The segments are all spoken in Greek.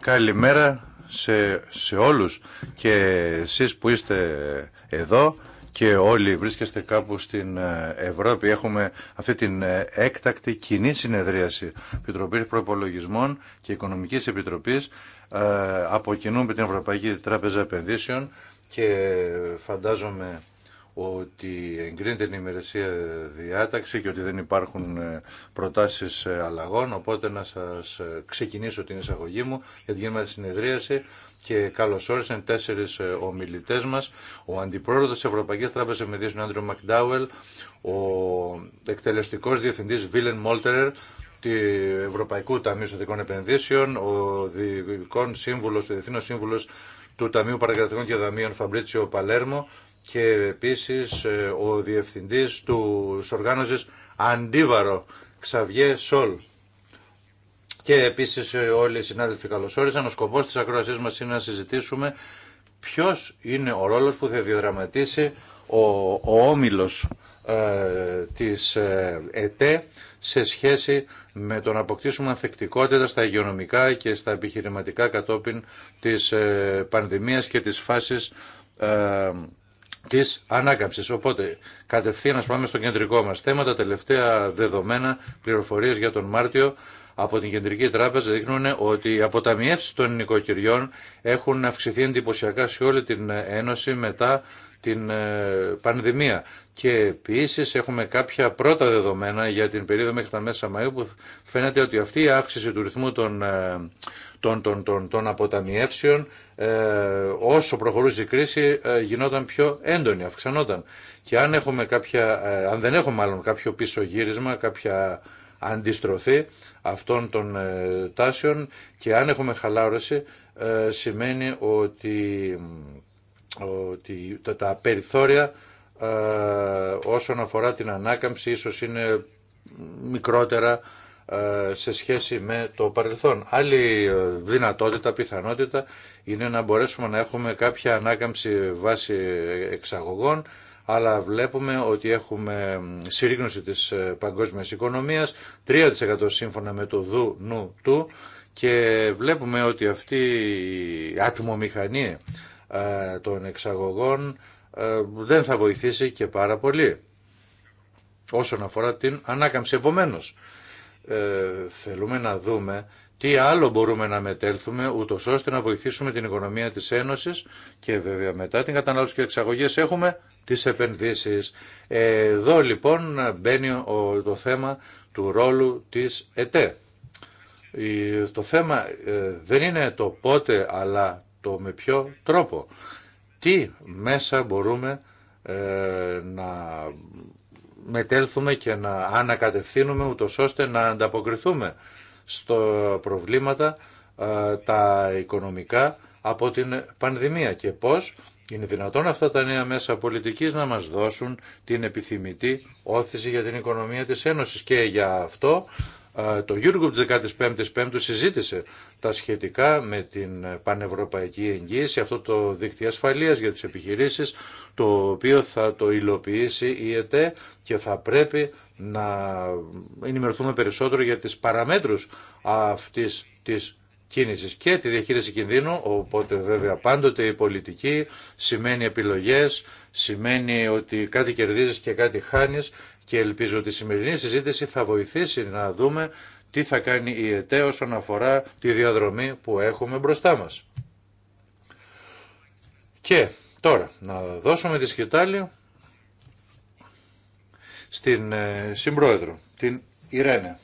Καλημέρα σε, σε όλους και εσείς που είστε εδώ και όλοι βρίσκεστε κάπου στην ε, Ευρώπη. Έχουμε αυτή την ε, έκτακτη κοινή συνεδρίαση Επιτροπής Προπολογισμών και Οικονομικής Επιτροπής ε, από κοινού με την Ευρωπαϊκή Τράπεζα Επενδύσεων και φαντάζομαι ότι εγκρίνεται την ημερησία διάταξη και ότι δεν υπάρχουν ε, προτάσεις ε, αλλαγών, οπότε να σας ε, ξεκινήσω την εισαγωγή μου για την γίνημα συνεδρίαση και καλώς όρισαν τέσσερις ομιλητές μας, ο Αντιπρόεδρος της Ευρωπαϊκής Τράπεζας Επενδύσεων Άντριο Μακντάουελ, ο εκτελεστικός διευθυντής Βίλεν Μόλτερερ, του Ευρωπαϊκού Ταμείου Σωτικών Επενδύσεων, ο διευθύνων σύμβουλος, ο σύμβουλος του Ταμείου Παρακρατικών και Δαμείων Φαμπρίτσιο Παλέρμο και επίσης ε, ο διευθυντής του οργάνωσης Αντίβαρο, Ξαβιέ Σόλ. Και επίσης ε, όλοι οι συνάδελφοι καλωσόρισαν. Ο σκοπός της ακροασής μας είναι να συζητήσουμε ποιος είναι ο ρόλος που θα διαδραματίσει ο, ο όμιλος ε, της ΕΤΕ σε σχέση με το να αποκτήσουμε ανθεκτικότητα στα υγειονομικά και στα επιχειρηματικά κατόπιν της πανδημίας και της φάσης Τη ανάκαμψη. Οπότε κατευθείαν να πάμε στο κεντρικό μας θέμα. Τα τελευταία δεδομένα πληροφορίες για τον Μάρτιο από την Κεντρική Τράπεζα δείχνουν ότι οι αποταμιεύσει των νοικοκυριών έχουν αυξηθεί εντυπωσιακά σε όλη την Ένωση μετά την ε, πανδημία. Και επίση έχουμε κάποια πρώτα δεδομένα για την περίοδο μέχρι τα μέσα Μαΐου που φαίνεται ότι αυτή η αύξηση του ρυθμού των ε, των, των, των, των αποταμιεύσεων ε, όσο προχωρούσε η κρίση ε, γινόταν πιο έντονη, αυξανόταν. Και αν, έχουμε ε, αν δεν έχουμε μάλλον κάποιο πίσω γύρισμα, κάποια αντιστροφή αυτών των τάσεων και αν έχουμε χαλάρωση σημαίνει ότι, ότι τα περιθώρια όσον αφορά την ανάκαμψη ίσως είναι μικρότερα ε, σε σχέση με το παρελθόν. Άλλη ε, δυνατότητα, πιθανότητα είναι να μπορέσουμε να έχουμε κάποια ανάκαμψη βάση εξαγωγών αλλά βλέπουμε ότι έχουμε συρρήγνωση της ε, παγκόσμιας οικονομίας, 3% σύμφωνα με το δου, του και βλέπουμε ότι αυτή η ατμομηχανή των εξαγωγών δεν θα βοηθήσει και πάρα πολύ όσον αφορά την ανάκαμψη. Επομένως, ε, θέλουμε να δούμε τι άλλο μπορούμε να μετέλθουμε ούτω ώστε να βοηθήσουμε την οικονομία της Ένωσης και βέβαια μετά την κατανάλωση και εξαγωγές έχουμε τις επενδύσεις. Εδώ λοιπόν μπαίνει το θέμα του ρόλου της ΕΤΕ. Το θέμα ε, δεν είναι το πότε αλλά το με ποιο τρόπο. Τι μέσα μπορούμε ε, να μετέλθουμε και να ανακατευθύνουμε ούτως ώστε να ανταποκριθούμε στο προβλήματα ε, τα οικονομικά από την πανδημία και πώς είναι δυνατόν αυτά τα νέα μέσα πολιτικής να μας δώσουν την επιθυμητή όθηση για την οικονομία της Ένωσης και για αυτό ε, το Eurogroup της 15ης Πέμπτου συζήτησε τα σχετικά με την πανευρωπαϊκή εγγύηση, αυτό το δίκτυο ασφαλείας για τις επιχειρήσεις, το οποίο θα το υλοποιήσει η ΕΤΕ και θα πρέπει να ενημερωθούμε περισσότερο για τις παραμέτρους αυτής της κίνησης και τη διαχείριση κινδύνου, οπότε βέβαια πάντοτε η πολιτική σημαίνει επιλογές, σημαίνει ότι κάτι κερδίζεις και κάτι χάνεις και ελπίζω ότι η σημερινή συζήτηση θα βοηθήσει να δούμε τι θα κάνει η ΕΤΕ όσον αφορά τη διαδρομή που έχουμε μπροστά μας. Και τώρα να δώσουμε τη σκητάλη στην ε, συμπρόεδρο, την Ιρένε,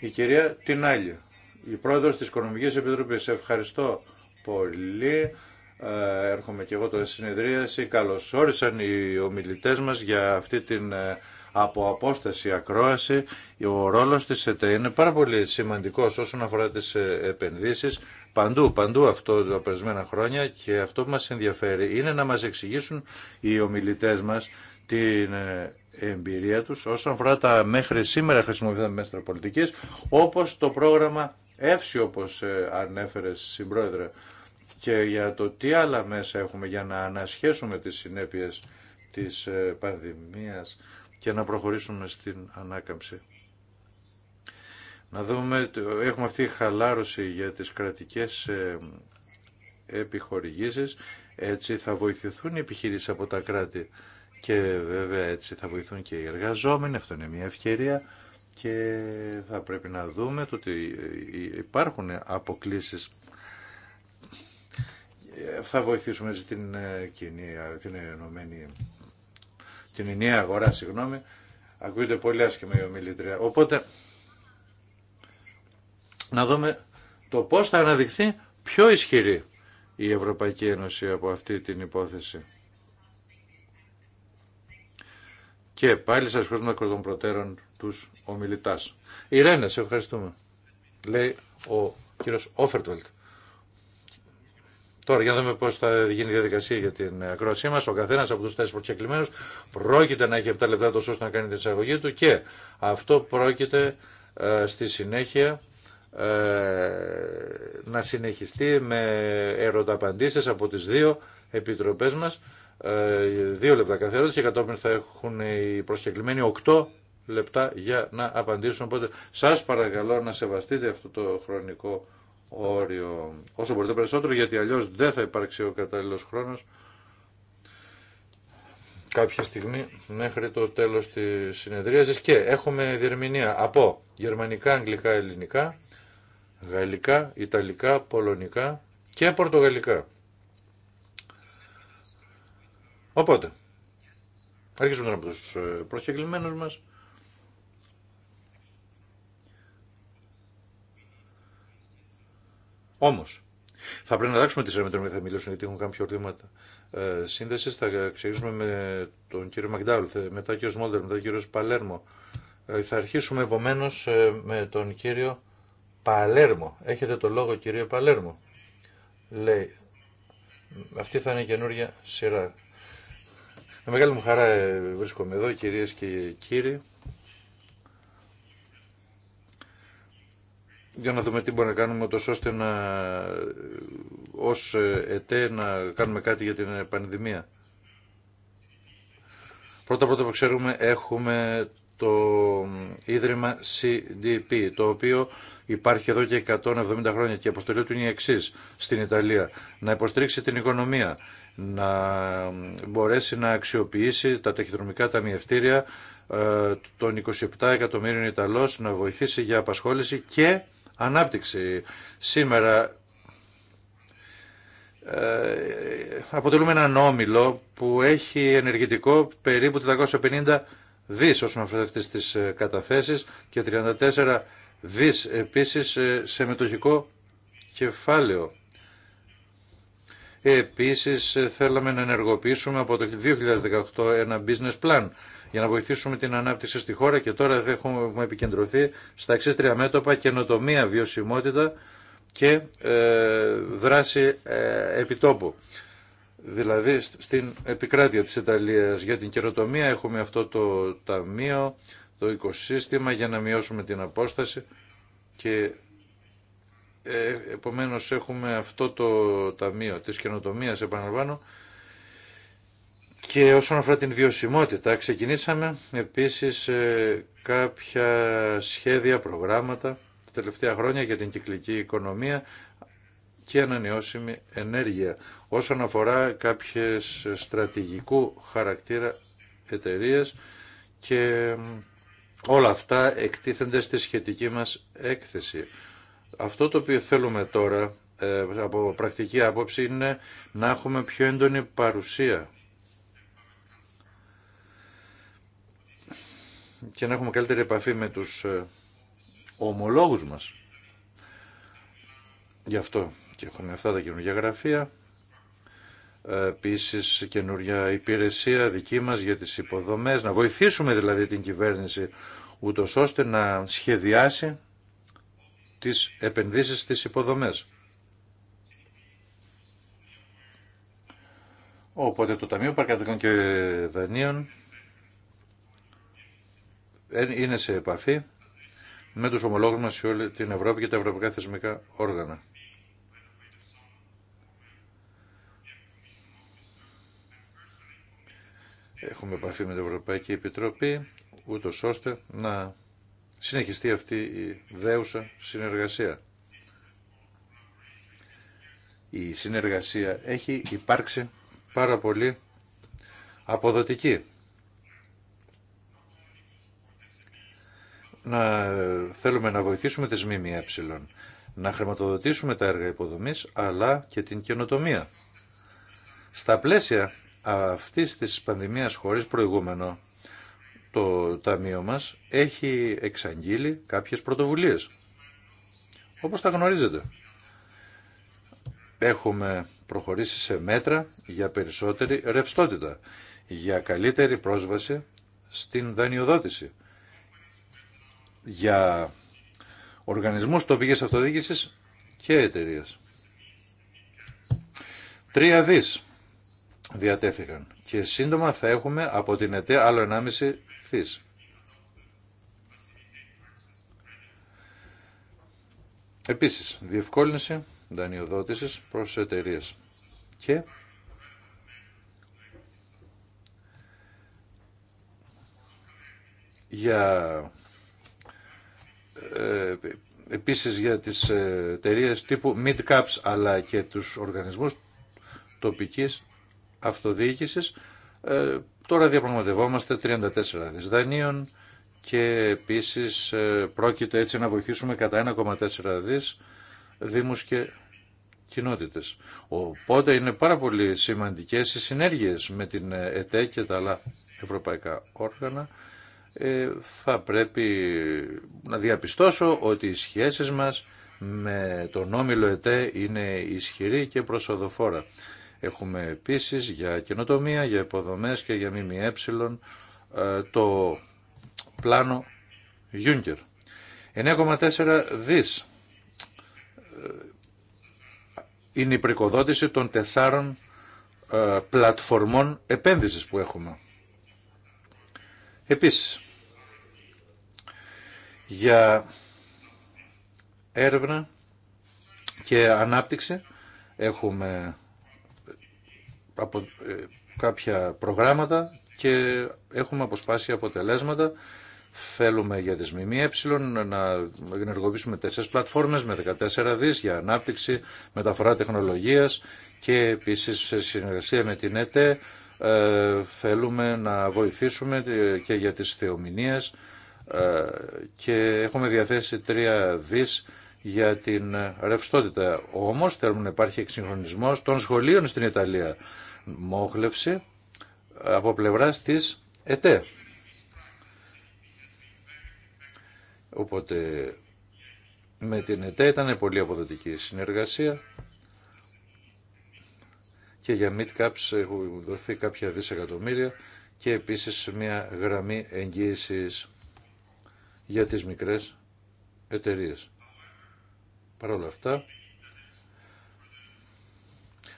η κυρία Τινάλια, η πρόεδρος της Οικονομικής Επιτροπής. Ευχαριστώ πολύ. Ε, έρχομαι και εγώ τώρα στη συνεδρίαση. Καλώς όρισαν οι ομιλητές μας για αυτή την ε, από απόσταση ακρόαση. Ο ρόλος της ΕΤΕ είναι πάρα πολύ σημαντικός όσον αφορά τις ε, επενδύσεις παντού, παντού αυτό τα περισμένα χρόνια και αυτό που μας ενδιαφέρει είναι να μας εξηγήσουν οι ομιλητές μας την ε, εμπειρία τους όσον αφορά τα μέχρι σήμερα χρησιμοποιημένα μέτρα πολιτικής όπως το πρόγραμμα ΕΦΣΙ όπως ε, ανέφερε συμπρόεδρε και για το τι άλλα μέσα έχουμε για να ανασχέσουμε τις συνέπειες της πανδημίας και να προχωρήσουμε στην ανάκαμψη. Να δούμε, έχουμε αυτή η χαλάρωση για τις κρατικές ε, επιχορηγήσεις, έτσι θα βοηθηθούν οι επιχειρήσεις από τα κράτη και βέβαια έτσι θα βοηθούν και οι εργαζόμενοι, αυτό είναι μια ευκαιρία και θα πρέπει να δούμε το ότι ε, υπάρχουν αποκλήσεις ε, θα βοηθήσουμε την κοινή, την ενωμένη στην ενιαία αγορά, συγγνώμη, ακούγεται πολύ άσχημα η ομιλήτρια. Οπότε, να δούμε το πώς θα αναδειχθεί πιο ισχυρή η Ευρωπαϊκή Ένωση από αυτή την υπόθεση. Και πάλι σας ευχαριστούμε των προτέρων τους ομιλητάς. Irene, σε ευχαριστούμε. Λέει ο κύριος Όφερτβελτ. Τώρα για να δούμε πώ θα γίνει η διαδικασία για την ακρόασή μα. Ο καθένα από του τέσσερι προσκεκλημένου πρόκειται να έχει 7 λεπτά τόσο ώστε να κάνει την εισαγωγή του και αυτό πρόκειται ε, στη συνέχεια ε, να συνεχιστεί με ερωταπαντήσεις από τις δύο επιτροπές μας ε, δύο λεπτά κάθε ερώτηση και κατόπιν θα έχουν οι προσκεκλημένοι 8 λεπτά για να απαντήσουν οπότε σας παρακαλώ να σεβαστείτε αυτό το χρονικό όριο όσο μπορείτε περισσότερο γιατί αλλιώς δεν θα υπάρξει ο κατάλληλος χρόνος κάποια στιγμή μέχρι το τέλος της συνεδρίασης και έχουμε διερμηνία από γερμανικά, αγγλικά, ελληνικά, γαλλικά, ιταλικά, πολωνικά και πορτογαλικά. Οπότε, αρχίζουμε τώρα του τους ε, προσκεκλημένους μας. Όμω, θα πρέπει να αλλάξουμε τη σειρά με τον οποίο θα μιλήσουν, γιατί έχουν κάποια προβλήματα ε, σύνδεση. Θα ξεκινήσουμε με τον κύριο Μακντάουλ, μετά ο κύριο Μόλτερ, μετά ο κύριο Παλέρμο. Ε, θα αρχίσουμε επομένω ε, με τον κύριο Παλέρμο. Έχετε το λόγο, κύριο Παλέρμο. Λέει, αυτή θα είναι η καινούργια σειρά. Με μεγάλη μου χαρά ε, βρίσκομαι εδώ, κυρίε και κύριοι. για να δούμε τι μπορούμε να κάνουμε τόσο ώστε να ως ΕΤΕ να κάνουμε κάτι για την πανδημία. Πρώτα πρώτα που ξέρουμε έχουμε το Ίδρυμα CDP, το οποίο υπάρχει εδώ και 170 χρόνια και η αποστολή του είναι η εξή στην Ιταλία. Να υποστηρίξει την οικονομία, να μπορέσει να αξιοποιήσει τα ταχυδρομικά ταμιευτήρια ε, των 27 εκατομμύριων Ιταλών, να βοηθήσει για απασχόληση και ανάπτυξη. Σήμερα ε, αποτελούμε έναν όμιλο που έχει ενεργητικό περίπου 450 δις όσον αφορά αυτές τις ε, καταθέσεις και 34 δις επίσης ε, σε μετοχικό κεφάλαιο. Επίσης θέλαμε να ενεργοποιήσουμε από το 2018 ένα business plan για να βοηθήσουμε την ανάπτυξη στη χώρα και τώρα έχουμε επικεντρωθεί στα εξή τρία μέτωπα, καινοτομία, βιωσιμότητα και ε, δράση ε, επιτόπου. Δηλαδή στην επικράτεια της Ιταλίας για την καινοτομία έχουμε αυτό το ταμείο, το οικοσύστημα για να μειώσουμε την απόσταση και ε, επομένως έχουμε αυτό το ταμείο της καινοτομίας επαναλαμβάνω και όσον αφορά την βιωσιμότητα, ξεκινήσαμε επίσης ε, κάποια σχέδια, προγράμματα τα τελευταία χρόνια για την κυκλική οικονομία και ανανεώσιμη ενέργεια. Όσον αφορά κάποιες στρατηγικού χαρακτήρα εταιρείε και όλα αυτά εκτίθενται στη σχετική μας έκθεση. Αυτό το οποίο θέλουμε τώρα ε, από πρακτική άποψη είναι να έχουμε πιο έντονη παρουσία και να έχουμε καλύτερη επαφή με τους ε, ομολόγους μας. Γι' αυτό και έχουμε αυτά τα καινούργια γραφεία. Ε, Επίση καινούργια υπηρεσία δική μας για τις υποδομές. Να βοηθήσουμε δηλαδή την κυβέρνηση ούτω ώστε να σχεδιάσει τις επενδύσεις στις υποδομές. Οπότε το Ταμείο Παρκατικών και Δανείων είναι σε επαφή με τους ομολόγους μας σε όλη την Ευρώπη και τα ευρωπαϊκά θεσμικά όργανα. Έχουμε επαφή με την Ευρωπαϊκή Επιτροπή, ούτω ώστε να συνεχιστεί αυτή η δέουσα συνεργασία. Η συνεργασία έχει υπάρξει πάρα πολύ αποδοτική να θέλουμε να βοηθήσουμε τις ΜΜΕ, να χρηματοδοτήσουμε τα έργα υποδομής, αλλά και την καινοτομία. Στα πλαίσια αυτής της πανδημίας χωρίς προηγούμενο, το Ταμείο μας έχει εξαγγείλει κάποιες πρωτοβουλίες. Όπως τα γνωρίζετε. Έχουμε προχωρήσει σε μέτρα για περισσότερη ρευστότητα, για καλύτερη πρόσβαση στην δανειοδότηση, για οργανισμούς τοπικής αυτοδιοίκησης και εταιρείε. Τρία δις διατέθηκαν και σύντομα θα έχουμε από την ΕΤΕ άλλο 1,5 δις. Επίσης, διευκόλυνση δανειοδότησης προς εταιρείε και για ε, επίσης για τις ε, εταιρείε τύπου mid-caps αλλά και τους οργανισμούς τοπικής αυτοδιοίκησης. Ε, τώρα διαπραγματευόμαστε 34 δις δανείων και επίσης πρόκειται έτσι να βοηθήσουμε κατά 1,4 δις δήμους και κοινότητες. Οπότε είναι πάρα πολύ σημαντικές οι συνέργειες με την ΕΤΕ και τα άλλα ευρωπαϊκά όργανα ε, θα πρέπει να διαπιστώσω ότι οι σχέσεις μας με τον Όμιλο ΕΤΕ είναι ισχυρή και προσωδοφόρα. Έχουμε επίσης για καινοτομία, για υποδομές και για ΜΜΕ ε, το πλάνο Juncker. 9,4 δις ε, είναι η πρικοδότηση των τεσσάρων πλατφορμών επένδυσης που έχουμε. Επίσης, για έρευνα και ανάπτυξη έχουμε ε, κάποια προγράμματα και έχουμε αποσπάσει αποτελέσματα. Θέλουμε για τις ΜΜΕ να ενεργοποιήσουμε τέσσερις πλατφόρμες με 14 δις για ανάπτυξη, μεταφορά τεχνολογίας και επίσης σε συνεργασία με την ΕΤΕ ε, θέλουμε να βοηθήσουμε και για τις θεομηνίες ε, και έχουμε διαθέσει τρία δις για την ρευστότητα. Όμως θέλουμε να υπάρχει εξυγχρονισμός των σχολείων στην Ιταλία. Μόχλευση από πλευράς της ΕΤΕ. Οπότε με την ΕΤΕ ήταν πολύ αποδοτική συνεργασία και για mid-caps έχουν δοθεί κάποια δισεκατομμύρια και επίσης μια γραμμή εγγύησης για τις μικρές εταιρείες. Παρ' όλα αυτά,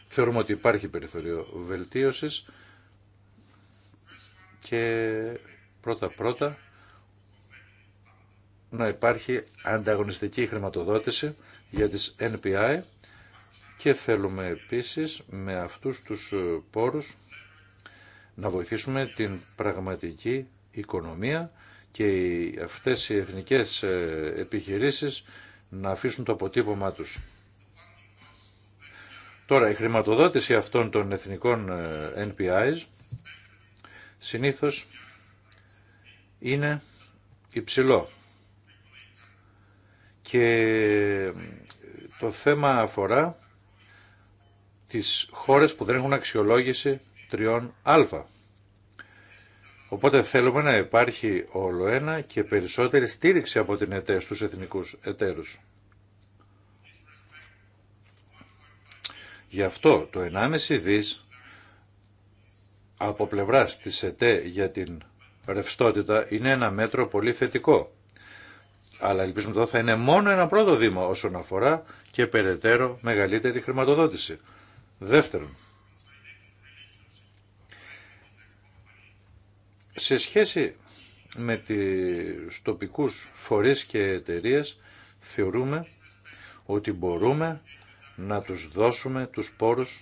θεωρούμε ότι υπάρχει περιθώριο και πρώτα-πρώτα να υπάρχει ανταγωνιστική χρηματοδότηση για τις NPI και θέλουμε επίσης με αυτούς τους ε, πόρους να βοηθήσουμε την πραγματική οικονομία και αυτές οι εθνικές ε, επιχειρήσεις να αφήσουν το αποτύπωμά τους. Τώρα, η χρηματοδότηση αυτών των εθνικών ε, NPIs συνήθως είναι υψηλό. Και το θέμα αφορά τις χώρες που δεν έχουν τριών 3α. Οπότε θέλουμε να υπάρχει όλο ένα και περισσότερη στήριξη από την ΕΤΕ στους εθνικούς εταίρους. Γι' αυτό το 1,5 δις από πλευράς της ΕΤΕ για την ρευστότητα είναι ένα μέτρο πολύ θετικό. Αλλά ελπίζουμε ότι θα είναι μόνο ένα πρώτο βήμα όσον αφορά και περαιτέρω μεγαλύτερη χρηματοδότηση. Δεύτερον, σε σχέση με τις τοπικούς φορείς και εταιρείε θεωρούμε ότι μπορούμε να τους δώσουμε τους πόρους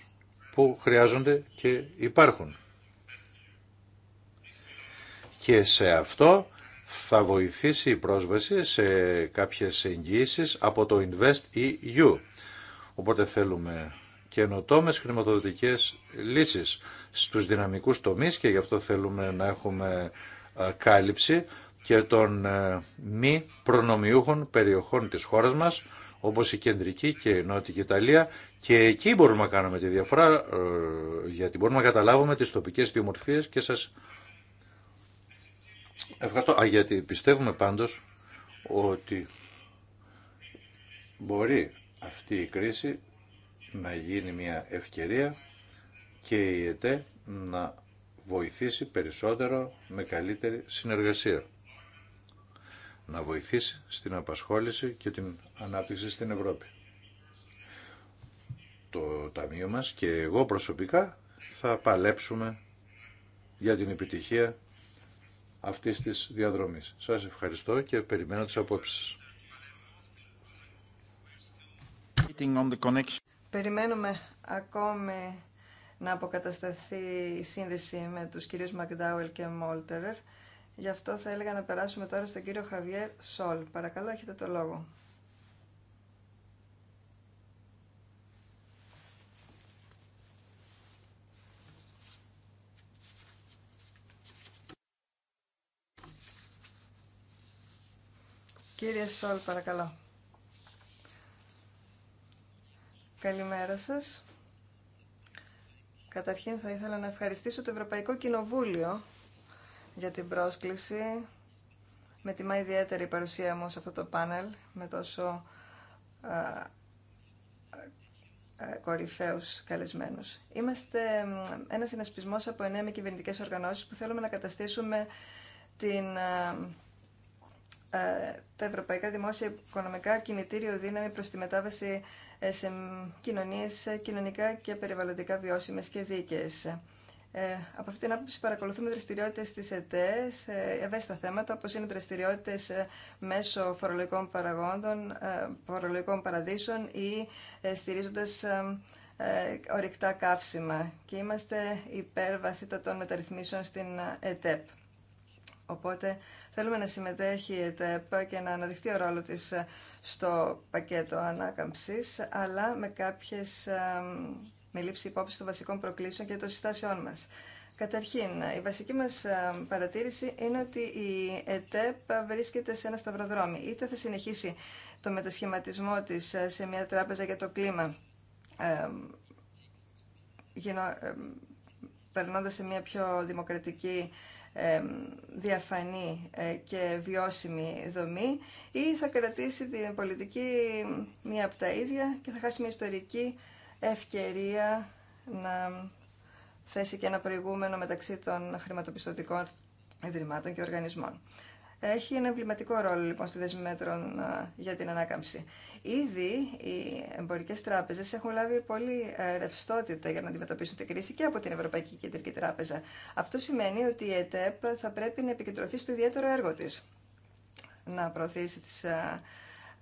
που χρειάζονται και υπάρχουν. Και σε αυτό θα βοηθήσει η πρόσβαση σε κάποιες εγγύησεις από το Invest EU. Οπότε θέλουμε καινοτόμες χρηματοδοτικές λύσεις στους δυναμικούς τομείς και γι' αυτό θέλουμε να έχουμε ε, κάλυψη και των ε, μη προνομιούχων περιοχών της χώρας μας όπως η κεντρική και η νότια Ιταλία και εκεί μπορούμε να κάνουμε τη διαφορά ε, γιατί μπορούμε να καταλάβουμε τις τοπικές διομορφίες και σας ευχαριστώ. Α, γιατί πιστεύουμε πάντως ότι μπορεί αυτή η κρίση να γίνει μια ευκαιρία και η ΕΤΕ να βοηθήσει περισσότερο με καλύτερη συνεργασία. Να βοηθήσει στην απασχόληση και την ανάπτυξη στην Ευρώπη. Το Ταμείο μας και εγώ προσωπικά θα παλέψουμε για την επιτυχία αυτής της διαδρομής. Σας ευχαριστώ και περιμένω τις απόψεις. On Περιμένουμε ακόμη να αποκατασταθεί η σύνδεση με τους κυρίους Μακδάουελ και Μόλτερερ. Γι' αυτό θα έλεγα να περάσουμε τώρα στον κύριο Χαβιέρ Σόλ. Παρακαλώ, έχετε το λόγο. Κύριε Σόλ, παρακαλώ. Καλημέρα σας. Καταρχήν θα ήθελα να ευχαριστήσω το Ευρωπαϊκό Κοινοβούλιο για την πρόσκληση. Με τιμά ιδιαίτερη παρουσία μου σε αυτό το πάνελ με τόσο α, α, κορυφαίους καλεσμένους. Είμαστε ένα συνασπισμός από εννέα με κυβερνητικές οργανώσεις που θέλουμε να καταστήσουμε την, α, τα ευρωπαϊκά δημόσια οικονομικά κινητήριο δύναμη προς τη μετάβαση σε κοινωνίες κοινωνικά και περιβαλλοντικά βιώσιμες και δίκαιες. Ε, από αυτή την άποψη παρακολουθούμε δραστηριότητες της ΕΤΕ ευαίσθητα θέματα όπως είναι δραστηριότητες ε, μέσω φορολογικών παραγόντων, ε, φορολογικών παραδείσων ή στηρίζοντας ορυκτά καύσιμα και είμαστε υπέρ βαθύτατων μεταρρυθμίσεων στην ΕΤΕΠ. Οπότε θέλουμε να συμμετέχει η ΕΤΕΠ και να αναδειχθεί ο ρόλο της ε, στο πακέτο ανάκαμψης, αλλά με κάποιες, ε, με λήψη υπόψη των βασικών προκλήσεων και των συστάσεών μας. Καταρχήν, ε, η βασική μας παρατήρηση είναι ότι η ΕΤΕΠ βρίσκεται σε ένα σταυροδρόμι. Είτε θα συνεχίσει το μετασχηματισμό της σε μια τράπεζα για το κλίμα, περνώντας σε μια πιο δημοκρατική διαφανή ε, και βιώσιμη δομή ή θα κρατήσει την πολιτική μία από τα ίδια και θα χάσει μια ιστορική ευκαιρία να θέσει και ένα προηγούμενο μεταξύ των χρηματοπιστωτικών ιδρυμάτων και οργανισμών έχει ένα εμβληματικό ρόλο λοιπόν στη δεσμή μέτρων ε, για την ανάκαμψη. Ήδη οι εμπορικέ τράπεζε έχουν λάβει πολύ ε, ρευστότητα για να αντιμετωπίσουν την κρίση και από την Ευρωπαϊκή Κεντρική Τράπεζα. Αυτό σημαίνει ότι η ΕΤΕΠ θα πρέπει να επικεντρωθεί στο ιδιαίτερο έργο τη. Να προωθήσει τι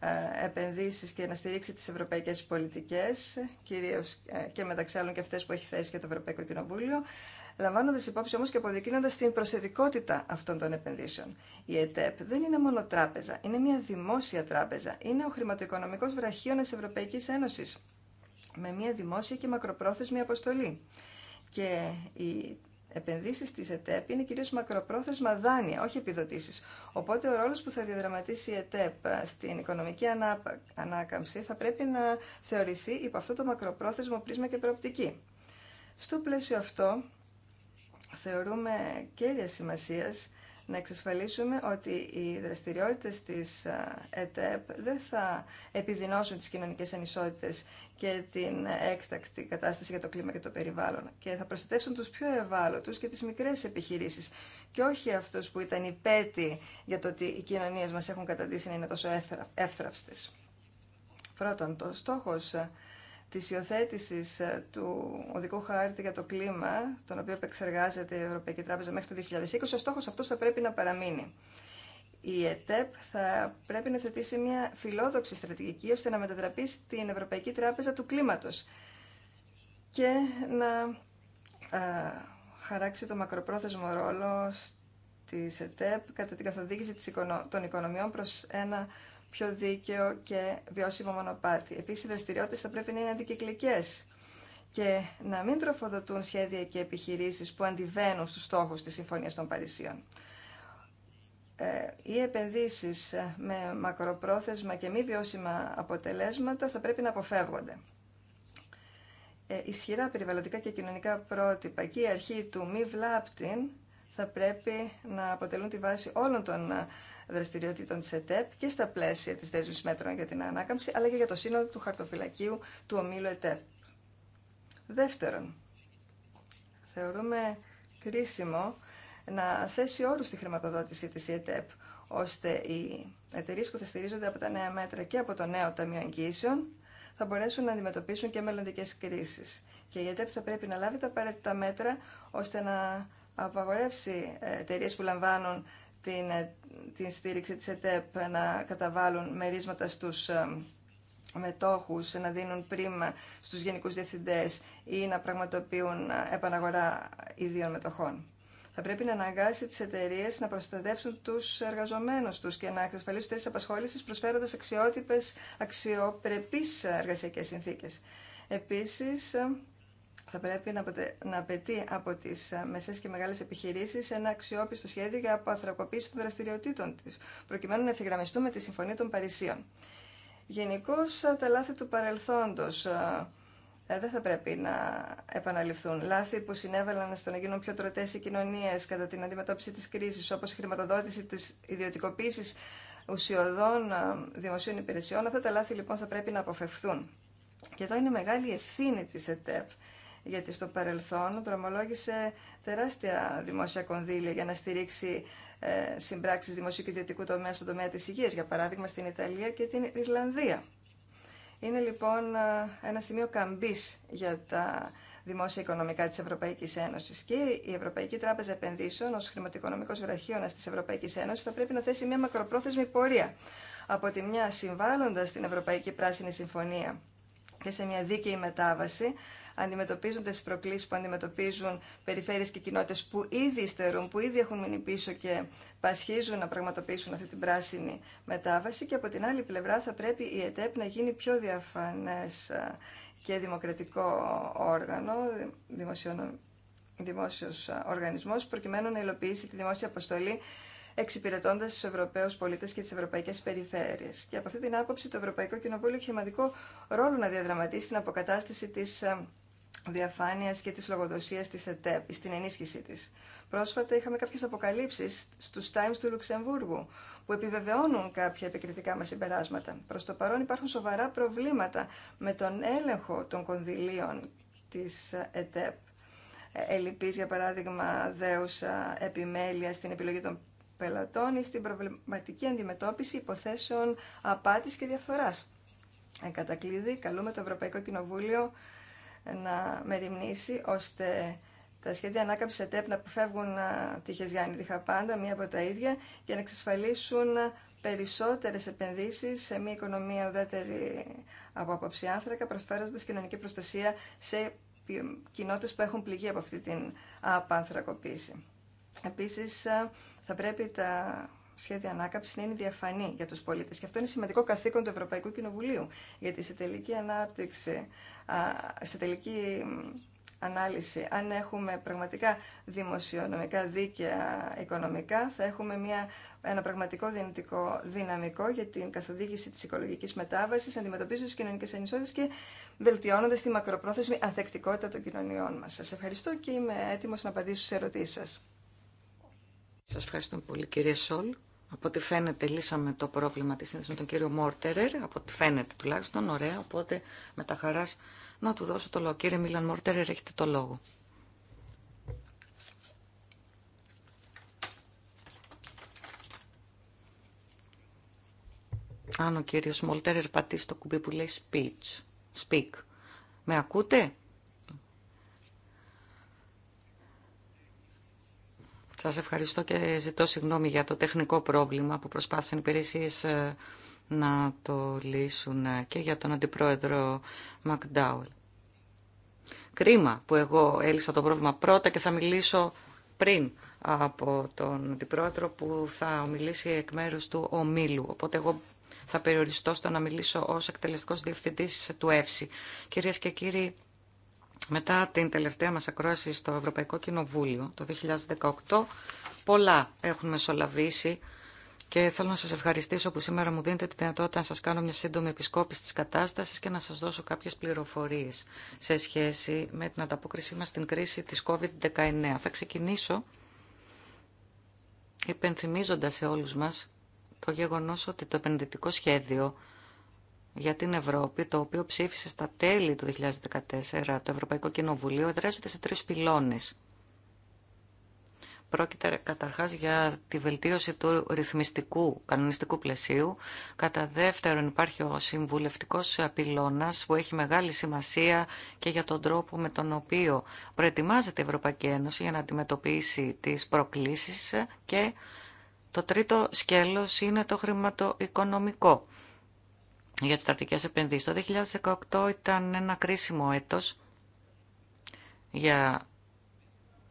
ε, επενδύσεις και να στηρίξει τις ευρωπαϊκές πολιτικές, κυρίως και μεταξύ άλλων και αυτές που έχει θέσει και το Ευρωπαϊκό Κοινοβούλιο, Λαμβάνοντα υπόψη όμω και αποδεικνύοντα την προσεδικότητα αυτών των επενδύσεων. Η ΕΤΕΠ δεν είναι μόνο τράπεζα, είναι μια δημόσια τράπεζα, είναι ο χρηματοοικονομικός τη Ευρωπαϊκή Ένωση. με μια δημόσια και μακροπρόθεσμη αποστολή. Και οι επενδύσει τη ΕΤΕΠ είναι κυρίω μακροπρόθεσμα δάνεια, όχι επιδοτήσει. Οπότε ο ρόλο που θα διαδραματίσει η ΕΤΕΠ στην οικονομική ανάκαμψη θα πρέπει να θεωρηθεί υπό αυτό το μακροπρόθεσμο πρίσμα και προοπτική. Στο πλαίσιο αυτό, θεωρούμε κέρια σημασίας να εξασφαλίσουμε ότι οι δραστηριότητες της ΕΤΕΠ δεν θα επιδεινώσουν τις κοινωνικές ανισότητες και την έκτακτη κατάσταση για το κλίμα και το περιβάλλον και θα προστατεύσουν τους πιο ευάλωτους και τις μικρές επιχειρήσεις και όχι αυτούς που ήταν υπέτη για το ότι οι κοινωνίες μας έχουν καταντήσει να είναι τόσο εύθραυστες. Πρώτον, το στόχος της υιοθέτηση ε, του οδικού χάρτη για το κλίμα, τον οποίο επεξεργάζεται η Ευρωπαϊκή Τράπεζα μέχρι το 2020, ο στόχος αυτός θα πρέπει να παραμείνει. Η ΕΤΕΠ θα πρέπει να θετήσει μια φιλόδοξη στρατηγική ώστε να μετατραπεί στην Ευρωπαϊκή Τράπεζα του Κλίματος και να ε, χαράξει το μακροπρόθεσμο ρόλο της ΕΤΕΠ κατά την καθοδήγηση των οικονομιών προς ένα πιο δίκαιο και βιώσιμο μονοπάτι. Επίσης, οι δραστηριότητες θα πρέπει να είναι αντικυκλικές και να μην τροφοδοτούν σχέδια και επιχειρήσεις που αντιβαίνουν στους στόχους της Συμφωνίας των Παρισίων. Ε, οι επενδύσεις ε, με μακροπρόθεσμα και μη βιώσιμα αποτελέσματα θα πρέπει να αποφεύγονται. Ε, ισχυρά περιβαλλοντικά και κοινωνικά πρότυπα και η αρχή του μη βλάπτην θα πρέπει να αποτελούν τη βάση όλων των ε, δραστηριοτήτων της ΕΤΕΠ και στα πλαίσια της δέσμης μέτρων για την ανάκαμψη, αλλά και για το σύνολο του χαρτοφυλακίου του ομίλου ΕΤΕΠ. Δεύτερον, θεωρούμε κρίσιμο να θέσει όρους στη χρηματοδότηση της ΕΤΕΠ, ώστε οι εταιρείε που θα στηρίζονται από τα νέα μέτρα και από το νέο Ταμείο Εγγύσεων θα μπορέσουν να αντιμετωπίσουν και μελλοντικέ κρίσει. Και η ΕΤΕΠ θα πρέπει να λάβει τα απαραίτητα μέτρα ώστε να απαγορεύσει ε, εταιρείε που λαμβάνουν την, ε, την στήριξη της ΕΤΕΠ να καταβάλουν μερίσματα στους ε, μετόχους, να δίνουν πρίμα στους γενικούς διευθυντές ή να πραγματοποιούν επαναγορά ιδίων μετοχών. Θα πρέπει να αναγκάσει τις εταιρείες να προστατεύσουν τους εργαζομένους τους και να εξασφαλίσουν θέσεις απασχόλησης προσφέροντας αξιότυπες, αξιοπρεπείς εργασιακές συνθήκες. Επίσης, θα πρέπει να, να απαιτεί από τι ε, μεσέ και μεγάλε επιχειρήσει ένα αξιόπιστο σχέδιο για αποαθρακοποίηση των δραστηριοτήτων τη, προκειμένου να ευθυγραμμιστούμε τη Συμφωνία των Παρισίων. Γενικώ, ε, τα λάθη του παρελθόντο ε, δεν θα πρέπει να επαναληφθούν. Λάθη που συνέβαλαν στο να γίνουν πιο τρωτέ οι κοινωνίε κατά την αντιμετώπιση τη κρίση, όπω η χρηματοδότηση τη ιδιωτικοποίηση ουσιοδών δημοσίων υπηρεσιών. Αυτά τα λάθη λοιπόν θα πρέπει να αποφευθούν. Και εδώ είναι μεγάλη ευθύνη τη ΕΤΕΠ γιατί στο παρελθόν δρομολόγησε τεράστια δημόσια κονδύλια για να στηρίξει ε, συμπράξεις δημοσίου και ιδιωτικού τομέα στον τομέα της υγείας, για παράδειγμα στην Ιταλία και την Ιρλανδία. Είναι λοιπόν ε, ένα σημείο καμπής για τα δημόσια οικονομικά της Ευρωπαϊκής Ένωσης και η Ευρωπαϊκή Τράπεζα Επενδύσεων ως χρηματοοικονομικός βραχίωνας της Ευρωπαϊκής Ένωσης θα πρέπει να θέσει μια μακροπρόθεσμη πορεία. Από τη μια συμβάλλοντας στην Ευρωπαϊκή Πράσινη Συμφωνία και σε μια δίκαιη μετάβαση αντιμετωπίζονται τι προκλήσει που αντιμετωπίζουν περιφέρειες και κοινότητε που ήδη υστερούν, που ήδη έχουν μείνει πίσω και πασχίζουν να πραγματοποιήσουν αυτή την πράσινη μετάβαση. Και από την άλλη πλευρά θα πρέπει η ΕΤΕΠ να γίνει πιο διαφανέ ε, και δημοκρατικό όργανο, δημόσιο ε, οργανισμό, προκειμένου να υλοποιήσει τη δημόσια αποστολή εξυπηρετώντα του Ευρωπαίου πολίτε και τι ευρωπαϊκέ περιφέρειε. Και από αυτή την άποψη, το Ευρωπαϊκό Κοινοβούλιο έχει σημαντικό ρόλο να διαδραματίσει στην αποκατάσταση τη ε, Διαφάνεια και τη λογοδοσία τη ΕΤΕΠ, στην ενίσχυσή τη. Πρόσφατα είχαμε κάποιε αποκαλύψει στου Times του Λουξεμβούργου που επιβεβαιώνουν κάποια επικριτικά μα συμπεράσματα. Προ το παρόν υπάρχουν σοβαρά προβλήματα με τον έλεγχο των κονδυλίων τη ΕΤΕΠ. Ε, Ελλειπή, για παράδειγμα, δέουσα επιμέλεια στην επιλογή των πελατών ή στην προβληματική αντιμετώπιση υποθέσεων απάτης και διαφθοράς. Εν κατακλείδη, καλούμε το Ευρωπαϊκό Κοινοβούλιο να μεριμνήσει ώστε τα σχέδια ανάκαμψη ΕΤΕΠ να αποφεύγουν τη Γιάννη, τη πάντα, μία από τα ίδια, και να εξασφαλίσουν περισσότερες επενδύσεις σε μια οικονομία ουδέτερη από άποψη άνθρακα, προσφέροντα κοινωνική προστασία σε κοινότητες που έχουν πληγεί από αυτή την απανθρακοποίηση. Επίσης, θα πρέπει τα σχέδια ανάκαμψη να είναι διαφανή για του πολίτε. Και αυτό είναι σημαντικό καθήκον του Ευρωπαϊκού Κοινοβουλίου. Γιατί σε τελική ανάπτυξη, σε τελική ανάλυση, αν έχουμε πραγματικά δημοσιονομικά δίκαια οικονομικά, θα έχουμε μια, ένα πραγματικό δυνητικό δυναμικό για την καθοδήγηση τη οικολογική μετάβαση, αντιμετωπίζοντα τι κοινωνικέ ανισότητες και βελτιώνοντα τη μακροπρόθεσμη ανθεκτικότητα των κοινωνιών μα. Σα ευχαριστώ και είμαι έτοιμο να απαντήσω σε ερωτήσει σα. Σας ευχαριστώ πολύ κύριε Σόλ. Από ό,τι φαίνεται λύσαμε το πρόβλημα της σύνδεσης με τον κύριο Μόρτερερ, από ό,τι φαίνεται τουλάχιστον, ωραία, οπότε με τα χαράς να του δώσω το λόγο. Κύριε Μίλαν Μόρτερερ, έχετε το λόγο. Αν ο κύριος Μόρτερερ πατήσει το κουμπί που λέει speech, speak, με ακούτε? Σας ευχαριστώ και ζητώ συγγνώμη για το τεχνικό πρόβλημα που προσπάθησαν οι υπηρεσίες ε, να το λύσουν ε, και για τον Αντιπρόεδρο Μακντάουλ. Κρίμα που εγώ έλυσα το πρόβλημα πρώτα και θα μιλήσω πριν από τον Αντιπρόεδρο που θα ομιλήσει εκ μέρους του ομίλου. Οπότε εγώ θα περιοριστώ στο να μιλήσω ως εκτελεστικός διευθυντής του ΕΦΣΥ. Κυρίες και κύριοι, μετά την τελευταία μας ακρόαση στο Ευρωπαϊκό Κοινοβούλιο το 2018, πολλά έχουν μεσολαβήσει και θέλω να σας ευχαριστήσω που σήμερα μου δίνετε τη δυνατότητα να σας κάνω μια σύντομη επισκόπηση της κατάστασης και να σας δώσω κάποιες πληροφορίες σε σχέση με την ανταπόκρισή μας στην κρίση της COVID-19. Θα ξεκινήσω υπενθυμίζοντας σε όλους μας το γεγονός ότι το επενδυτικό σχέδιο για την Ευρώπη, το οποίο ψήφισε στα τέλη του 2014 το Ευρωπαϊκό Κοινοβουλίο, εδράζεται σε τρεις πυλώνες. Πρόκειται καταρχάς για τη βελτίωση του ρυθμιστικού κανονιστικού πλαισίου. Κατά δεύτερον υπάρχει ο συμβουλευτικός πυλώνας που έχει μεγάλη σημασία και για τον τρόπο με τον οποίο προετοιμάζεται η Ευρωπαϊκή Ένωση για να αντιμετωπίσει τις προκλήσεις και το τρίτο σκέλος είναι το χρηματοοικονομικό για τις στρατικές επενδύσεις. Το 2018 ήταν ένα κρίσιμο έτος για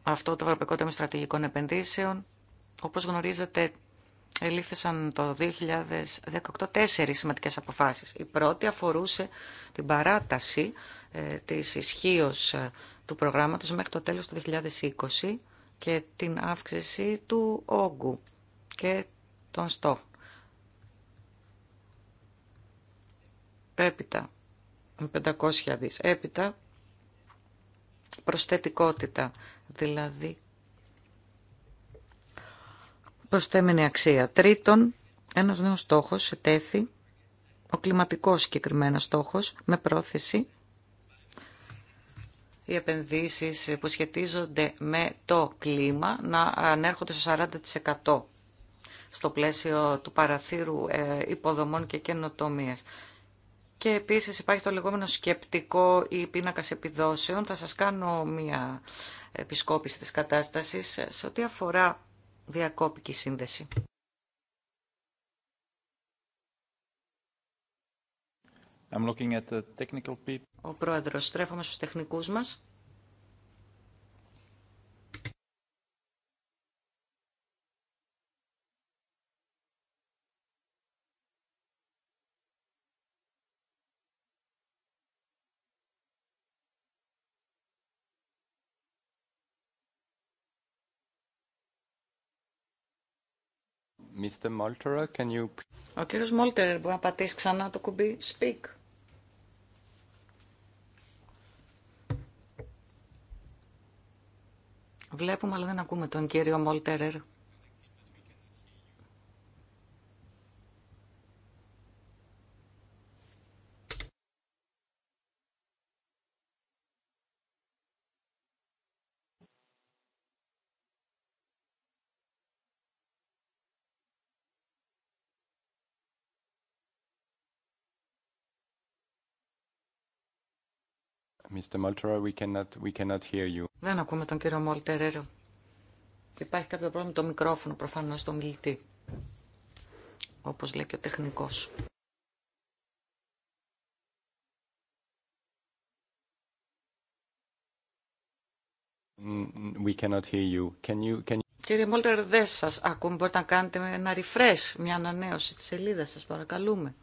αυτό το Ευρωπαϊκό Τέμιο Στρατηγικών Επενδύσεων. Όπως γνωρίζετε, ελήφθησαν το 2018 τέσσερις σημαντικές αποφάσεις. Η πρώτη αφορούσε την παράταση ε, της ισχύω ε, του προγράμματος μέχρι το τέλος του 2020 και την αύξηση του όγκου και των στόχων. Έπειτα, με 500 δις. Έπειτα, προσθετικότητα, δηλαδή προσθέμενη αξία. Τρίτον, ένας νέος στόχος τέθη, ο κλιματικός συγκεκριμένο στόχος, με πρόθεση οι επενδύσεις που σχετίζονται με το κλίμα να ανέρχονται στο 40% στο πλαίσιο του παραθύρου ε, υποδομών και καινοτομίας. Και επίσης υπάρχει το λεγόμενο σκεπτικό ή πίνακας επιδόσεων. Θα σας κάνω μία επισκόπηση της κατάστασης σε ό,τι αφορά διακόπικη σύνδεση. I'm looking at the technical Ο πρόεδρος, στρέφομαι στους τεχνικούς μας. Mr. can you... Ο κύριος Μόλτερερ μπορεί να πατήσει ξανά το κουμπί Speak. Βλέπουμε αλλά δεν ακούμε τον κύριο Μόλτερερ. Mr. Δεν ακούμε τον κύριο Μολτερέρο. Ε, Υπάρχει κάποιο πρόβλημα με το μικρόφωνο προφανώς στο μιλητή. Όπως λέει και ο τεχνικός. Mm, mm, we cannot hear you. Can you, Κύριε Μόλτερ, δεν σας ακούμε. Μπορείτε να κάνετε ένα refresh, μια ανανέωση της σελίδας σας, παρακαλούμε.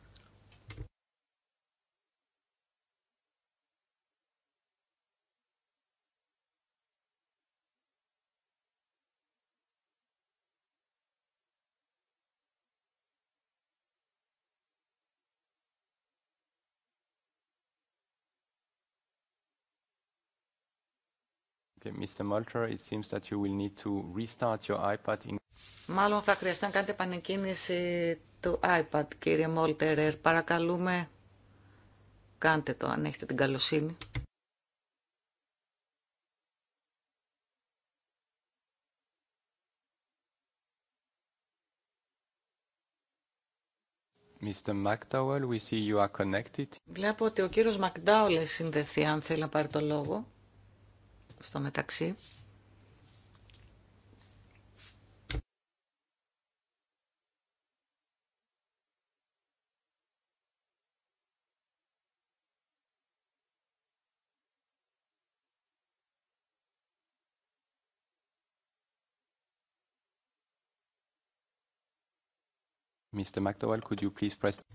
Μάλλον θα χρειαστεί να κάνετε επανεκκίνηση του iPad, κύριε Μόλτερερ. Παρακαλούμε, κάντε το αν έχετε την καλοσύνη. Mr. McDowell, we see you are connected. Βλέπω ότι ο κύριος Μακντάουλ συνδεθεί αν θέλει να πάρει το λόγο στο μεταξύ.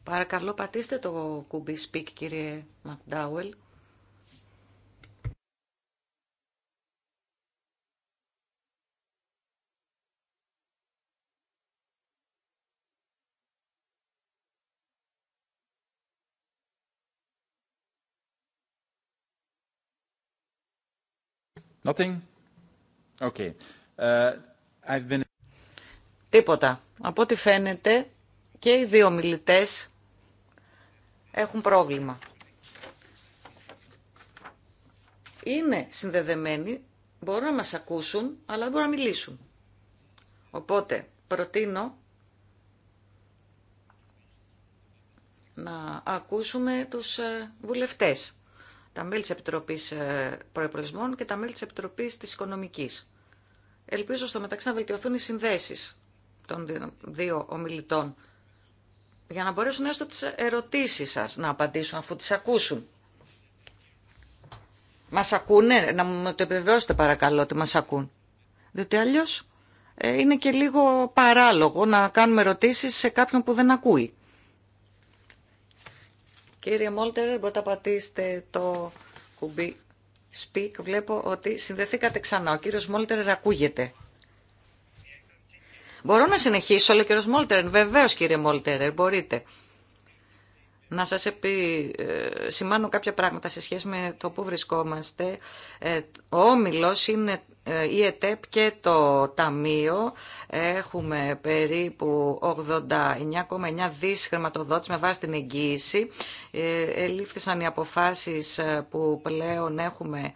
Παρακαλώ πατήστε το κουμπί speak κύριε Μακντάουελ. Nothing? Uh, Τίποτα. Από ό,τι φαίνεται και οι δύο μιλητές έχουν πρόβλημα. Είναι συνδεδεμένοι, μπορούν να μας ακούσουν, αλλά δεν μπορούν να μιλήσουν. Οπότε, προτείνω να ακούσουμε τους ε, βουλευτές τα μέλη της Επιτροπής ε, Προεπολισμών και τα μέλη της Επιτροπής της Οικονομικής. Ελπίζω στο μεταξύ να βελτιωθούν οι συνδέσεις των δύο ομιλητών για να μπορέσουν έστω τις ερωτήσεις σας να απαντήσουν αφού τις ακούσουν. Μας ακούνε, να μου το επιβεβαιώσετε παρακαλώ ότι μας ακούν. Διότι αλλιώς ε, είναι και λίγο παράλογο να κάνουμε ερωτήσεις σε κάποιον που δεν ακούει. Κύριε Μόλτερ, μπορείτε να πατήσετε το κουμπί speak. Βλέπω ότι συνδεθήκατε ξανά. Ο κύριος Μόλτερ ακούγεται. Μπορώ να συνεχίσω, λέει ο κύριος Μόλτερ. Βεβαίως, κύριε Μόλτερ, μπορείτε. Να σας επισημάνω ε, κάποια πράγματα σε σχέση με το που βρισκόμαστε. Ε, ο Όμιλος είναι ε, η ΕΤΕΠ και το Ταμείο έχουμε περίπου 89,9 δις χρηματοδότηση με βάση την εγγύηση. Ε, ελήφθησαν οι αποφάσεις ε, που πλέον έχουμε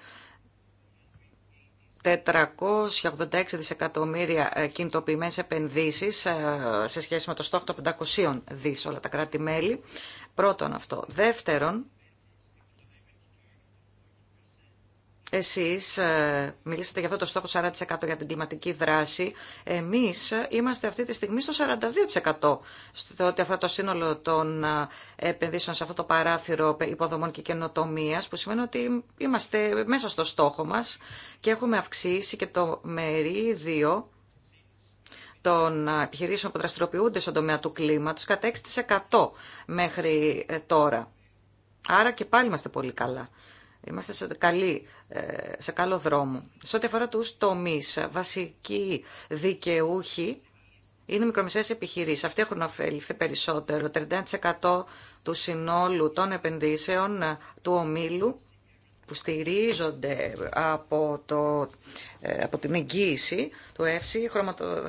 486 δισεκατομμύρια κινητοποιημένες επενδύσεις σε σχέση με το στόχο των 500 δις όλα τα κράτη-μέλη. Πρώτον αυτό. Δεύτερον, Εσείς ε, μιλήσατε για αυτό το στόχο 40% για την κλιματική δράση. Εμείς είμαστε αυτή τη στιγμή στο 42% στο ότι αφορά το σύνολο των ε, επενδύσεων σε αυτό το παράθυρο υποδομών και καινοτομία, που σημαίνει ότι είμαστε μέσα στο στόχο μας και έχουμε αυξήσει και το μερίδιο των ε, επιχειρήσεων που δραστηριοποιούνται στον τομέα του κλίματος κατά 6% μέχρι τώρα. Άρα και πάλι είμαστε πολύ καλά. Είμαστε σε, καλή, ε, σε καλό δρόμο. Σε ό,τι αφορά τους τομείς, βασικοί δικαιούχοι είναι μικρομεσαίες επιχειρήσεις. Αυτοί έχουν ωφεληθεί περισσότερο. 30% του συνόλου των επενδύσεων ε, του ομίλου που στηρίζονται από, το, ε, από την εγγύηση του ΕΦΣΗ,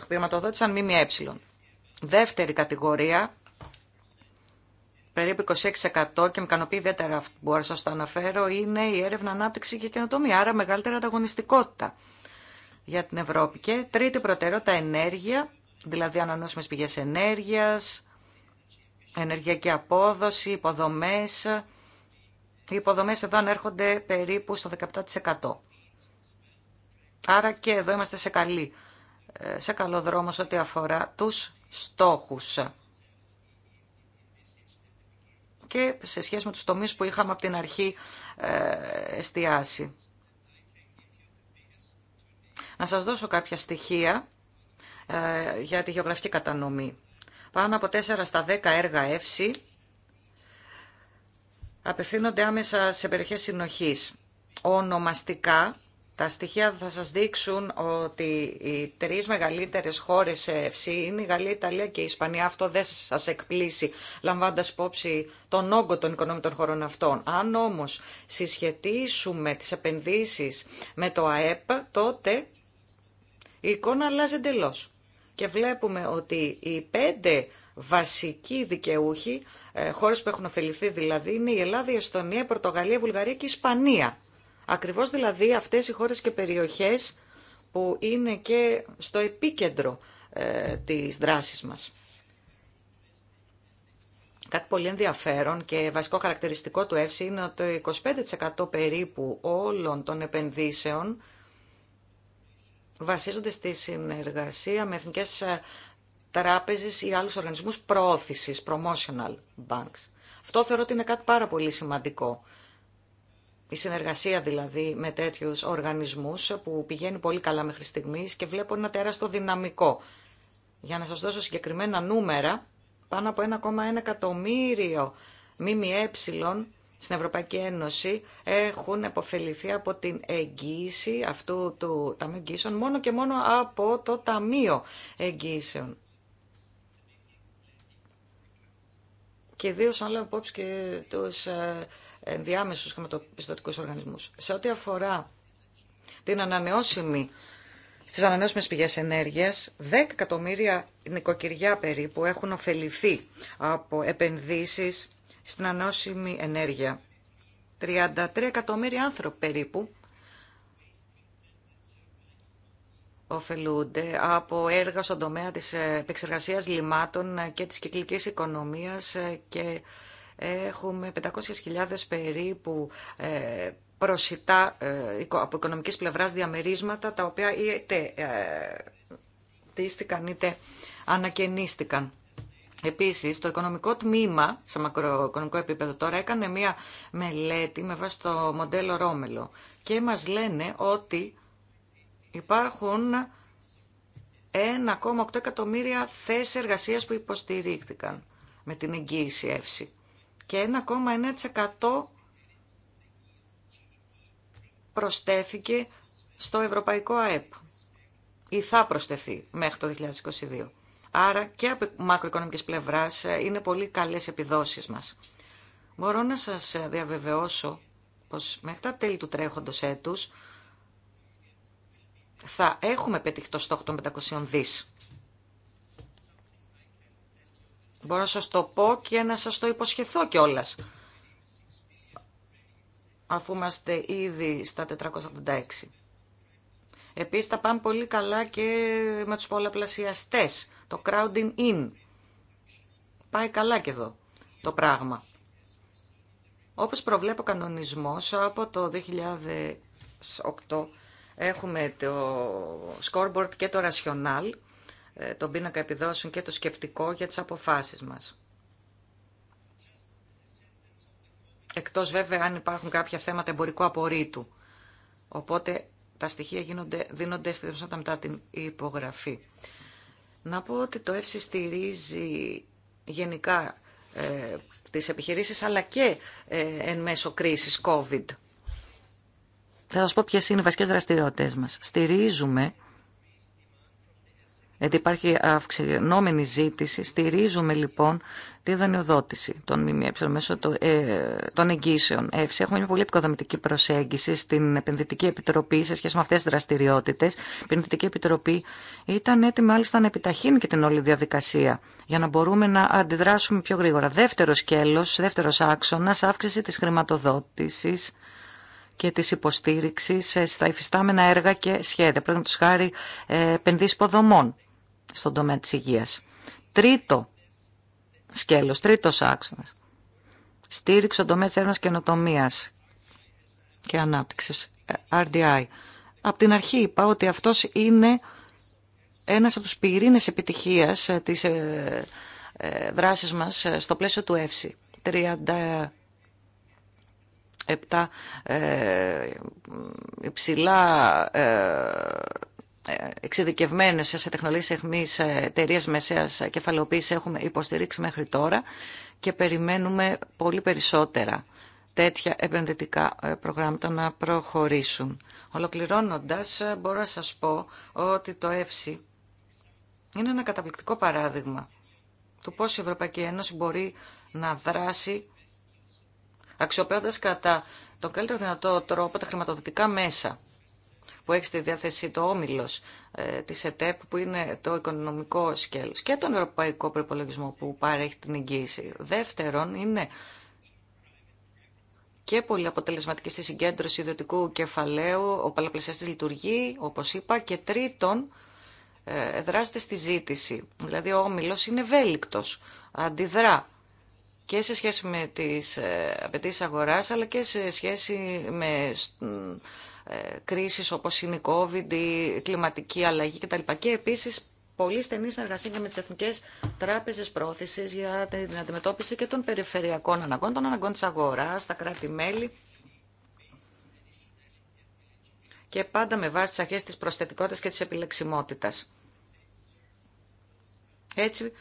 χρηματοδότησαν ΜΜΕ. Δεύτερη κατηγορία περίπου 26% και με ικανοποιεί ιδιαίτερα αυτό που μπορώ να σας το αναφέρω, είναι η έρευνα, ανάπτυξη και καινοτομία, άρα μεγαλύτερη ανταγωνιστικότητα για την Ευρώπη. Και τρίτη προτεραιότητα, ενέργεια, δηλαδή ανανόσιμε πηγές ενέργειας, ενεργειακή απόδοση, υποδομές. Οι υποδομές εδώ ανέρχονται περίπου στο 17%. Άρα και εδώ είμαστε σε, καλή, ε, σε καλό δρόμο ό,τι αφορά τους στόχους και σε σχέση με τους τομείς που είχαμε από την αρχή ε, εστιάσει. Να σας δώσω κάποια στοιχεία ε, για τη γεωγραφική κατανομή. Πάνω από 4 στα 10 έργα εύση απευθύνονται άμεσα σε περιοχές συνοχής. Ονομαστικά τα στοιχεία θα σας δείξουν ότι οι τρεις μεγαλύτερες χώρες ευσύ είναι η Γαλλία, η Ιταλία και η Ισπανία. Αυτό δεν σας εκπλήσει λαμβάνοντας υπόψη τον όγκο των οικονομικών χωρών αυτών. Αν όμως συσχετίσουμε τις επενδύσεις με το ΑΕΠ, τότε η εικόνα αλλάζει εντελώ. Και βλέπουμε ότι οι πέντε βασικοί δικαιούχοι, ε, χώρες που έχουν ωφεληθεί δηλαδή, είναι η Ελλάδα, η Εστονία, η Πορτογαλία, η Βουλγαρία και η Ισπανία. Ακριβώς δηλαδή αυτές οι χώρες και περιοχές που είναι και στο επίκεντρο ε, της δράσης μας. Κάτι πολύ ενδιαφέρον και βασικό χαρακτηριστικό του ΕΦΣΙ είναι ότι το 25% περίπου όλων των επενδύσεων βασίζονται στη συνεργασία με εθνικές ε, τράπεζες ή άλλους οργανισμούς προώθησης, promotional banks. Αυτό θεωρώ ότι είναι κάτι πάρα πολύ σημαντικό η συνεργασία δηλαδή με τέτοιους οργανισμούς που πηγαίνει πολύ καλά μέχρι στιγμής και βλέπω ένα τεράστιο δυναμικό. Για να σας δώσω συγκεκριμένα νούμερα, πάνω από 1,1 εκατομμύριο ΜΜΕ στην Ευρωπαϊκή Ένωση έχουν επωφεληθεί από την εγγύηση αυτού του Ταμείου Εγγύησεων μόνο και μόνο από το Ταμείο Εγγύησεων. Και ιδίω αν λέω και τους ε, ενδιάμεσους χρηματοπιστωτικούς οργανισμούς. Σε ό,τι αφορά την ανανεώσιμη στις ανανεώσιμες πηγές ενέργειας, 10 εκατομμύρια νοικοκυριά περίπου έχουν ωφεληθεί από επενδύσεις στην ανανεώσιμη ενέργεια. 33 εκατομμύρια άνθρωποι περίπου ωφελούνται από έργα στον τομέα της επεξεργασίας λιμάτων και της κυκλικής οικονομίας και Έχουμε 500.000 περίπου ε, προσιτά ε, από οικονομικής πλευράς διαμερίσματα, τα οποία είτε ε, τίστηκαν είτε ανακαινίστηκαν. Επίσης, το οικονομικό τμήμα, σε μακροοικονομικό επίπεδο τώρα, έκανε μία μελέτη με βάση το μοντέλο Ρόμελο και μας λένε ότι υπάρχουν 1,8 εκατομμύρια θέσεις εργασίας που υποστηρίχθηκαν με την εγγύηση εύση και 1,9% προστέθηκε στο ευρωπαϊκό ΑΕΠ ή θα προσθεθεί μέχρι το 2022. Άρα και από μακροοικονομικής πλευράς ε, είναι πολύ καλές επιδόσεις μας. Μπορώ να σας ε, διαβεβαιώσω πως μέχρι τα τέλη του τρέχοντος έτους θα έχουμε πετύχει το στόχο των 500 δις. Μπορώ να σας το πω και να σας το υποσχεθώ κιόλα. Αφού είμαστε ήδη στα 486. Επίσης τα πάμε πολύ καλά και με τους πολλαπλασιαστές. Το crowding in. Πάει καλά και εδώ το πράγμα. Όπως προβλέπω ο κανονισμός, από το 2008 έχουμε το scoreboard και το rational ε, τον πίνακα επιδόσεων και το σκεπτικό για τις αποφάσεις μας. Εκτός βέβαια αν υπάρχουν κάποια θέματα εμπορικού απορρίτου. Οπότε τα στοιχεία γίνονται, δίνονται στη δημοσιότητα μετά την υπογραφή. Να πω ότι το ΕΦΣΙ στηρίζει γενικά ε, τις επιχειρήσεις αλλά και ε, εν μέσω κρίσης COVID. Θα σας πω ποιες είναι οι βασικές δραστηριότητες μας. Στηρίζουμε γιατί υπάρχει αυξηνόμενη ζήτηση. Στηρίζουμε λοιπόν τη δανειοδότηση των ΜΜΕ μέσω ε, των εγγύσεων Έχουμε μια πολύ επικοδομητική προσέγγιση στην Επενδυτική Επιτροπή σε σχέση με αυτέ τι δραστηριότητε. Η Επενδυτική Επιτροπή ήταν έτοιμη μάλιστα να επιταχύνει και την όλη διαδικασία για να μπορούμε να αντιδράσουμε πιο γρήγορα. Δεύτερο σκέλο, δεύτερο άξονα, αύξηση τη χρηματοδότηση και της υποστήριξης ε, στα υφιστάμενα έργα και σχέδια. Πρέπει να τους χάρη ε, επενδύσει υποδομών στον τομέα της υγείας. Τρίτο σκέλος, τρίτος άξονας. Στήριξη στον τομέα της έρευνας καινοτομίας και ανάπτυξης, ε, RDI. Από την αρχή είπα ότι αυτός είναι ένας από τους πυρήνες επιτυχίας ε, της ε, δράσης μας στο πλαίσιο του ΕΦΣΥ. 37 ε, υψηλά ε, εξειδικευμένε σε τεχνολογίες εχμής εταιρείε μεσαία κεφαλαιοποίηση έχουμε υποστηρίξει μέχρι τώρα και περιμένουμε πολύ περισσότερα τέτοια επενδυτικά ε, προγράμματα να προχωρήσουν. Ολοκληρώνοντας, ε, μπορώ να σας πω ότι το ΕΦΣΙ είναι ένα καταπληκτικό παράδειγμα του πώς η Ευρωπαϊκή Ένωση μπορεί να δράσει αξιοποιώντα κατά τον καλύτερο δυνατό τρόπο τα χρηματοδοτικά μέσα που έχει στη διάθεση το όμιλος ε, της ΕΤΕΠ που είναι το οικονομικό σκέλος και τον ευρωπαϊκό προπολογισμό που παρέχει την εγγύηση. Δεύτερον είναι και πολύ αποτελεσματική στη συγκέντρωση ιδιωτικού κεφαλαίου, ο παλαπλασιαστή λειτουργεί, όπως είπα, και τρίτον, ε, δράζεται στη ζήτηση. Δηλαδή ο όμιλος είναι ευέλικτο, αντιδρά και σε σχέση με τις ε, απαιτήσει αγοράς, αλλά και σε σχέση με ε, κρίσεις όπως είναι η COVID, η κλιματική αλλαγή κτλ. Και επίσης πολύ στενή συνεργασία με τις Εθνικές Τράπεζες Πρόθεσης για την αντιμετώπιση και των περιφερειακών αναγκών, των αναγκών της αγοράς, τα κράτη-μέλη και πάντα με βάση τις αρχές της προσθετικότητας και της επιλεξιμότητας. Έτσι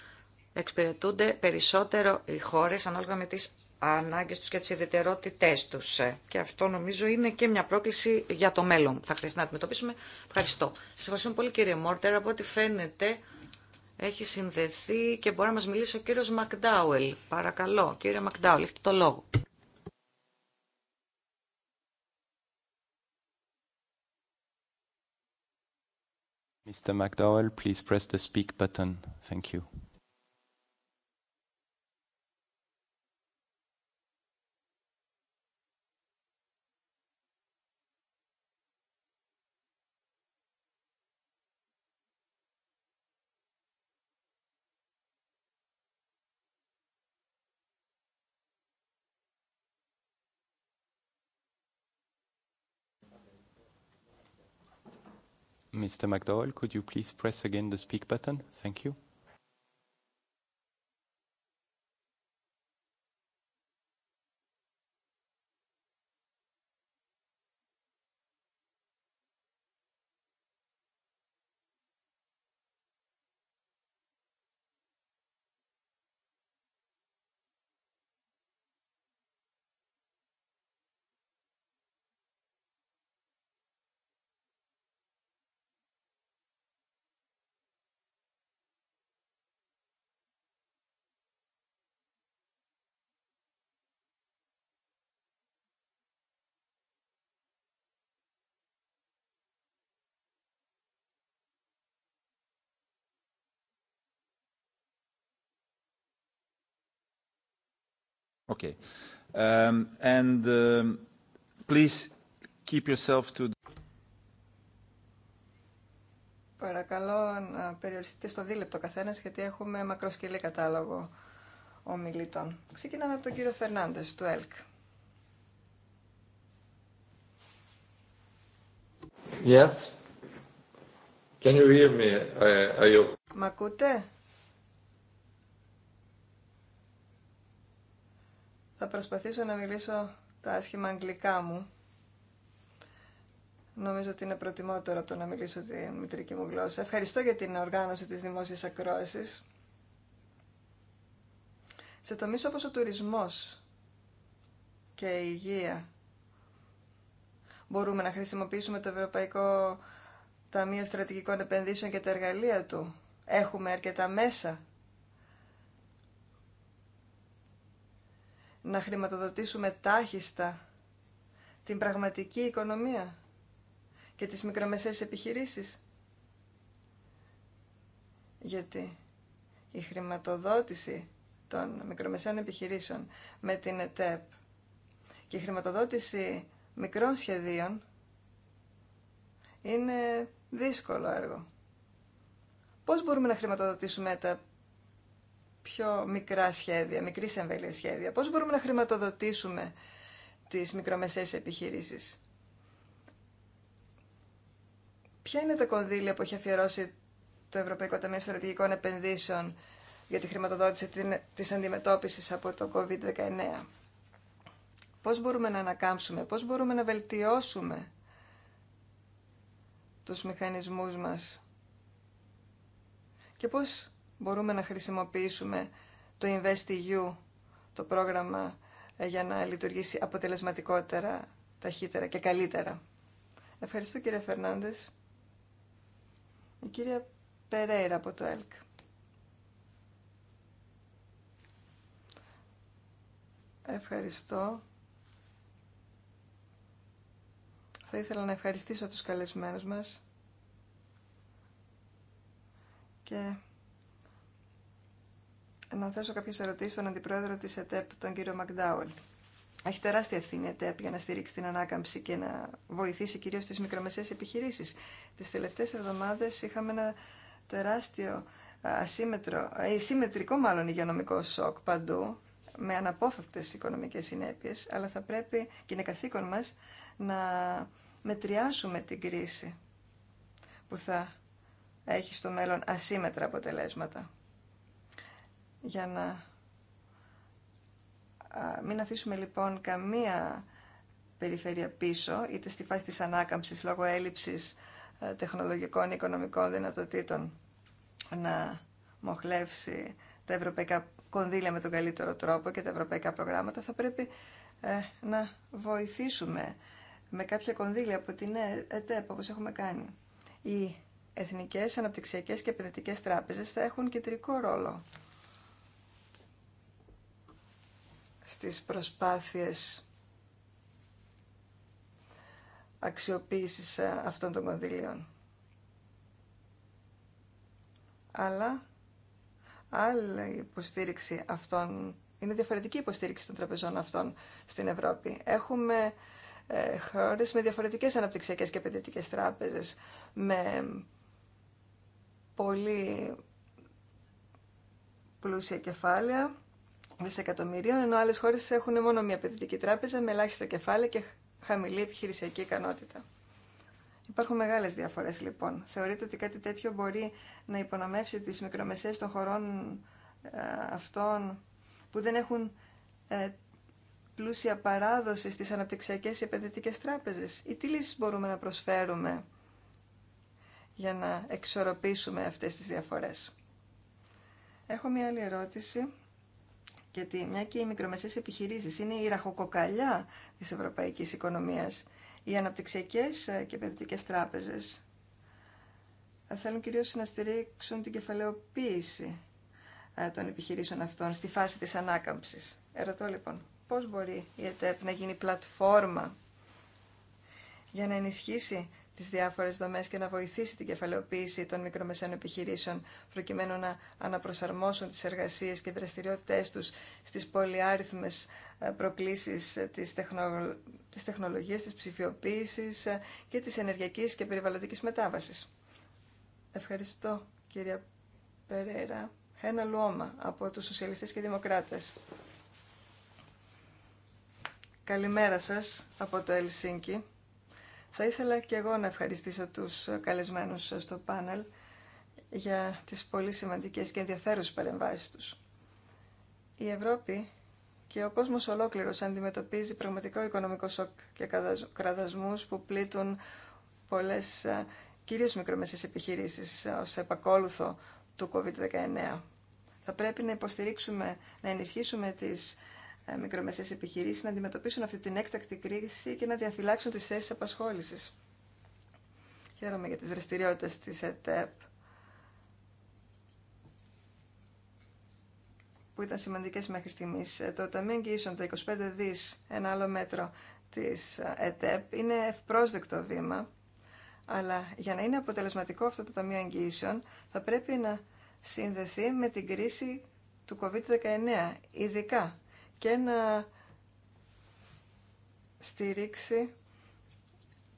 εξυπηρετούνται περισσότερο οι χώρες ανάλογα με τις ανάγκες τους και τις ιδιαιτερότητές τους. Και αυτό νομίζω είναι και μια πρόκληση για το μέλλον. Θα χρειαστεί να αντιμετωπίσουμε. Ευχαριστώ. Σας ευχαριστούμε πολύ κύριε Μόρτερ. Από ό,τι φαίνεται έχει συνδεθεί και μπορεί να μας μιλήσει ο κύριος Μακντάουελ. Παρακαλώ, κύριε Μακντάουελ, έχετε το λόγο. Mr. McDowell, please press the speak button. Thank you. Mr. McDowell, could you please press again the speak button? Thank you. Um, um, Παρακαλώ να περιοριστείτε στο δίλεπτο καθένας γιατί έχουμε μακροσκελή κατάλογο ομιλητών. Ξεκινάμε από τον κύριο Φερνάντες του ΕΛΚ. Yes. Can you hear me? are you? Μ' ακούτε? Θα προσπαθήσω να μιλήσω τα άσχημα αγγλικά μου. Νομίζω ότι είναι προτιμότερο από το να μιλήσω τη μητρική μου γλώσσα. Ευχαριστώ για την οργάνωση της δημόσιας ακρόασης. Σε τομείς όπως ο τουρισμός και η υγεία μπορούμε να χρησιμοποιήσουμε το Ευρωπαϊκό Ταμείο Στρατηγικών Επενδύσεων και τα εργαλεία του. Έχουμε αρκετά μέσα να χρηματοδοτήσουμε τάχιστα την πραγματική οικονομία και τις μικρομεσαίες επιχειρήσεις. Γιατί η χρηματοδότηση των μικρομεσαίων επιχειρήσεων με την ΕΤΕΠ και η χρηματοδότηση μικρών σχεδίων είναι δύσκολο έργο. Πώς μπορούμε να χρηματοδοτήσουμε τα πιο μικρά σχέδια, μικρή εμβέλεια σχέδια. Πώς μπορούμε να χρηματοδοτήσουμε τις μικρομεσαίες επιχειρήσεις. Ποια είναι τα κονδύλια που έχει αφιερώσει το Ευρωπαϊκό Ταμείο Στρατηγικών Επενδύσεων για τη χρηματοδότηση της αντιμετώπισης από το COVID-19. Πώς μπορούμε να ανακάμψουμε, πώς μπορούμε να βελτιώσουμε τους μηχανισμούς μας και πώς μπορούμε να χρησιμοποιήσουμε το InvestEU, το πρόγραμμα ε, για να λειτουργήσει αποτελεσματικότερα, ταχύτερα και καλύτερα. Ευχαριστώ κύριε Φερνάνδες. Η κυρία Περέιρα από το ΕΛΚ. Ευχαριστώ. Θα ήθελα να ευχαριστήσω τους καλεσμένους μας και να θέσω κάποιε ερωτήσει στον Αντιπρόεδρο της ΕΤΕΠ, τον κύριο Μακδάουελ. Έχει τεράστια ευθύνη η ΕΤΕΠ για να στηρίξει την ανάκαμψη και να βοηθήσει κυρίω τι μικρομεσαίες επιχειρήσει. Τι τελευταίε εβδομάδε είχαμε ένα τεράστιο ασύμετρο, ε, συμμετρικό μάλλον υγειονομικό σοκ παντού, με αναπόφευκτες οικονομικέ συνέπειε, αλλά θα πρέπει και είναι καθήκον μα να μετριάσουμε την κρίση που θα έχει στο μέλλον ασύμετρα αποτελέσματα. Για να μην αφήσουμε λοιπόν καμία περιφέρεια πίσω, είτε στη φάση της ανάκαμψης λόγω έλλειψης ε, τεχνολογικών ή οικονομικών δυνατοτήτων να μοχλεύσει τα ευρωπαϊκά κονδύλια με τον καλύτερο τρόπο και τα ευρωπαϊκά προγράμματα, θα πρέπει ε, να βοηθήσουμε με κάποια κονδύλια από την ΕΤΕΠ, όπως έχουμε κάνει. Οι Εθνικές Αναπτυξιακές και Επιδετικές Τράπεζες θα έχουν κεντρικό ρόλο στις προσπάθειες αξιοποίησης ε, αυτών των κονδυλίων. Αλλά άλλη υποστήριξη αυτών, είναι διαφορετική υποστήριξη των τραπεζών αυτών στην Ευρώπη. Έχουμε ε, χώρες με διαφορετικές αναπτυξιακές και επενδυτικές τράπεζες, με πολύ πλούσια κεφάλαια δισεκατομμυρίων, ενώ άλλε χώρε έχουν μόνο μία επενδυτική τράπεζα με ελάχιστα κεφάλαια και χαμηλή επιχειρησιακή ικανότητα. Υπάρχουν μεγάλε διαφορέ λοιπόν. Θεωρείτε ότι κάτι τέτοιο μπορεί να υπονομεύσει τι μικρομεσαίε των χωρών ε, αυτών που δεν έχουν ε, πλούσια παράδοση στις αναπτυξιακές ή επενδυτικές τράπεζες. Ή τι λύσεις μπορούμε να προσφέρουμε για να εξορροπήσουμε αυτές τις διαφορές. Έχω μία άλλη ερώτηση γιατί μια και οι μικρομεσαίες επιχειρήσεις είναι η ραχοκοκαλιά της ευρωπαϊκής οικονομίας, οι αναπτυξιακές ε, και επενδυτικές τράπεζες ε, θέλουν κυρίως να στηρίξουν την κεφαλαιοποίηση ε, των επιχειρήσεων αυτών στη φάση της ανάκαμψης. Ερωτώ λοιπόν, πώς μπορεί η ΕΤΕΠ να γίνει πλατφόρμα για να ενισχύσει τι διάφορε δομές και να βοηθήσει την κεφαλαιοποίηση των μικρομεσαίων επιχειρήσεων προκειμένου να αναπροσαρμόσουν τις εργασίες και δραστηριότητές τους στις πολυάριθμες ε, προκλήσεις ε, της, τεχνο... τεχνολογίας, της ψηφιοποίησης ε, και τη ενεργειακή και περιβαλλοντική μετάβαση. Ευχαριστώ κυρία Περέρα. Ένα λουόμα από τους Σοσιαλιστές και Δημοκράτες. Καλημέρα σας από το Ελσίνκι. Θα ήθελα και εγώ να ευχαριστήσω τους καλεσμένους στο πάνελ για τις πολύ σημαντικές και ενδιαφέρουσες παρεμβάσεις τους. Η Ευρώπη και ο κόσμος ολόκληρος αντιμετωπίζει πραγματικό οικονομικό σοκ και κραδασμούς που πλήττουν πολλές ε, κυρίως μικρομεσαίες επιχειρήσεις ε, ως επακόλουθο του COVID-19. Θα πρέπει να υποστηρίξουμε, να ενισχύσουμε τις ε, μικρομεσαίες επιχειρήσεις να αντιμετωπίσουν αυτή την έκτακτη κρίση και να διαφυλάξουν τις θέσεις απασχόλησης. Χαίρομαι για τις δραστηριότητες της ΕΤΕΠ που ήταν σημαντικές μέχρι στιγμής. Ε, το Ταμείο Εγγυήσεων, το 25 δις, ένα άλλο μέτρο της ε, ΕΤΕΠ, είναι ευπρόσδεκτο βήμα, αλλά για να είναι αποτελεσματικό αυτό το Ταμείο Εγγυήσεων θα πρέπει να συνδεθεί με την κρίση του COVID-19, ειδικά και να στηρίξει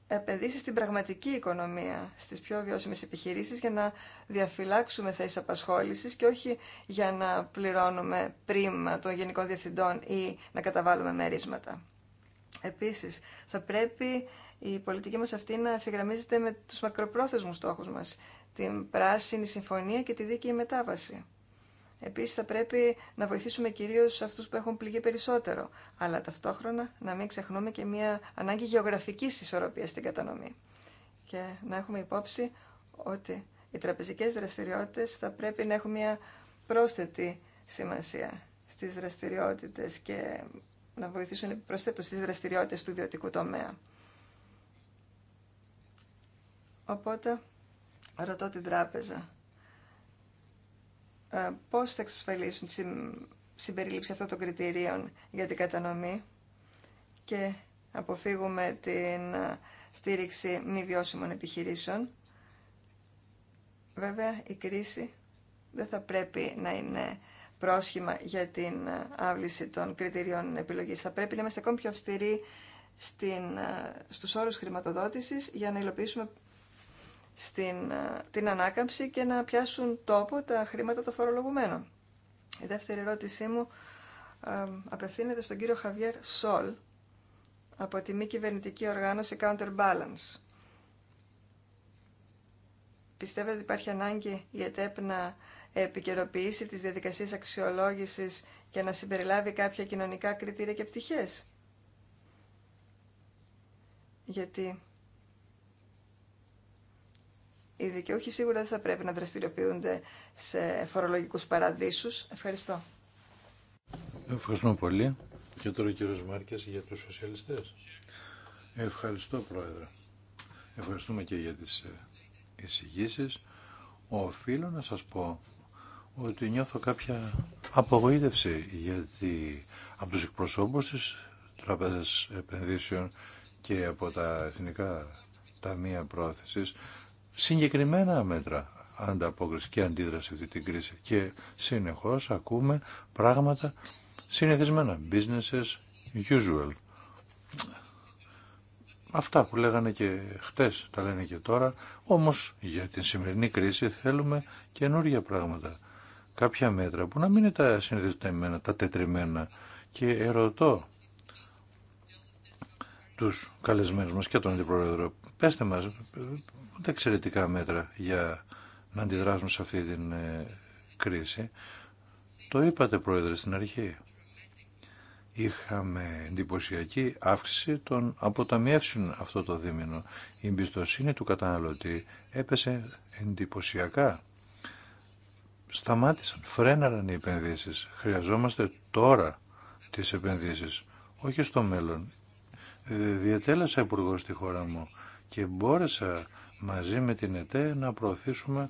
επενδύσει στην πραγματική οικονομία, στις πιο βιώσιμες επιχειρήσεις για να διαφυλάξουμε θέσεις απασχόλησης και όχι για να πληρώνουμε πρίμα των γενικών διευθυντών ή να καταβάλουμε μερίσματα. Επίσης, θα πρέπει η πολιτική μας αυτή να ευθυγραμμίζεται με τους μακροπρόθεσμους στόχους μας, την πράσινη συμφωνία και τη δίκαιη μετάβαση. Επίσης θα πρέπει να βοηθήσουμε κυρίως αυτούς που έχουν πληγεί περισσότερο, αλλά ταυτόχρονα να μην ξεχνούμε και μια ανάγκη γεωγραφικής ισορροπίας στην κατανομή. Και να έχουμε υπόψη ότι οι τραπεζικές δραστηριότητες θα πρέπει να έχουν μια πρόσθετη σημασία στις δραστηριότητες και να βοηθήσουν προσθέτω στις δραστηριότητες του ιδιωτικού τομέα. Οπότε, ρωτώ την τράπεζα. Ε, πώς θα εξασφαλίσουν τη συμπερίληψη αυτών των κριτηρίων για την κατανομή και αποφύγουμε την ε, στήριξη μη βιώσιμων επιχειρήσεων. Βέβαια, η κρίση δεν θα πρέπει να είναι πρόσχημα για την ε, άβληση των κριτηριών επιλογής. Θα πρέπει να είμαστε ακόμη πιο αυστηροί στην, στους όρους χρηματοδότησης για να υλοποιήσουμε στην, ε, την ανάκαμψη και να πιάσουν τόπο τα χρήματα των φορολογουμένων. Η δεύτερη ερώτησή μου ε, απευθύνεται στον κύριο Χαβιέρ Σόλ από τη μη κυβερνητική οργάνωση Counterbalance. Πιστεύετε ότι υπάρχει ανάγκη η ΕΤΕΠ να επικαιροποιήσει τις διαδικασίες αξιολόγησης και να συμπεριλάβει κάποια κοινωνικά κριτήρια και πτυχές. Γιατί οι δικαιούχοι σίγουρα δεν θα πρέπει να δραστηριοποιούνται σε φορολογικούς παραδείσους. Ευχαριστώ. Ευχαριστούμε πολύ. Και τώρα ο κύριος Μάρκες για τους σοσιαλιστές. Ευχαριστώ Πρόεδρε. Ευχαριστούμε και για τις ε, εισηγήσεις. Οφείλω να σας πω ότι νιώθω κάποια απογοήτευση γιατί από τους εκπροσώπους της Τραπέζας Επενδύσεων και από τα Εθνικά Ταμεία Πρόθεσης συγκεκριμένα μέτρα ανταπόκριση και αντίδραση αυτή την κρίση. Και συνεχώς ακούμε πράγματα συνηθισμένα. Business as usual. Αυτά που λέγανε και χτες, τα λένε και τώρα, όμως για την σημερινή κρίση θέλουμε καινούργια πράγματα. Κάποια μέτρα που να μην είναι τα συνηθισμένα, τα τετριμένα. Και ερωτώ, του καλεσμένου μας και τον Αντιπρόεδρο. Πέστε μας τα εξαιρετικά μέτρα για να αντιδράσουμε σε αυτή την ε, κρίση. Το είπατε, Πρόεδρε, στην αρχή. Είχαμε εντυπωσιακή αύξηση των αποταμιεύσεων αυτό το δίμηνο. Η εμπιστοσύνη του καταναλωτή έπεσε εντυπωσιακά. Σταμάτησαν, φρέναραν οι επενδύσεις. Χρειαζόμαστε τώρα τις επενδύσεις, όχι στο μέλλον. Ε, διατέλεσα υπουργό στη χώρα μου και μπόρεσα μαζί με την ΕΤΕ να προωθήσουμε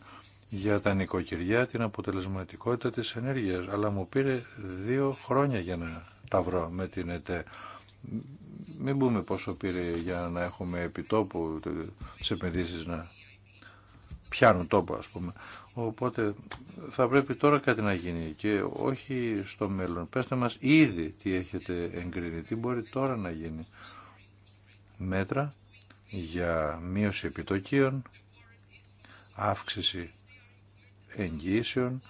για τα νοικοκυριά την αποτελεσματικότητα της ενέργειας. Αλλά μου πήρε δύο χρόνια για να τα βρω με την ΕΤΕ. Μην πούμε πόσο πήρε για να έχουμε επιτόπου τις επενδύσεις να πιάνουν τόπο ας πούμε. Οπότε θα πρέπει τώρα κάτι να γίνει και όχι στο μέλλον. Πέστε μας ήδη τι έχετε εγκρίνει, τι μπορεί τώρα να γίνει μέτρα για μείωση επιτοκίων, αύξηση εγγύσεων,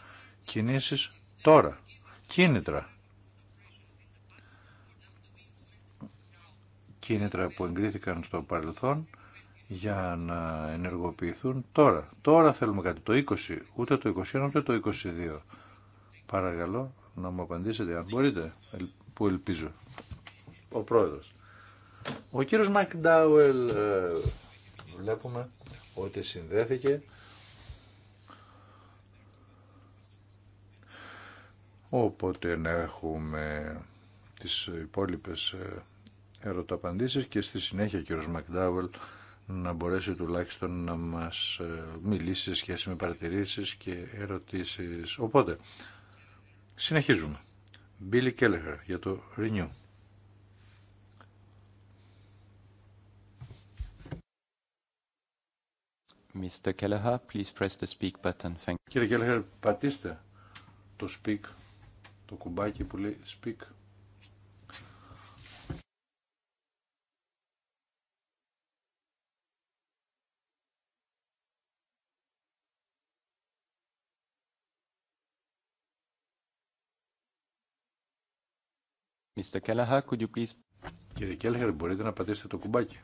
κινήσεις τώρα, κίνητρα. Κίνητρα που εγκρίθηκαν στο παρελθόν για να ενεργοποιηθούν τώρα. Τώρα θέλουμε κάτι το 20, ούτε το 21 ούτε το 22. Παρακαλώ να μου απαντήσετε αν μπορείτε, που ελπίζω. Ο πρόεδρος. Ο κύριος Μακντάουελ ε, βλέπουμε ότι συνδέθηκε οπότε να έχουμε τις υπόλοιπες ε, ερωταπαντήσεις και στη συνέχεια ο κύριος Μακντάουελ να μπορέσει τουλάχιστον να μας ε, μιλήσει σε σχέση με παρατηρήσεις και ερωτήσεις. Οπότε, συνεχίζουμε. Μπίλι Kelleher για το Renew. Mr. Kelleher, please press the speak button. Thank you. Κύριε Kelleher, πατήστε το speak, το κουμπάκι που λέει speak. Mr. Kelleher, could you please... Κύριε Kelleher, μπορείτε να πατήσετε το κουμπάκι.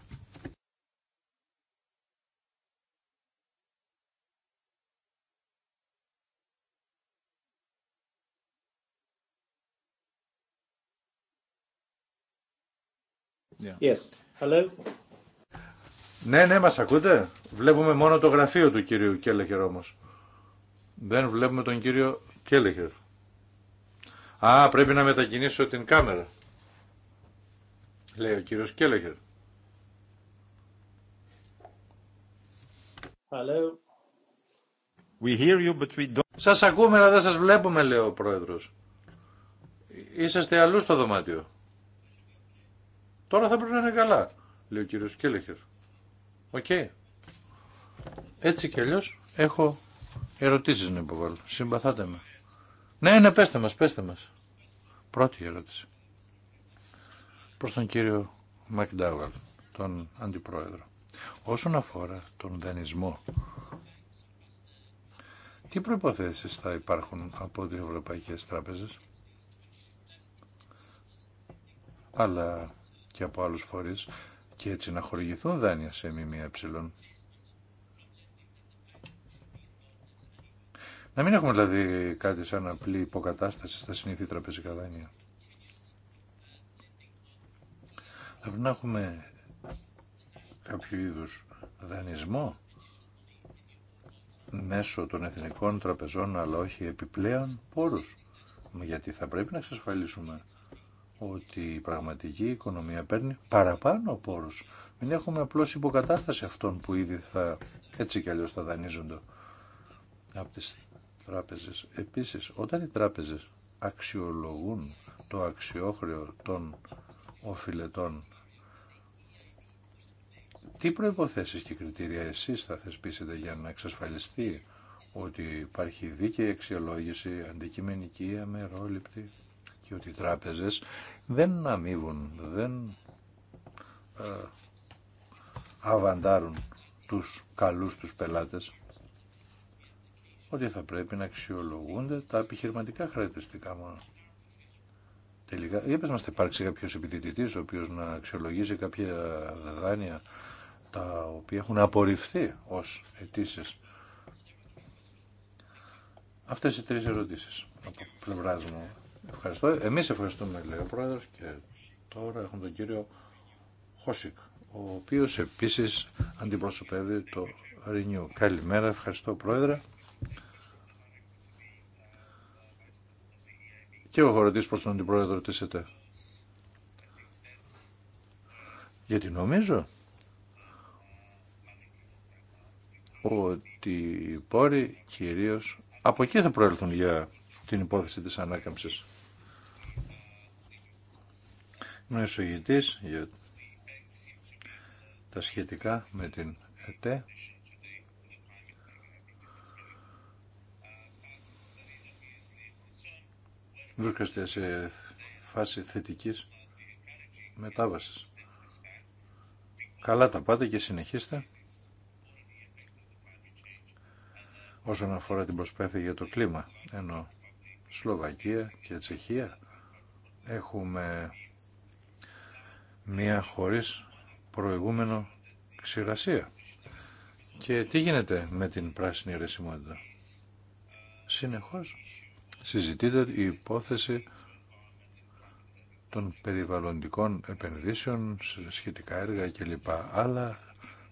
Yes. Hello. Ναι, ναι, μας ακούτε. Βλέπουμε μόνο το γραφείο του κυρίου Κέλεχερ όμως. Δεν βλέπουμε τον κύριο Κέλεχερ. Α, πρέπει να μετακινήσω την κάμερα. Λέει ο κύριος Κέλεχερ. Hello. We hear you, but we don't... Σας ακούμε, αλλά δεν σας βλέπουμε, λέει ο πρόεδρος. Είσαστε αλλού στο δωμάτιο. Τώρα θα πρέπει να είναι καλά, λέει ο κύριο Κέλεχερ. Οκ. Έτσι κι αλλιώ έχω ερωτήσεις να υποβάλω. Συμπαθάτε με. Ναι, ναι, πέστε μας, πέστε μας. Πρώτη ερώτηση. Προς τον κύριο Μακντάουαλ, τον αντιπρόεδρο. Όσον αφορά τον δανεισμό, τι προϋποθέσεις θα υπάρχουν από τις Ευρωπαϊκές Τράπεζες, αλλά και από άλλους φορείς και έτσι να χορηγηθούν δάνεια σε ΜΜΕ. Να μην έχουμε δηλαδή κάτι σαν απλή υποκατάσταση στα συνήθη τραπεζικά δάνεια. Θα πρέπει να έχουμε κάποιο είδους δανεισμό μέσω των εθνικών τραπεζών αλλά όχι επιπλέον πόρους. Γιατί θα πρέπει να εξασφαλίσουμε ότι η πραγματική οικονομία παίρνει παραπάνω πόρους. Μην έχουμε απλώς υποκατάσταση αυτών που ήδη θα, έτσι κι αλλιώς θα δανείζονται από τις τράπεζες. Επίσης, όταν οι τράπεζες αξιολογούν το αξιόχρεο των οφηλετών, τι προϋποθέσεις και κριτήρια εσείς θα θεσπίσετε για να εξασφαλιστεί ότι υπάρχει δίκαιη αξιολόγηση, αντικειμενική, αμερόληπτη και ότι οι τράπεζες δεν αμείβουν, δεν ε, αβαντάρουν τους καλούς τους πελάτες ότι θα πρέπει να αξιολογούνται τα επιχειρηματικά χαρακτηριστικά μόνο. Τελικά, πες μας θα υπάρξει κάποιος επιτητητής ο οποίος να αξιολογήσει κάποια δάνεια τα οποία έχουν απορριφθεί ως αιτήσει. Αυτές οι τρεις ερωτήσεις από πλευράς μου. Ευχαριστώ. Εμείς ευχαριστούμε, λέει ο Πρόεδρος, και τώρα έχουμε τον κύριο Χώσικ, ο οποίος επίσης αντιπροσωπεύει το Renew. Καλημέρα, ευχαριστώ Πρόεδρε. Και εγώ έχω ρωτήσει προς τον αντιπρόεδρο της ΕΤΕ. Γιατί νομίζω ότι οι πόροι κυρίως από εκεί θα προέλθουν για την υπόθεση της ανάκαμψης μεσογητής για τα σχετικά με την ΕΤΕ. Βρίσκαστε σε φάση θετικής μετάβασης. Καλά τα πάτε και συνεχίστε. Όσον αφορά την προσπάθεια για το κλίμα, ενώ Σλοβακία και Τσεχία έχουμε μία χωρίς προηγούμενο ξηρασία. Και τι γίνεται με την πράσινη αιρεσιμότητα. Συνεχώς συζητείται η υπόθεση των περιβαλλοντικών επενδύσεων σε σχετικά έργα κλπ. Αλλά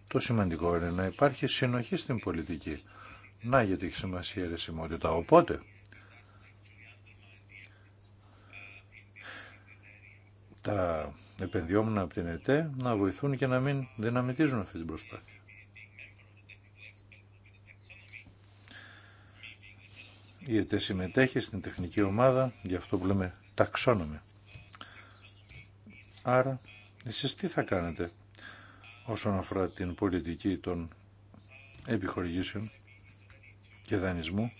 το σημαντικό είναι να υπάρχει συνοχή στην πολιτική. Να γιατί έχει σημασία η αιρεσιμότητα. Οπότε τα επενδυόμουν από την ΕΤΕ να βοηθούν και να μην δυναμητίζουν αυτή την προσπάθεια. Η ΕΤΕ συμμετέχει στην τεχνική ομάδα για αυτό που λέμε ταξόνομη. Άρα, εσείς τι θα κάνετε όσον αφορά την πολιτική των επιχορηγήσεων και δανεισμού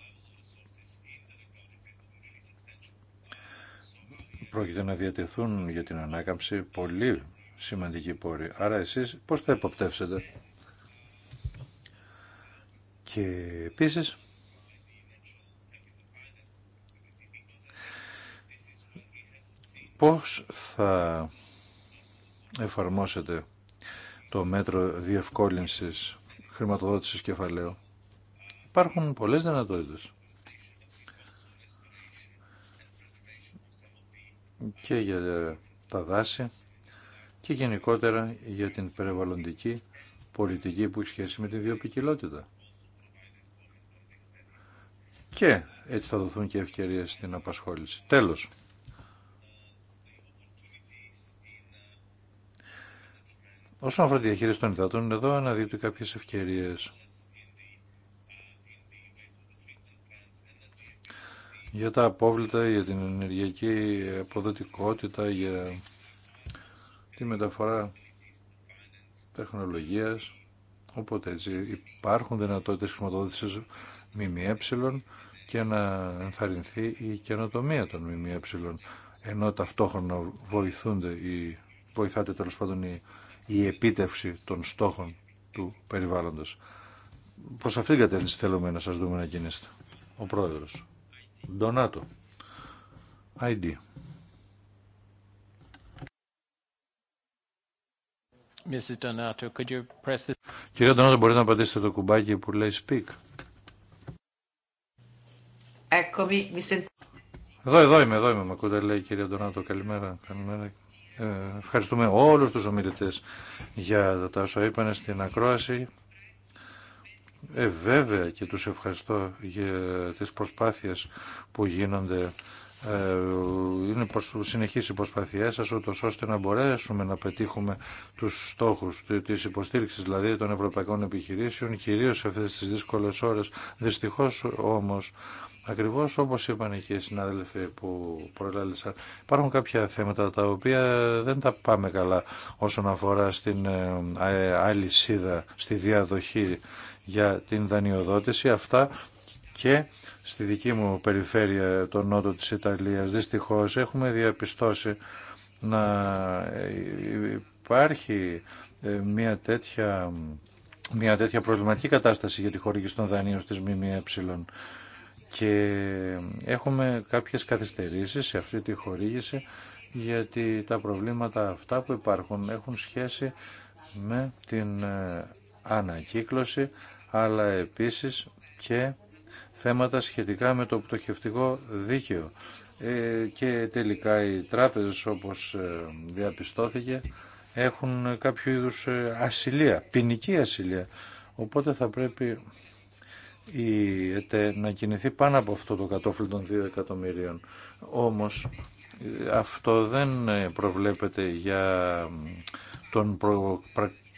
πρόκειται να διατεθούν για την ανάκαμψη πολύ σημαντικοί πόροι. Άρα εσείς πώς θα υποπτεύσετε. Και επίσης πώς θα εφαρμόσετε το μέτρο διευκόλυνσης χρηματοδότησης κεφαλαίου. Υπάρχουν πολλές δυνατότητες. και για τα δάση και γενικότερα για την περιβαλλοντική πολιτική που έχει σχέση με τη βιοπικιλότητα. Και έτσι θα δοθούν και ευκαιρίες στην απασχόληση. Τέλος. Όσον αφορά τη διαχείριση των υδάτων, εδώ αναδείπτει κάποιες ευκαιρίες. για τα απόβλητα, για την ενεργειακή αποδοτικότητα, για τη μεταφορά τεχνολογίας. Οπότε έτσι υπάρχουν δυνατότητες χρηματοδότησης ΜΜΕ και να ενθαρρυνθεί η καινοτομία των ΜΜΕ ενώ ταυτόχρονα βοηθούνται ή βοηθάται τέλο πάντων η, η επίτευξη των στόχων του περιβάλλοντος. Προς αυτήν την κατεύθυνση θέλουμε να σας δούμε να κινήσετε. Ο Πρόεδρος. Ντονάτο. ID. Mrs. Donato, could you press the... Κυρία Ντονάτο, μπορείτε να πατήσετε το κουμπάκι που λέει speak. Εδώ, εδώ είμαι, εδώ είμαι. Με ακούτε, λέει η κυρία Ντονάτο. Καλημέρα. Καλημέρα. Ε, ευχαριστούμε όλους τους ομιλητές για τα όσα είπανε στην ακρόαση ε, βέβαια και τους ευχαριστώ για τις προσπάθειες που γίνονται. Ε, είναι προς, συνεχής οι προσπάθειές σας, ούτως ώστε να μπορέσουμε να πετύχουμε τους στόχους της υποστήριξης, δηλαδή των ευρωπαϊκών επιχειρήσεων, κυρίως σε αυτές τις δύσκολες ώρες. Δυστυχώς όμως, Ακριβώς όπως είπαν και οι συνάδελφοι που προλάλησαν, υπάρχουν κάποια θέματα τα οποία δεν τα πάμε καλά όσον αφορά στην ε, αλυσίδα, στη διαδοχή για την δανειοδότηση. Αυτά και στη δική μου περιφέρεια, το νότο της Ιταλίας, δυστυχώς έχουμε διαπιστώσει να υπάρχει ε, μια τέτοια, μια τέτοια προβληματική κατάσταση για τη χορήγηση των δανείων στις ΜΜΕ και έχουμε κάποιες καθυστερήσεις σε αυτή τη χορήγηση γιατί τα προβλήματα αυτά που υπάρχουν έχουν σχέση με την ε, ανακύκλωση, αλλά επίσης και θέματα σχετικά με το πτωχευτικό δίκαιο. Ε, και τελικά οι τράπεζες όπως ε, διαπιστώθηκε έχουν κάποιο είδους ε, ασυλία, ποινική ασυλία. Οπότε θα πρέπει η να κινηθεί πάνω από αυτό το κατόφλι των 2 εκατομμυρίων. Όμως αυτό δεν προβλέπεται για τον προ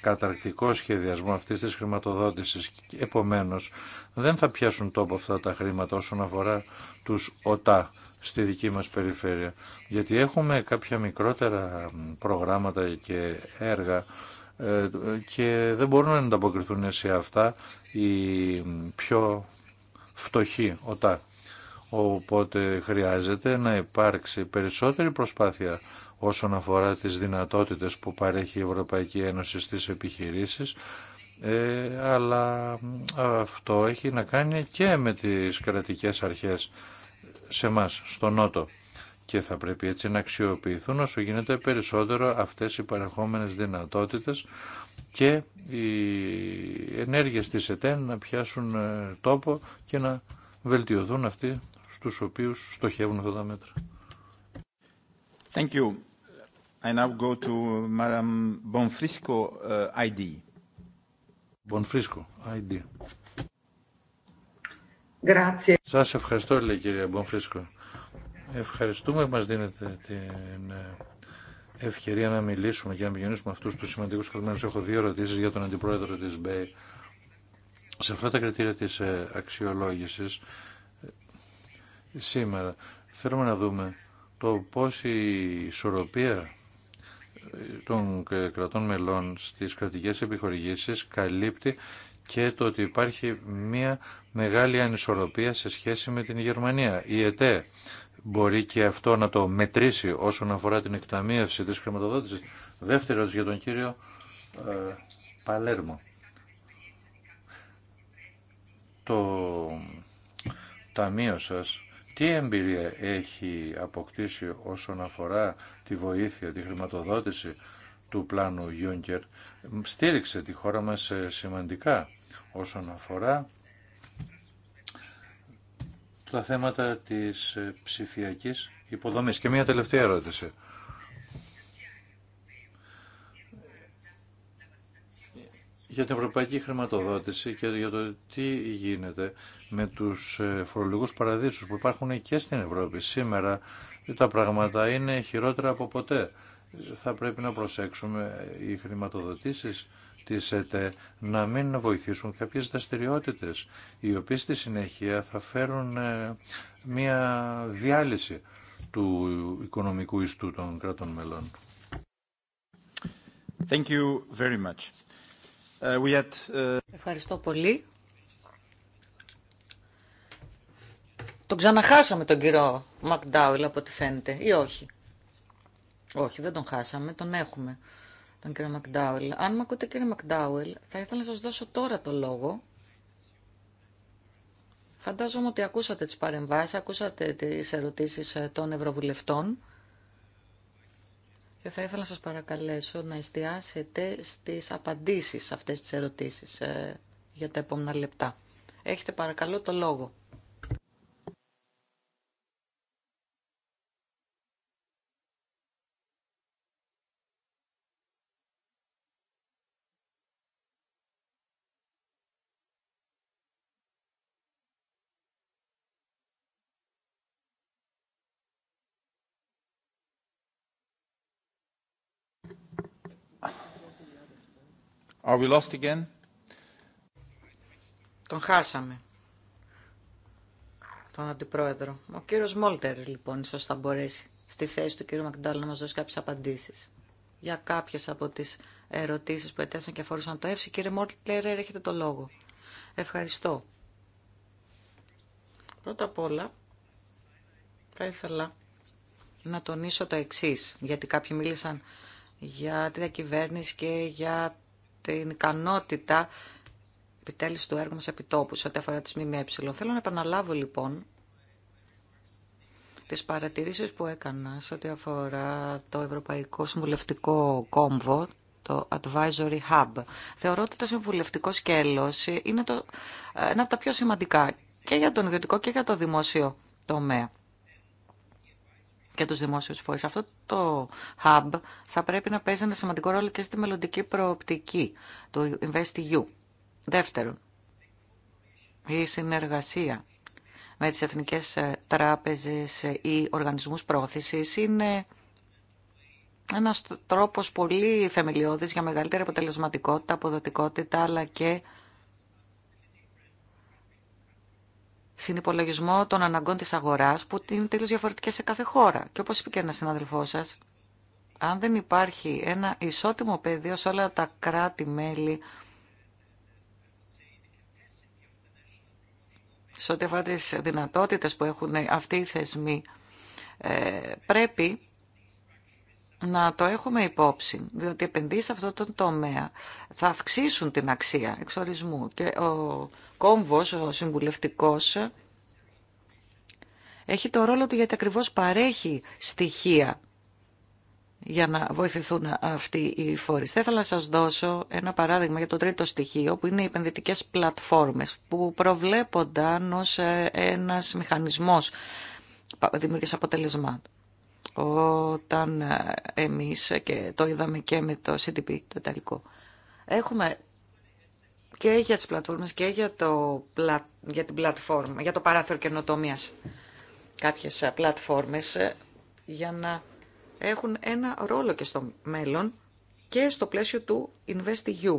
καταρκτικό σχεδιασμό αυτής της χρηματοδότησης. Επομένως, δεν θα πιάσουν τόπο αυτά τα χρήματα όσον αφορά τους ΟΤΑ στη δική μας περιφέρεια. Γιατί έχουμε κάποια μικρότερα προγράμματα και έργα ε, και δεν μπορούν να ανταποκριθούν σε αυτά οι πιο φτωχοί ΟΤΑ. Οπότε χρειάζεται να υπάρξει περισσότερη προσπάθεια όσον αφορά τις δυνατότητες που παρέχει η Ευρωπαϊκή Ένωση στις επιχειρήσεις, ε, αλλά αυτό έχει να κάνει και με τις κρατικές αρχές σε μας στο Νότο και θα πρέπει έτσι να αξιοποιηθούν όσο γίνεται περισσότερο αυτές οι παρεχόμενες δυνατότητες και οι ενέργειες της ΕΤΕΝ να πιάσουν ε, τόπο και να βελτιωθούν αυτοί στους οποίους στοχεύουν αυτά τα μέτρα. Thank I now go to Madam Bonfrisco uh, ID. Bonfrisco ID. Grazie. Σας ευχαριστώ, λέει κυρία Μπονφρίσκο. Ευχαριστούμε που μας δίνετε την ε, ευκαιρία να μιλήσουμε και να μιλήσουμε αυτούς τους σημαντικούς καλμένους. Έχω δύο ερωτήσεις για τον αντιπρόεδρο της ΜΠΕ. Σε αυτά τα κριτήρια της ε, αξιολόγησης ε, σήμερα θέλουμε να δούμε το πώς η ισορροπία των ε, κρατών μελών στις κρατικές επιχορηγήσεις καλύπτει και το ότι υπάρχει μια μεγάλη ανισορροπία σε σχέση με την Γερμανία. Η ΕΤΕ μπορεί και αυτό να το μετρήσει όσον αφορά την εκταμείευση της χρηματοδότησης. Δεύτερος για τον κύριο ε, Παλέρμο. Το ταμείο σας τι εμπειρία έχει αποκτήσει όσον αφορά τη βοήθεια, τη χρηματοδότηση του πλάνου Juncker. Στήριξε τη χώρα μας σημαντικά όσον αφορά τα θέματα της ψηφιακής υποδομής. Και μια τελευταία ερώτηση. Για την ευρωπαϊκή χρηματοδότηση και για το τι γίνεται με τους ε, φορολογικούς παραδείσους που υπάρχουν και στην Ευρώπη σήμερα τα πράγματα είναι χειρότερα από ποτέ. Θα πρέπει να προσέξουμε οι χρηματοδοτήσεις της ΕΤΕ να μην βοηθήσουν κάποιες δραστηριότητε, οι οποίες στη συνέχεια θα φέρουν ε, μια διάλυση του οικονομικού ιστού των κρατών μελών. Thank you very much. Uh, uh, Ευχαριστώ πολύ. Τον ξαναχάσαμε τον κύριο Μακντάουελ, από ό,τι φαίνεται ή όχι. Όχι, δεν τον χάσαμε, τον έχουμε τον κύριο Μακντάουελ. Αν με ακούτε κύριε Μακντάουελ, θα ήθελα να σας δώσω τώρα το λόγο. Φαντάζομαι ότι ακούσατε τις παρεμβάσεις, ακούσατε τις ερωτήσεις ε, των Ευρωβουλευτών και θα ήθελα να σας παρακαλέσω να εστιάσετε στις απαντήσεις αυτές τις ερωτήσεις ε, για τα επόμενα λεπτά. Έχετε παρακαλώ το λόγο. Are Τον χάσαμε. Τον αντιπρόεδρο. Ο κύριος Μόλτερ λοιπόν ίσως θα μπορέσει στη θέση του κύριου Μακντάλ να μας δώσει κάποιες απαντήσεις για κάποιες από τις ερωτήσεις που ετέθησαν και αφορούσαν το ΕΦΣΥ. Κύριε Μόλτερ, έχετε το λόγο. Ευχαριστώ. Πρώτα απ' όλα θα ήθελα να τονίσω το εξής, γιατί κάποιοι μίλησαν για τη διακυβέρνηση και για την ικανότητα επιτέλους του έργου μας επιτόπου σε ό,τι αφορά τις ΜΜΕ. Θέλω να επαναλάβω λοιπόν τις παρατηρήσεις που έκανα σε ό,τι αφορά το Ευρωπαϊκό Συμβουλευτικό Κόμβο, το Advisory Hub. Θεωρώ ότι το συμβουλευτικό σκέλος είναι το, ένα από τα πιο σημαντικά και για τον ιδιωτικό και για το δημόσιο τομέα και τους δημόσιους φορείς. Αυτό το hub θα πρέπει να παίζει ένα σημαντικό ρόλο και στη μελλοντική προοπτική του InvestEU. Δεύτερον, η συνεργασία με τις εθνικές τράπεζες ή οργανισμούς πρόθεσης είναι ένας τρόπος πολύ θεμελιώδης για μεγαλύτερη αποτελεσματικότητα, αποδοτικότητα αλλά και συνυπολογισμό των αναγκών της αγοράς που είναι τελείως διαφορετικές σε κάθε χώρα. Και όπως είπε και ένας συνάδελφός σας, αν δεν υπάρχει ένα ισότιμο πεδίο σε όλα τα κράτη-μέλη σε ό,τι αφορά τις δυνατότητες που έχουν αυτοί οι θεσμοί, ε, πρέπει να το έχουμε υπόψη, διότι οι επενδύσει σε αυτόν τον τομέα θα αυξήσουν την αξία εξορισμού και ο κόμβος, ο συμβουλευτικός, έχει το ρόλο του γιατί ακριβώς παρέχει στοιχεία για να βοηθηθούν αυτοί οι φόρεις. Θα ήθελα να σας δώσω ένα παράδειγμα για το τρίτο στοιχείο που είναι οι επενδυτικές πλατφόρμες που προβλέπονταν ως ε, ένας μηχανισμός δημιουργίας αποτελεσμάτων όταν ε, εμείς και το είδαμε και με το CTP, το ιταλικό. Έχουμε και για τις πλατφόρμες και για, το, για την πλατφόρμα, για το παράθυρο καινοτομία κάποιες πλατφόρμες ε, για να έχουν ένα ρόλο και στο μέλλον και στο πλαίσιο του InvestEU.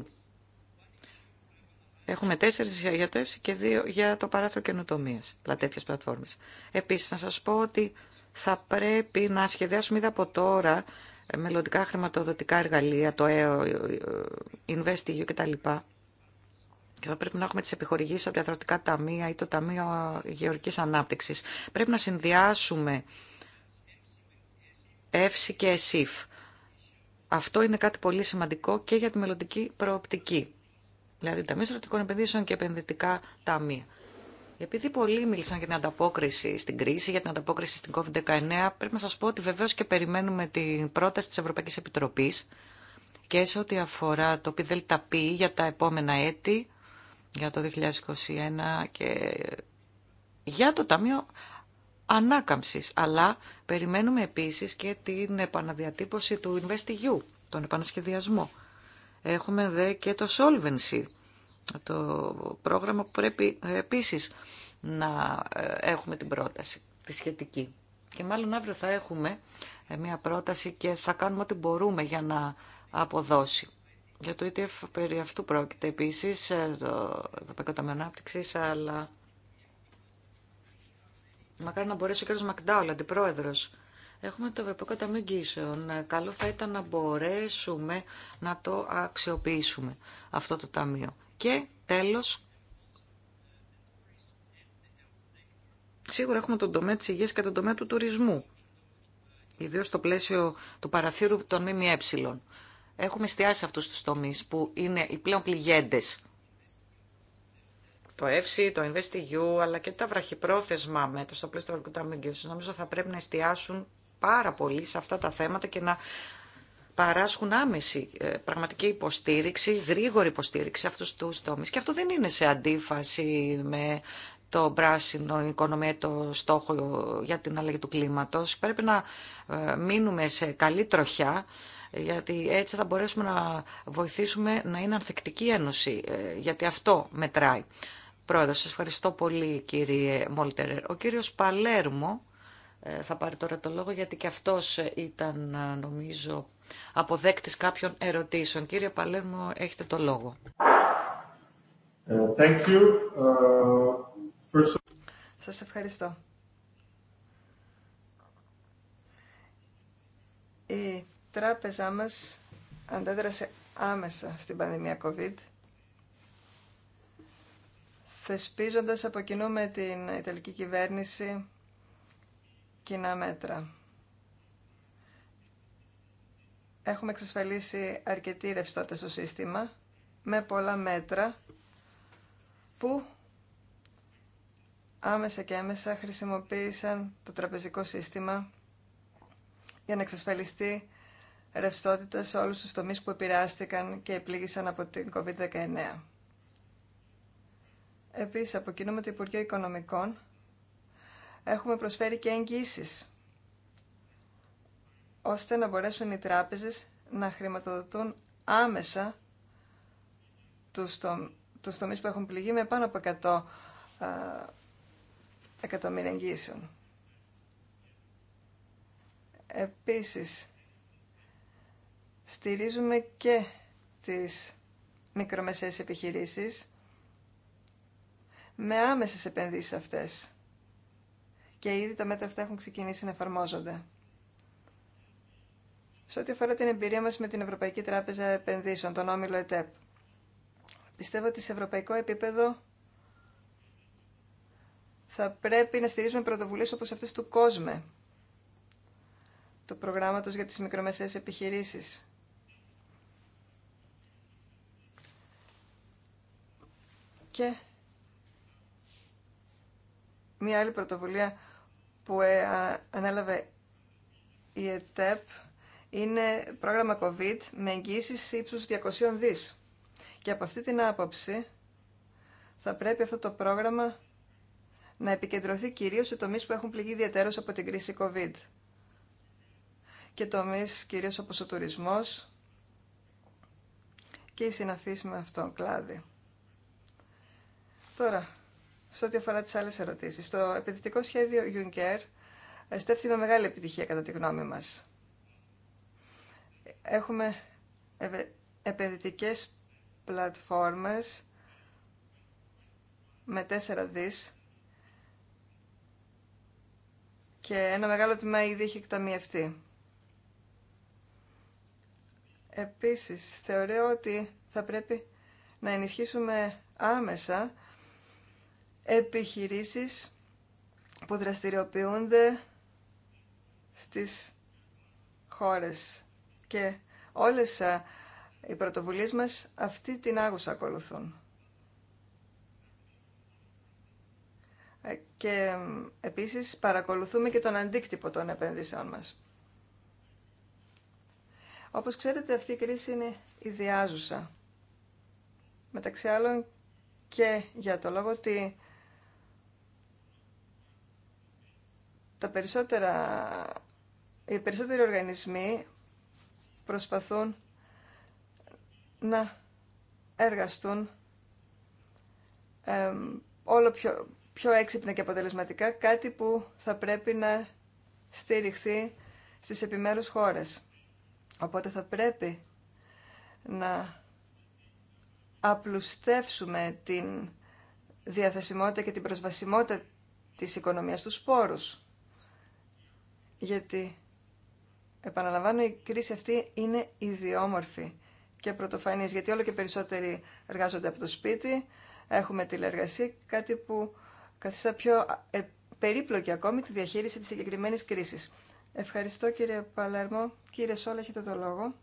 Έχουμε τέσσερις για το ΕΦΣΙ και δύο για το παράθυρο καινοτομία, τέτοιε πλατφόρμες. Επίσης, να σας πω ότι θα πρέπει να σχεδιάσουμε ήδη από τώρα ε, μελλοντικά χρηματοδοτικά εργαλεία, το ΕΟ, ε, ε, InvestEU κτλ. Και θα πρέπει να έχουμε τις επιχορηγήσεις από διαδροτικά ταμεία ή το Ταμείο γεωργικής Ανάπτυξης. Πρέπει να συνδυάσουμε ΕΦΣΙ και ΕΣΥΦ. Αυτό είναι κάτι πολύ σημαντικό και για τη μελλοντική προοπτική. Δηλαδή, ταμείο στρατικών επενδύσεων και επενδυτικά ταμεία. Επειδή πολλοί μίλησαν για την ανταπόκριση στην κρίση, για την ανταπόκριση στην COVID-19, πρέπει να σας πω ότι βεβαίως και περιμένουμε την πρόταση της Ευρωπαϊκής Επιτροπής και σε ό,τι αφορά το ΠΔΠ για τα επόμενα έτη, για το 2021 και για το Ταμείο Ανάκαμψης. Αλλά περιμένουμε επίσης και την επαναδιατύπωση του InvestEU, τον επανασχεδιασμό. Έχουμε δε και το Solvency το πρόγραμμα που πρέπει ε, επίσης να ε, έχουμε την πρόταση, τη σχετική. Και μάλλον αύριο θα έχουμε ε, μια πρόταση και θα κάνουμε ό,τι μπορούμε για να αποδώσει. Για το ETF περί αυτού πρόκειται επίσης, το Ευρωπαϊκό Ταμείο Ανάπτυξης, αλλά μακάρι να μπορέσει ο κ. Μακντάουλ, αντιπρόεδρο. Έχουμε το Ευρωπαϊκό Ταμείο Εγγύσεων. Καλό θα ήταν να μπορέσουμε να το αξιοποιήσουμε αυτό το ταμείο. Και τέλος, σίγουρα έχουμε τον τομέα της υγείας και τον τομέα του τουρισμού. Ιδίω στο πλαίσιο του παραθύρου των ΜΜΕ. Έχουμε εστιάσει αυτούς τους τομείς που είναι οι πλέον πληγέντες το ΕΦΣΙ, το InvestEU, αλλά και τα βραχυπρόθεσμα μέτω στο πλαίσιο του Ευρωπαϊκού Ταμείου νομίζω θα πρέπει να εστιάσουν πάρα πολύ σε αυτά τα θέματα και να παράσχουν άμεση ε, πραγματική υποστήριξη, γρήγορη υποστήριξη σε αυτούς τους τομείς. Και αυτό δεν είναι σε αντίφαση με το πράσινο οικονομία, στόχο για την αλλαγή του κλίματος. Πρέπει να ε, μείνουμε σε καλή τροχιά, γιατί έτσι θα μπορέσουμε να βοηθήσουμε να είναι ανθεκτική ένωση, ε, γιατί αυτό μετράει. Πρόεδρε, σας ευχαριστώ πολύ κύριε Μόλτερερ. Ο κύριος Παλέρμο ε, θα πάρει τώρα το λόγο γιατί και αυτός ήταν ε, νομίζω αποδέκτης κάποιων ερωτήσεων. Κύριε Παλέμο, έχετε το λόγο. Ε, thank you. Σας ευχαριστώ. Η τράπεζά μας αντέδρασε άμεσα στην πανδημία COVID θεσπίζοντας από κοινού με την Ιταλική κυβέρνηση κοινά μέτρα. Έχουμε εξασφαλίσει αρκετή ρευστότητα στο σύστημα με πολλά μέτρα που άμεσα και έμεσα χρησιμοποίησαν το τραπεζικό σύστημα για να εξασφαλιστεί ρευστότητα σε όλους τους τομείς που επηρεάστηκαν και επλήγησαν από την COVID-19. Επίσης, από κοινού με το Υπουργείο Οικονομικών έχουμε προσφέρει και εγγύσεις ώστε να μπορέσουν οι τράπεζες να χρηματοδοτούν άμεσα τους, τον τους τομείς που έχουν πληγεί με πάνω από 100 εκατομμύρια εγγύσεων. Επίσης, στηρίζουμε και τις μικρομεσαίες επιχειρήσεις με άμεσες επενδύσεις αυτές και ήδη τα μέτρα αυτά έχουν ξεκινήσει να εφαρμόζονται. Σε ό,τι αφορά την εμπειρία μας με την Ευρωπαϊκή Τράπεζα Επενδύσεων, τον Όμιλο ΕΤΕΠ, πιστεύω ότι σε ευρωπαϊκό επίπεδο θα πρέπει να στηρίζουμε πρωτοβουλίες όπως αυτές του κόσμου, του προγράμματο για τις μικρομεσαίες επιχειρήσεις. Και μια άλλη πρωτοβουλία που ε, ανέλαβε η ΕΤΕΠ είναι πρόγραμμα COVID με εγγύηση ύψους 200 δις. Και από αυτή την άποψη θα πρέπει αυτό το πρόγραμμα να επικεντρωθεί κυρίως σε τομείς που έχουν πληγεί ιδιαίτερως από την κρίση COVID. Και τομείς κυρίως όπως ο τουρισμός και η συναφής με αυτόν κλάδι. Τώρα, σε ό,τι αφορά τις άλλες ερωτήσεις. Το επενδυτικό σχέδιο Juncker ε, στέφθη με μεγάλη επιτυχία κατά τη γνώμη μας. Έχουμε επενδυτικές πλατφόρμες με 4 δις και ένα μεγάλο τμήμα ήδη έχει εκταμιευτεί. Επίσης, θεωρώ ότι θα πρέπει να ενισχύσουμε άμεσα επιχειρήσεις που δραστηριοποιούνται στις χώρες και όλες οι πρωτοβουλίες μας αυτή την άγουσα ακολουθούν. Ε, και επίσης παρακολουθούμε και τον αντίκτυπο των επενδύσεων μας. Όπως ξέρετε αυτή η κρίση είναι ιδιάζουσα. Μεταξύ άλλων και για το λόγο ότι Τα περισσότερα, οι περισσότεροι οργανισμοί προσπαθούν να εργαστούν όλο πιο, πιο έξυπνα και αποτελεσματικά, κάτι που θα πρέπει να στηριχθεί στις επιμέρους χώρες. Οπότε θα πρέπει να απλουστεύσουμε την διαθεσιμότητα και την προσβασιμότητα της οικονομίας τους σπόρους γιατί επαναλαμβάνω η κρίση αυτή είναι ιδιόμορφη και πρωτοφανής γιατί όλο και περισσότεροι εργάζονται από το σπίτι, έχουμε τηλεργασία, κάτι που καθιστά πιο ε, περίπλοκη ακόμη τη διαχείριση της συγκεκριμένη κρίσης. Ευχαριστώ κύριε Παλέρμο. Κύριε Σόλα, έχετε το λόγο.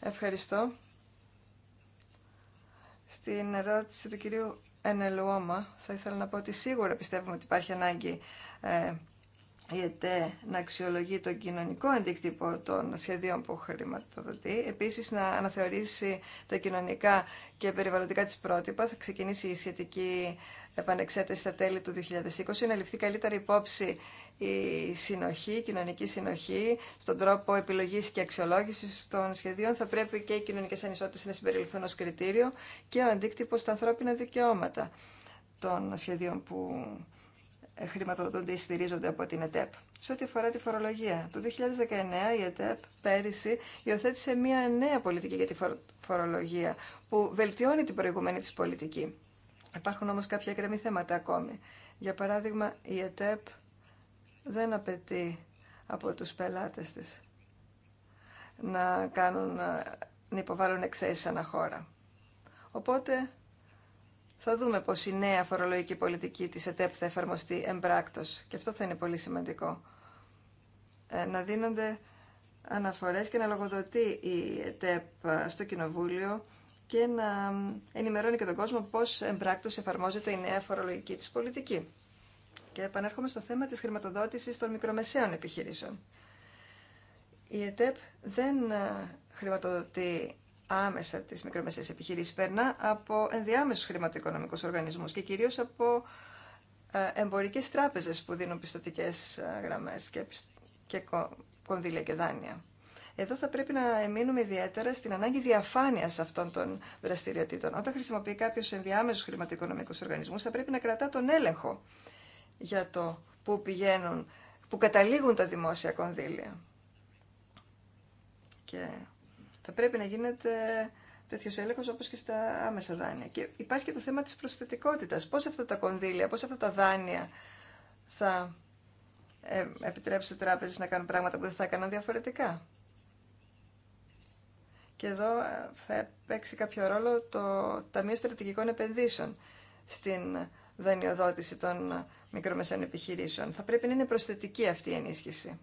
Ευχαριστώ. Στην ερώτηση του κυρίου ελουόμα, θα ήθελα να πω ότι σίγουρα πιστεύουμε ότι υπάρχει ανάγκη ε, η ΕΤΕ να αξιολογεί τον κοινωνικό αντίκτυπο των σχεδίων που χρηματοδοτεί. Επίσης, να αναθεωρήσει τα κοινωνικά και περιβαλλοντικά της πρότυπα. Θα ξεκινήσει η σχετική επανεξέταση στα τέλη του 2020, να ληφθεί καλύτερα υπόψη η συνοχή, η κοινωνική συνοχή, στον τρόπο επιλογή και αξιολόγηση των σχεδίων. Θα πρέπει και οι κοινωνικέ ανισότητε να συμπεριληφθούν ω κριτήριο και ο αντίκτυπο στα ανθρώπινα δικαιώματα των σχεδίων που χρηματοδοτούνται ή στηρίζονται από την ΕΤΕΠ. Σε ό,τι αφορά τη φορολογία, το 2019 η ΕΤΕΠ πέρυσι υιοθέτησε μια νέα πολιτική για τη φορολογία που βελτιώνει την προηγούμενη της πολιτική. Υπάρχουν όμως κάποια εκκρεμή θέματα ακόμη. Για παράδειγμα, η ΕΤΕΠ δεν απαιτεί από τους πελάτες της να, κάνουν, να υποβάλουν εκθέσεις χώρα. Οπότε θα δούμε πώς η νέα φορολογική πολιτική της ΕΤΕΠ θα εφαρμοστεί εμπράκτο και αυτό θα είναι πολύ σημαντικό. Ε, να δίνονται αναφορές και να λογοδοτεί η ΕΤΕΠ ε, στο Κοινοβούλιο και να ενημερώνει και τον κόσμο πώς εμπράκτως εφαρμόζεται η νέα φορολογική της πολιτική. Και επανέρχομαι στο θέμα της χρηματοδότησης των μικρομεσαίων επιχειρήσεων. Η ΕΤΕΠ δεν ε, χρηματοδοτεί άμεσα τι μικρομεσαίε επιχειρήσει, περνά από ενδιάμεσου χρηματοοικονομικούς οργανισμού και κυρίω από ε, εμπορικέ τράπεζε που δίνουν πιστοτικέ ε, γραμμέ και κονδύλια και δάνεια. Εδώ θα πρέπει να εμείνουμε ιδιαίτερα στην ανάγκη διαφάνεια αυτών των δραστηριοτήτων. Όταν χρησιμοποιεί κάποιο ενδιάμεσου χρηματοοικονομικού οργανισμού, θα πρέπει να κρατά τον έλεγχο για το πού πηγαίνουν, πού καταλήγουν τα δημόσια κονδύλια. Και θα πρέπει να γίνεται τέτοιο έλεγχο όπω και στα άμεσα δάνεια. Και υπάρχει και το θέμα τη προσθετικότητα. Πώ αυτά τα κονδύλια, πώ αυτά τα δάνεια θα ε, επιτρέψει οι τράπεζε να κάνουν πράγματα που δεν θα έκαναν διαφορετικά. Και εδώ ε, θα παίξει κάποιο ρόλο το Ταμείο Στρατηγικών Επενδύσεων στην δανειοδότηση των μικρομεσαίων επιχειρήσεων. Θα πρέπει να είναι προσθετική αυτή η ενίσχυση.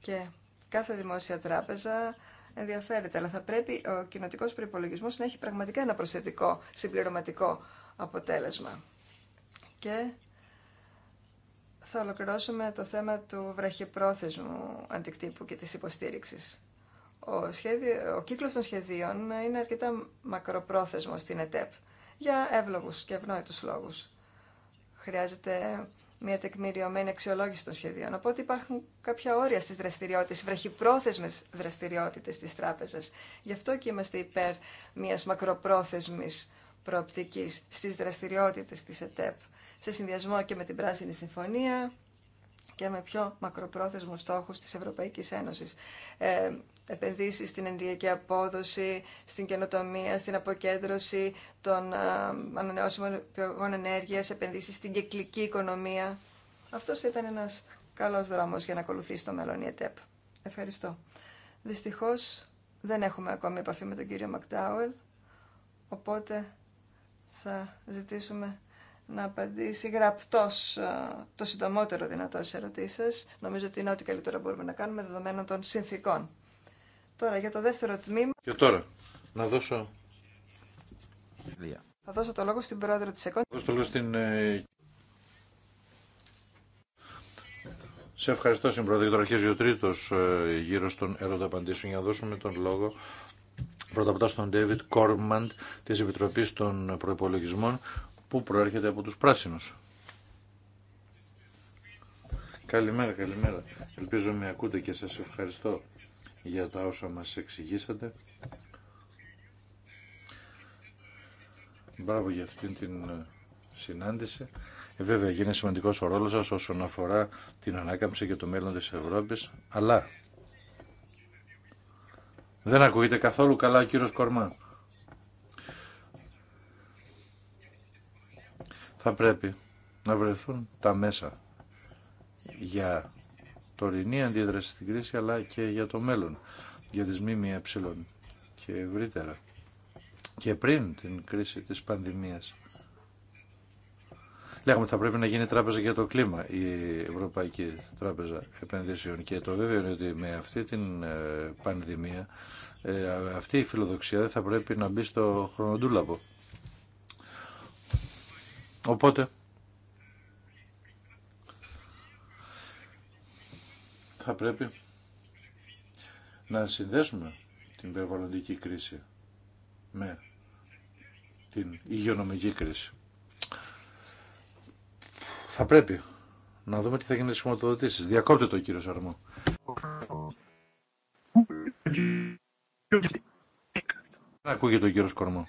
Και κάθε δημόσια τράπεζα ενδιαφέρεται, αλλά θα πρέπει ο κοινοτικό προπολογισμό να έχει πραγματικά ένα προσθετικό, συμπληρωματικό αποτέλεσμα. Και θα ολοκληρώσουμε το θέμα του βραχυπρόθεσμου αντικτύπου και της υποστήριξης. Ο, σχέδιο, ο κύκλος των σχεδίων είναι αρκετά μακροπρόθεσμος στην ΕΤΕΠ για εύλογους και ευνόητους λόγους. Χρειάζεται μια τεκμηριωμένη αξιολόγηση των σχεδίων. Οπότε υπάρχουν κάποια όρια στις δραστηριότητες, βραχυπρόθεσμε βραχυπρόθεσμες δραστηριότητες της τράπεζας. Γι' αυτό και είμαστε υπέρ μιας μακροπρόθεσμη προοπτική στις δραστηριότητες τη ΕΤΕΠ, σε συνδυασμό και με την Πράσινη Συμφωνία και με πιο μακροπρόθεσμους στόχους της Ευρωπαϊκής Ένωσης. Ε, επενδύσει στην ενεργειακή απόδοση, στην καινοτομία, στην αποκέντρωση των ανανεώσιμων πηγών ενέργεια, επενδύσει στην κυκλική οικονομία. Αυτό ήταν ένα καλό δρόμο για να ακολουθήσει το μέλλον η ΕΤΕΠ. Ευχαριστώ. Δυστυχώ δεν έχουμε ακόμη επαφή με τον κύριο Μακτάουελ, οπότε θα ζητήσουμε να απαντήσει γραπτό το συντομότερο δυνατό σε ερωτήσει. Νομίζω ότι είναι ό,τι καλύτερα μπορούμε να κάνουμε δεδομένων των συνθήκων. Τώρα για το δεύτερο τμήμα. Και τώρα να δώσω. Θα δώσω το λόγο στην πρόεδρο τη ΕΚΟΝ. Δώσω το λόγο στην. Ε, Σε ευχαριστώ, Συμπρόεδρε. Τώρα αρχίζει ο τρίτο ε, γύρο των ερώτων απαντήσεων για να δώσουμε τον λόγο πρώτα απ' στον David Κόρμαντ της Επιτροπής των Προϋπολογισμών που προέρχεται από τους Πράσινους. Καλημέρα, καλημέρα. Ελπίζω με ακούτε και σας ευχαριστώ για τα όσα μας εξηγήσατε. Μπράβο για αυτήν την ε, συνάντηση. Ε, βέβαια, γίνεται σημαντικός ο ρόλος σας όσον αφορά την ανάκαμψη και το μέλλον της Ευρώπης, αλλά δεν ακούγεται καθόλου καλά ο κύριος Κορμά. Θα πρέπει να βρεθούν τα μέσα για τωρινή αντίδραση στην κρίση αλλά και για το μέλλον, για τις ΜΜΕ και ευρύτερα και πριν την κρίση της πανδημίας. Λέγαμε ότι θα πρέπει να γίνει τράπεζα για το κλίμα, η Ευρωπαϊκή Τράπεζα Επενδύσεων. Και το βέβαιο είναι ότι με αυτή την ε, πανδημία, ε, αυτή η φιλοδοξία δεν θα πρέπει να μπει στο χρονοτούλαπο. Οπότε, θα πρέπει να συνδέσουμε την περιβαλλοντική κρίση με την υγειονομική κρίση. Θα πρέπει να δούμε τι θα γίνει στις χρηματοδοτήσεις. Διακόπτε το κύριο Σαρμό. ακούγεται ο κύριος Κορμό.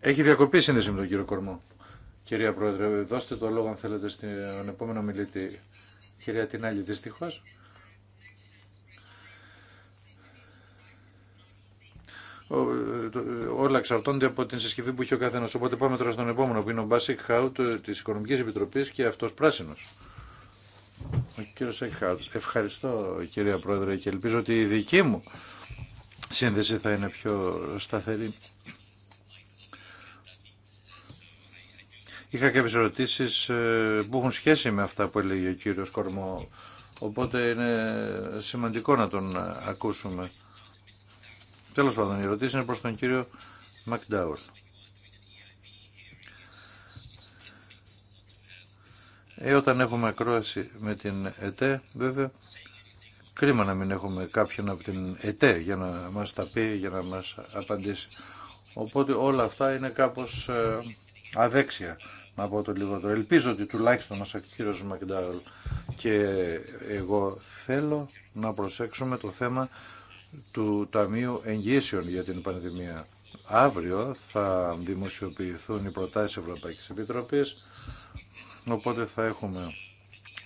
Έχει διακοπή σύνδεση με τον κύριο Κορμό. Κυρία Πρόεδρε, δώστε το λόγο αν θέλετε στον επόμενο μιλήτη. Κυρία Τινάλη, δυστυχώ. Όλα εξαρτώνται από την συσκευή που έχει ο καθένα. Οπότε πάμε τώρα στον επόμενο που είναι ο Μπάσικ Χάουτ τη Οικονομική Επιτροπή και αυτό πράσινο. Ο κύριο Ευχαριστώ κυρία Πρόεδρε και ελπίζω ότι η δική μου σύνδεση θα είναι πιο σταθερή. Είχα κάποιε ερωτήσεις ε, που έχουν σχέση με αυτά που έλεγε ο κύριος Κορμό, οπότε είναι σημαντικό να τον ακούσουμε. Τέλος πάντων, η ερωτήση είναι προς τον κύριο Μακντάουλ. Ε, όταν έχουμε ακρόαση με την ΕΤΕ, βέβαια, Κρίμα να μην έχουμε κάποιον από την ΕΤΕ για να μας τα πει, για να μας απαντήσει. Οπότε όλα αυτά είναι κάπως ε, αδέξια, να πω το το. Ελπίζω ότι τουλάχιστον ως κύριος Μακντάουλ και εγώ θέλω να προσέξουμε το θέμα του Ταμείου Εγγύσεων για την πανδημία. Αύριο θα δημοσιοποιηθούν οι προτάσεις Ευρωπαϊκής Επιτροπής, οπότε θα έχουμε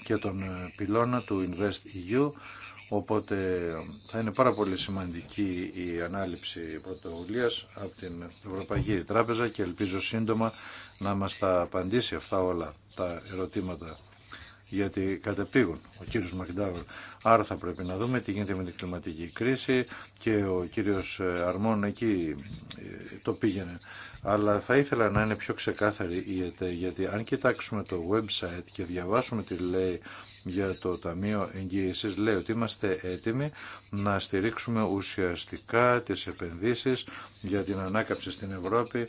και τον πυλώνα του InvestEU Οπότε θα είναι πάρα πολύ σημαντική η ανάληψη πρωτοβουλία από την Ευρωπαϊκή Τράπεζα και ελπίζω σύντομα να μας τα απαντήσει αυτά όλα τα ερωτήματα γιατί κατεπήγουν ο κύριος Μακντάβελ. Άρα θα πρέπει να δούμε τι γίνεται με την κλιματική κρίση και ο κύριος Αρμόν εκεί ε, το πήγαινε. Αλλά θα ήθελα να είναι πιο ξεκάθαρη η ΕΤΕ γιατί αν κοιτάξουμε το website και διαβάσουμε τι λέει για το Ταμείο Εγγύησης λέει ότι είμαστε έτοιμοι να στηρίξουμε ουσιαστικά τις επενδύσεις για την ανάκαψη στην Ευρώπη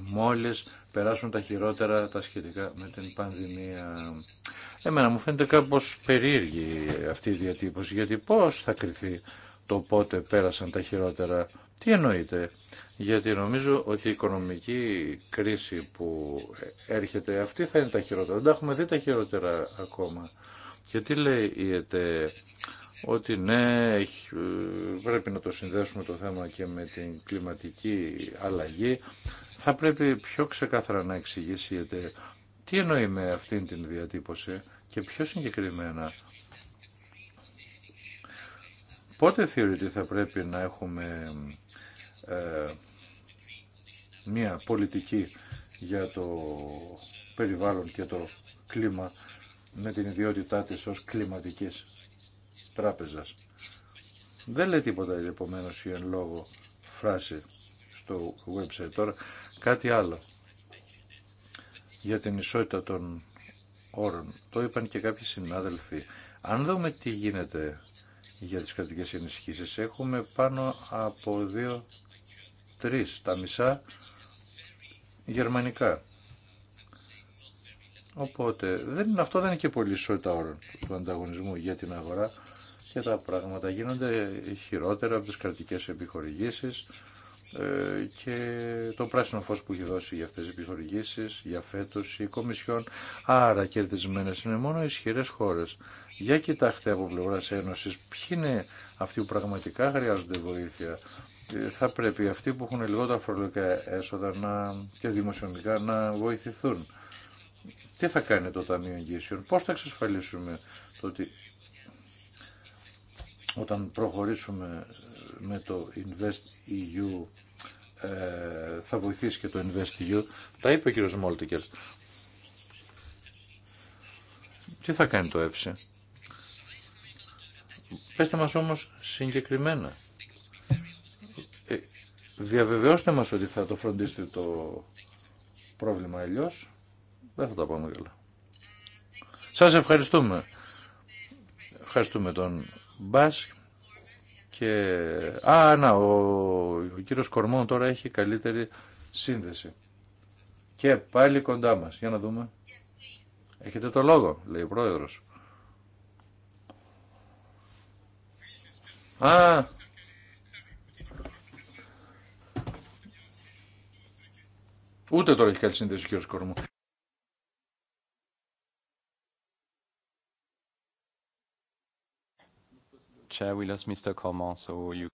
μόλις περάσουν τα χειρότερα τα σχετικά με την πανδημία. Εμένα μου φαίνεται κάπως περίεργη αυτή η διατύπωση γιατί πώς θα κρυθεί το πότε πέρασαν τα χειρότερα τι εννοείται, γιατί νομίζω ότι η οικονομική κρίση που έρχεται αυτή θα είναι τα χειρότερα. Δεν τα έχουμε δει τα χειρότερα ακόμα. Και τι λέει η ΕΤΕ, ότι ναι, πρέπει να το συνδέσουμε το θέμα και με την κλιματική αλλαγή. Θα πρέπει πιο ξεκάθαρα να εξηγήσει η ΕΤΕ τι εννοεί με αυτήν την διατύπωση και πιο συγκεκριμένα πότε θεωρείται θα πρέπει να έχουμε ε, μια πολιτική για το περιβάλλον και το κλίμα με την ιδιότητά της ως κλιματικής τράπεζας. Δεν λέει τίποτα επομένω η εν λόγω φράση στο website. Τώρα κάτι άλλο για την ισότητα των όρων. Το είπαν και κάποιοι συνάδελφοι. Αν δούμε τι γίνεται για τις κρατικές ενισχύσεις, έχουμε πάνω από δύο τρεις, τα μισά γερμανικά. Οπότε δεν αυτό δεν είναι και πολύ ισότητα όρων του ανταγωνισμού για την αγορά και τα πράγματα γίνονται χειρότερα από τις κρατικές επιχορηγήσεις ε, και το πράσινο φως που έχει δώσει για αυτές τις επιχορηγήσεις, για φέτος η Κομισιόν, άρα κερδισμένε είναι μόνο ισχυρέ χώρες. Για κοιτάξτε από πλευρά Ένωση, ποιοι είναι αυτοί που πραγματικά χρειάζονται βοήθεια θα πρέπει αυτοί που έχουν λιγότερα φορολογικά έσοδα να, και δημοσιονομικά να βοηθηθούν. Τι θα κάνει το Ταμείο Εγγύσεων, πώς θα εξασφαλίσουμε το ότι όταν προχωρήσουμε με το Invest EU ε, θα βοηθήσει και το Invest EU. Τα είπε ο κ. Μόλτικερ. Τι θα κάνει το ΕΦΣΕ. Πέστε μας όμως συγκεκριμένα Διαβεβαιώστε μας ότι θα το φροντίσετε το πρόβλημα, αλλιώ δεν θα τα πάμε καλά. Σας ευχαριστούμε. Ευχαριστούμε τον Μπάς και... Α, να, ο, ο κύριος Κορμόν τώρα έχει καλύτερη σύνδεση. Και πάλι κοντά μας. Για να δούμε. Έχετε το λόγο, λέει ο πρόεδρος. Α, Ούτε τώρα έχει καλή σύνδεση ο κύριος Κορμού.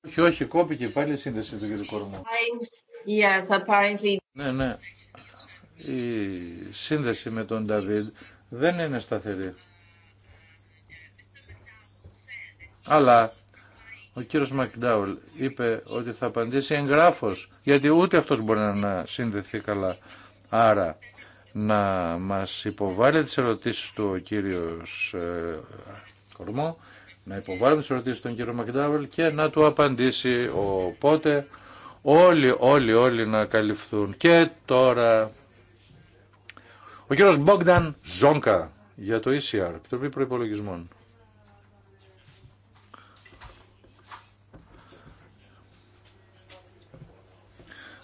Όχι, όχι, κόπηκε πάλι η σύνδεση του κύριου Κορμού. Yes, apparently. Ναι, ναι. Η σύνδεση με τον Νταβίδ δεν είναι σταθερή. Αλλά ο κύριος Μακντάουλ είπε ότι θα απαντήσει εγγράφο γιατί ούτε αυτός μπορεί να συνδεθεί καλά. Άρα, να μας υποβάλει τις ερωτήσεις του ο κύριος ε, Κορμό, να υποβάλει τις ερωτήσεις τον κύριο Μακντάουλ και να του απαντήσει οπότε όλοι, όλοι, όλοι να καλυφθούν. Και τώρα ο κύριος Μπόγκταν Ζόγκα για το ECR, Επιτροπή Προϋπολογισμών.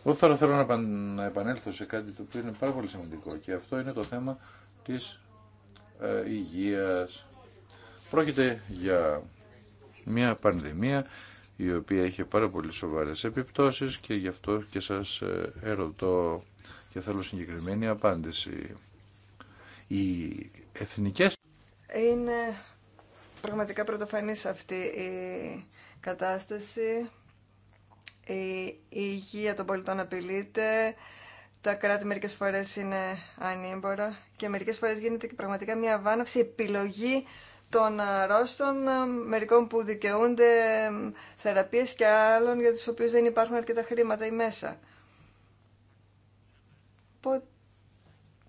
Εγώ τώρα θέλω να επανέλθω σε κάτι το οποίο είναι πάρα πολύ σημαντικό και αυτό είναι το θέμα της ε, υγείας. Πρόκειται για μια πανδημία η οποία είχε πάρα πολύ σοβαρές επιπτώσεις και γι' αυτό και σας ε, ερωτώ και θέλω συγκεκριμένη απάντηση. Οι εθνικές... Είναι πραγματικά πρωτοφανής αυτή η κατάσταση η υγεία των πολιτών απειλείται, τα κράτη μερικές φορές είναι ανήμπορα και μερικές φορές γίνεται και πραγματικά μια βάναυση επιλογή των αρρώστων, ε, ε, μερικών που δικαιούνται ε, θεραπείες και άλλων για τους οποίους δεν υπάρχουν αρκετά χρήματα ή μέσα.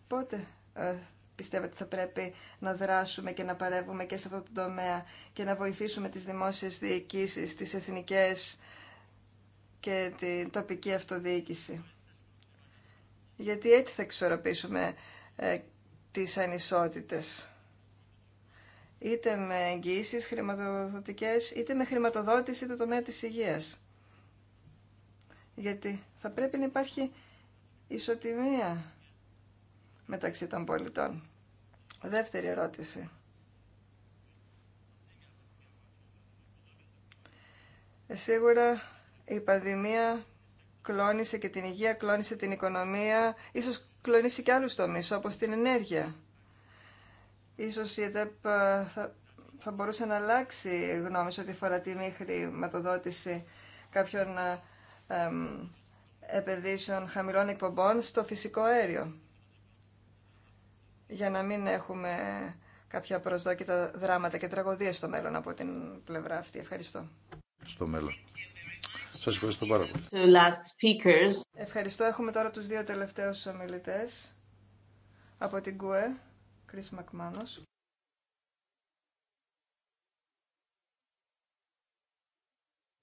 Πότε ε, πιστεύετε θα πρέπει να δράσουμε και να παρεύουμε και σε αυτό το τομέα και να βοηθήσουμε τις δημόσιες διοικήσεις, τις εθνικές και την τοπική αυτοδιοίκηση. Γιατί έτσι θα εξορροπήσουμε ε, τις ανισότητες. Είτε με εγγύησεις χρηματοδοτικές, είτε με χρηματοδότηση του τομέα της υγείας. Γιατί θα πρέπει να υπάρχει ισοτιμία μεταξύ των πολιτών. Δεύτερη ερώτηση. Ε, σίγουρα η πανδημία κλώνησε και την υγεία, κλώνησε την οικονομία, ίσως κλώνησε και άλλους τομείς, όπως την ενέργεια. Ίσως η ΕΤΕΠ ε, θα, θα μπορούσε να αλλάξει γνώμη σε ό,τι αφορά τη μη χρηματοδότηση κάποιων ε, επενδύσεων χαμηλών εκπομπών στο φυσικό αέριο. Για να μην έχουμε κάποια προσδόκητα δράματα και τραγωδίες στο μέλλον από την πλευρά αυτή. Ευχαριστώ. Σας ευχαριστώ πάρα πολύ. Ευχαριστώ. Έχουμε τώρα τους δύο τελευταίους ομιλητές από την ΚΟΕ, Κρίς Μακμάνος.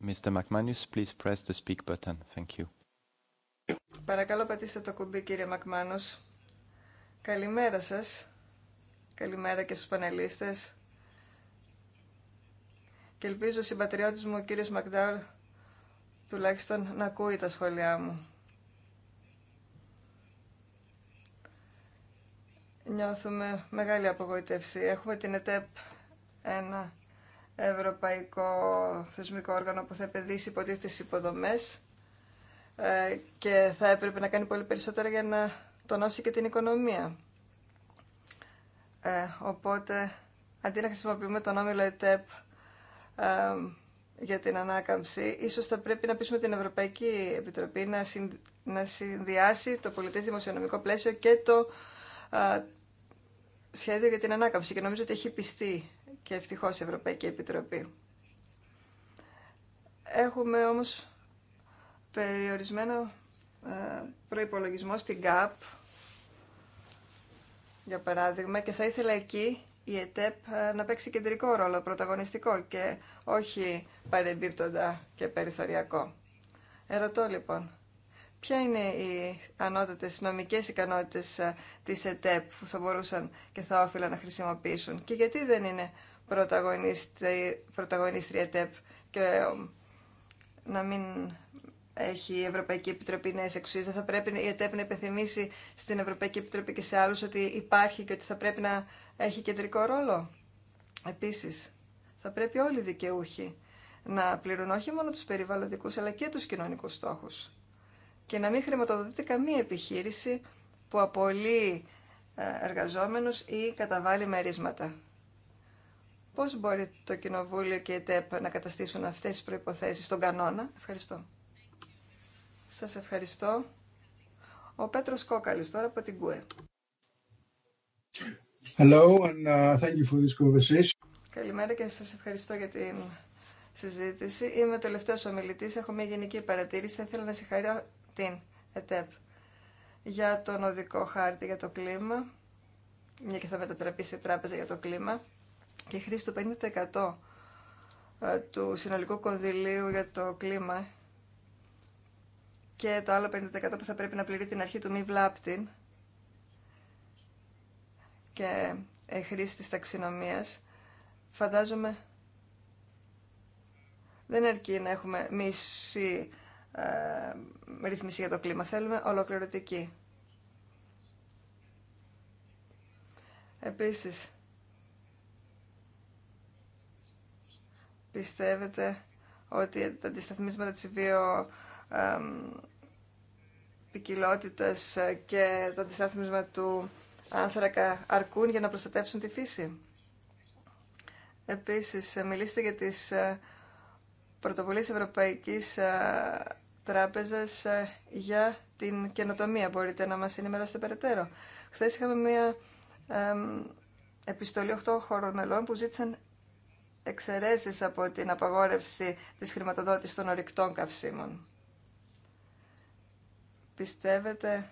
Mr. McManus, please press the speak button. Thank you. Παρακαλώ πατήστε το κουμπί κύριε Μακμάνος. Καλημέρα σας. Καλημέρα και στους πανελίστες. Και ελπίζω ο συμπατριώτης μου ο κύριος Μακδάρ τουλάχιστον να ακούει τα σχόλιά μου. Νιώθουμε μεγάλη απογοήτευση. Έχουμε την ΕΤΕΠ, ένα ευρωπαϊκό θεσμικό όργανο που θα επενδύσει υποτίθεται στις υποδομές ε, και θα έπρεπε να κάνει πολύ περισσότερα για να τονώσει και την οικονομία. Ε, οπότε, αντί να χρησιμοποιούμε τον όμιλο ΕΤΕΠ ε, για την ανάκαμψη, ίσως θα πρέπει να πείσουμε την Ευρωπαϊκή Επιτροπή να, συνδυάσει το πολιτές δημοσιονομικό πλαίσιο και το α, σχέδιο για την ανάκαμψη. Και νομίζω ότι έχει πιστεί και ευτυχώς η Ευρωπαϊκή Επιτροπή. Έχουμε όμως περιορισμένο ε, προϋπολογισμό στην ΚΑΠ, για παράδειγμα, και θα ήθελα εκεί η ΕΤΕΠ ε, να παίξει κεντρικό ρόλο, πρωταγωνιστικό και όχι παρεμπίπτοντα και περιθωριακό. Ερωτώ λοιπόν, ποια είναι οι ανώτατες νομικές ικανότητες ε, της ΕΤΕΠ που θα μπορούσαν και θα όφυλα να χρησιμοποιήσουν και γιατί δεν είναι πρωταγωνίστρια ΕΤΕΠ και ε, να μην έχει η Ευρωπαϊκή Επιτροπή νέε εξουσίε. Δεν θα πρέπει η ΕΤΕΠ να υπενθυμίσει στην Ευρωπαϊκή Επιτροπή και σε άλλου ότι υπάρχει και ότι θα πρέπει να έχει κεντρικό ρόλο. Επίση, θα πρέπει όλοι οι δικαιούχοι να πληρούν όχι μόνο του περιβαλλοντικού αλλά και του κοινωνικού στόχου. Και να μην χρηματοδοτείται καμία επιχείρηση που απολύει ε, εργαζόμενους ή καταβάλει μερίσματα. Πώς μπορεί το Κοινοβούλιο και η ΕΤΕΠ να καταστήσουν αυτές τις προϋποθέσεις στον κανόνα. Ευχαριστώ. Σας ευχαριστώ. Ο Πέτρος Κόκαλης τώρα από την ΚΟΕ. Hello and uh, thank you for this conversation. Καλημέρα και σας ευχαριστώ για την συζήτηση. Είμαι ο τελευταίος ομιλητής, έχω μια γενική παρατήρηση. Θα ήθελα να συγχαρώ την ΕΤΕΠ για τον οδικό χάρτη για το κλίμα, μια και θα μετατραπεί σε τράπεζα για το κλίμα, και χρήση του 50% ε, του συνολικού κονδυλίου για το κλίμα και το άλλο 50% που θα πρέπει να πληρεί την αρχή του μη βλάπτη και ε, χρήση της ταξινομίας, φαντάζομαι δεν αρκεί να έχουμε μισή ε, ρυθμίση για το κλίμα. Θέλουμε ολοκληρωτική. Επίσης, πιστεύετε ότι τα αντισταθμίσματα της βιο ποικιλότητα και το αντιστάθμισμα του άνθρακα αρκούν για να προστατεύσουν τη φύση. Επίσης, μιλήστε για τις ε, πρωτοβουλίες Ευρωπαϊκής ε, Τράπεζας ε, για την καινοτομία. Μπορείτε να μας ενημερώσετε περαιτέρω. Χθες είχαμε μία επιστολή 8 χωρών μελών που ζήτησαν εξαιρέσεις από την απαγόρευση της χρηματοδότησης των ορυκτών καυσίμων. Πιστεύετε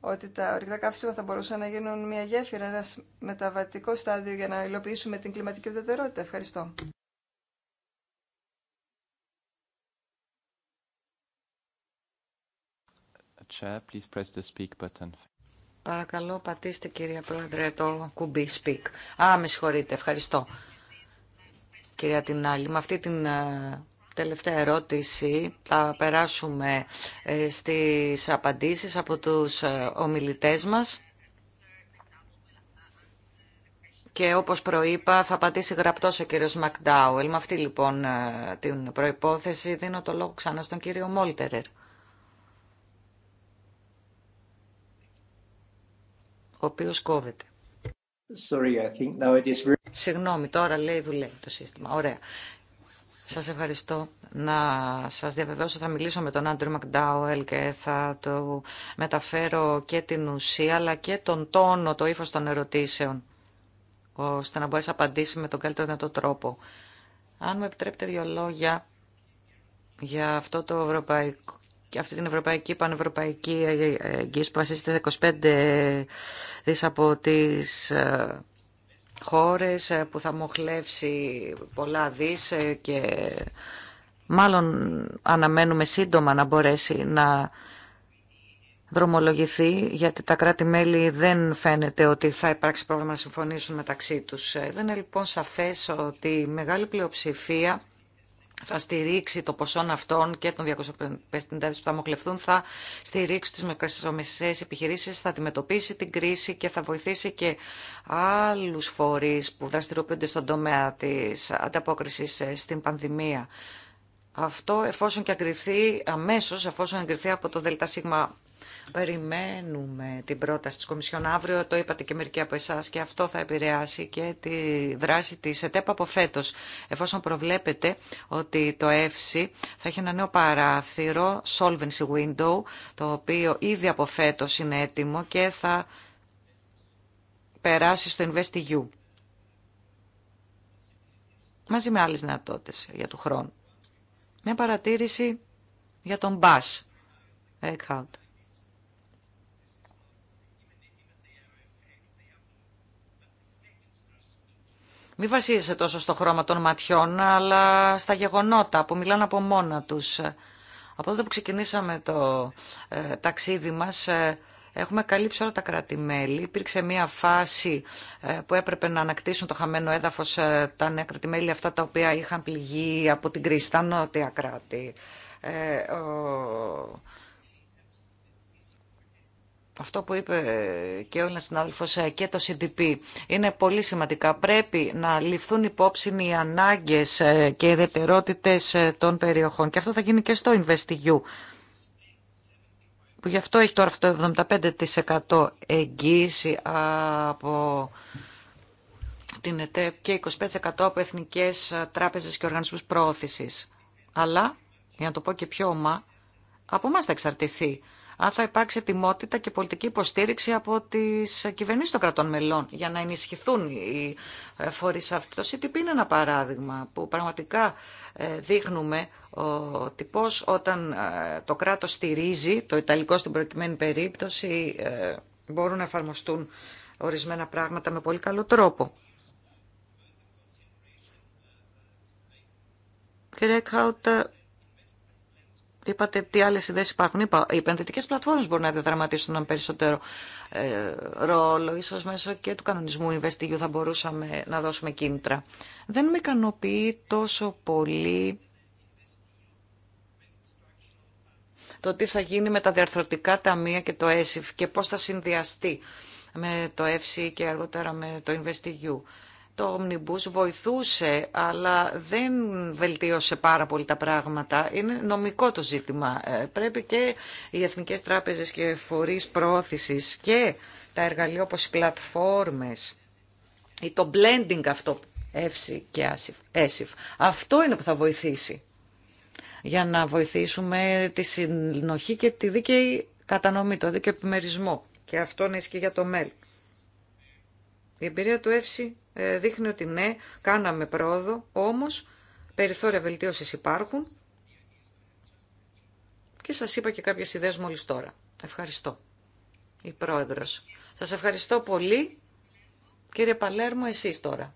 ότι τα ορυκτά καύσιμα θα μπορούσαν να γίνουν μια γέφυρα, ένα μεταβατικό στάδιο για να υλοποιήσουμε την κλιματική ουδετερότητα. Ευχαριστώ. Παρακαλώ πατήστε κυρία Πρόεδρε το κουμπί speak. Α, με συγχωρείτε, ευχαριστώ. Κυρία Τινάλη, με αυτή την ε, Τελευταία ερώτηση. Θα περάσουμε ε, στις απαντήσεις από τους ε, ομιλητές μας. Και όπως προείπα θα απαντήσει γραπτός ο κύριος Μακντάουελ. Με αυτή λοιπόν ε, την προϋπόθεση δίνω το λόγο ξανά στον κύριο Μόλτερερ. ο οποίος κόβεται. Sorry, I think now it is... Συγγνώμη, τώρα λέει δουλεύει το σύστημα. Ωραία. Σας ευχαριστώ. Να σας διαβεβαιώσω θα μιλήσω με τον Άντρου Μακντάουελ και θα το μεταφέρω και την ουσία αλλά και τον τόνο, το ύφος των ερωτήσεων ώστε να μπορέσει να απαντήσει με τον καλύτερο δυνατό τρόπο. Αν μου επιτρέπετε δύο λόγια για αυτό το ευρωπαϊκό και αυτή την ευρωπαϊκή πανευρωπαϊκή εγγύηση που βασίζεται 25 δις από τις ε, χώρες ε, που θα μοχλεύσει πολλά δις ε, και μάλλον αναμένουμε σύντομα να μπορέσει να δρομολογηθεί, γιατί τα κράτη-μέλη δεν φαίνεται ότι θα υπάρξει πρόβλημα να συμφωνήσουν μεταξύ τους. Ε, δεν είναι λοιπόν σαφές ότι η μεγάλη πλειοψηφία θα στηρίξει το ποσό αυτών και των 250 που θα μοχλευτούν θα στηρίξει τις μικρομεσαίες επιχειρήσεις, θα αντιμετωπίσει την κρίση και θα βοηθήσει και άλλους φορείς που δραστηριοποιούνται στον τομέα της ανταπόκρισης ε, στην πανδημία. Αυτό εφόσον και αγκριθεί αμέσως, εφόσον αγκριθεί από το ΔΣ Περιμένουμε την πρόταση της Κομισιόν αύριο, το είπατε και μερικοί από εσά και αυτό θα επηρεάσει και τη δράση της ΕΤΕΠ από φέτο. Εφόσον προβλέπετε ότι το ΕΦΣΥ θα έχει ένα νέο παράθυρο, Solvency Window, το οποίο ήδη από φέτο είναι έτοιμο και θα περάσει στο InvestEU. Μαζί με άλλες δυνατότητε για του χρόνου. Μια παρατήρηση για τον Μπάς. Μην βασίζεσαι τόσο στο χρώμα των ματιών, αλλά στα γεγονότα που μιλάνε από μόνα τους. Από τότε που ξεκινήσαμε το ε, ταξίδι μας, ε, έχουμε καλύψει όλα τα κρατημέλη. Υπήρξε μια φάση ε, που έπρεπε να ανακτήσουν το χαμένο έδαφος τα νεα αυτά τα οποία είχαν πληγεί από την κρίση, τα νότια κράτη αυτό που είπε ε, και ο Έλληνας συνάδελφος ε, και το CDP είναι πολύ σημαντικά. Πρέπει να ληφθούν υπόψη οι ανάγκες ε, και οι δευτερότητες των περιοχών. Και αυτό θα γίνει και στο InvestEU, που γι' αυτό έχει τώρα αυτό 75% εγγύηση από την ΕΤΕΠ και 25% από εθνικές τράπεζες και οργανισμούς προώθησης. Αλλά, για να το πω και πιο ομά, από εμά θα εξαρτηθεί αν θα υπάρξει ετοιμότητα και πολιτική υποστήριξη από τις κυβερνήσει των κρατών μελών για να ενισχυθούν οι ε, φορεί αυτοί. Το CTP είναι ένα παράδειγμα που πραγματικά ε, δείχνουμε ότι πώ όταν ε, το κράτος στηρίζει, το Ιταλικό στην προκειμένη περίπτωση, μπορούν να εφαρμοστούν ορισμένα πράγματα με πολύ καλό τρόπο. Κύριε Κάουτα, Είπατε τι άλλε ιδέε υπάρχουν. Είπα, οι επενδυτικέ πλατφόρμε μπορούν να διαδραματίσουν έναν περισσότερο ε, ρόλο. σω μέσω και του κανονισμού InvestEU θα μπορούσαμε να δώσουμε κίνητρα. Δεν με ικανοποιεί τόσο πολύ το τι θα γίνει με τα διαρθρωτικά ταμεία και το ESIF και πώς θα συνδυαστεί με το EFSI και αργότερα με το InvestEU το Omnibus βοηθούσε, αλλά δεν βελτίωσε πάρα πολύ τα πράγματα. Είναι νομικό το ζήτημα. Ε, πρέπει και οι εθνικές τράπεζες και φορείς πρόθεσης και τα εργαλεία όπως οι πλατφόρμες ή το blending αυτό, EFSI και ΕΣΥΦ. Αυτό είναι που θα βοηθήσει για να βοηθήσουμε τη συνοχή και τη δίκαιη κατανομή, το δίκαιο επιμερισμό. Και αυτό να ισχύει για το μέλλον. Η εμπειρία του EFSI... Ε, δείχνει ότι ναι, κάναμε πρόοδο, όμως περιθώρια βελτίωσης υπάρχουν και σας είπα και κάποιες ιδέες μόλις τώρα. Ευχαριστώ. Η Πρόεδρος. Σας ευχαριστώ πολύ. Κύριε Παλέρμο, εσείς τώρα.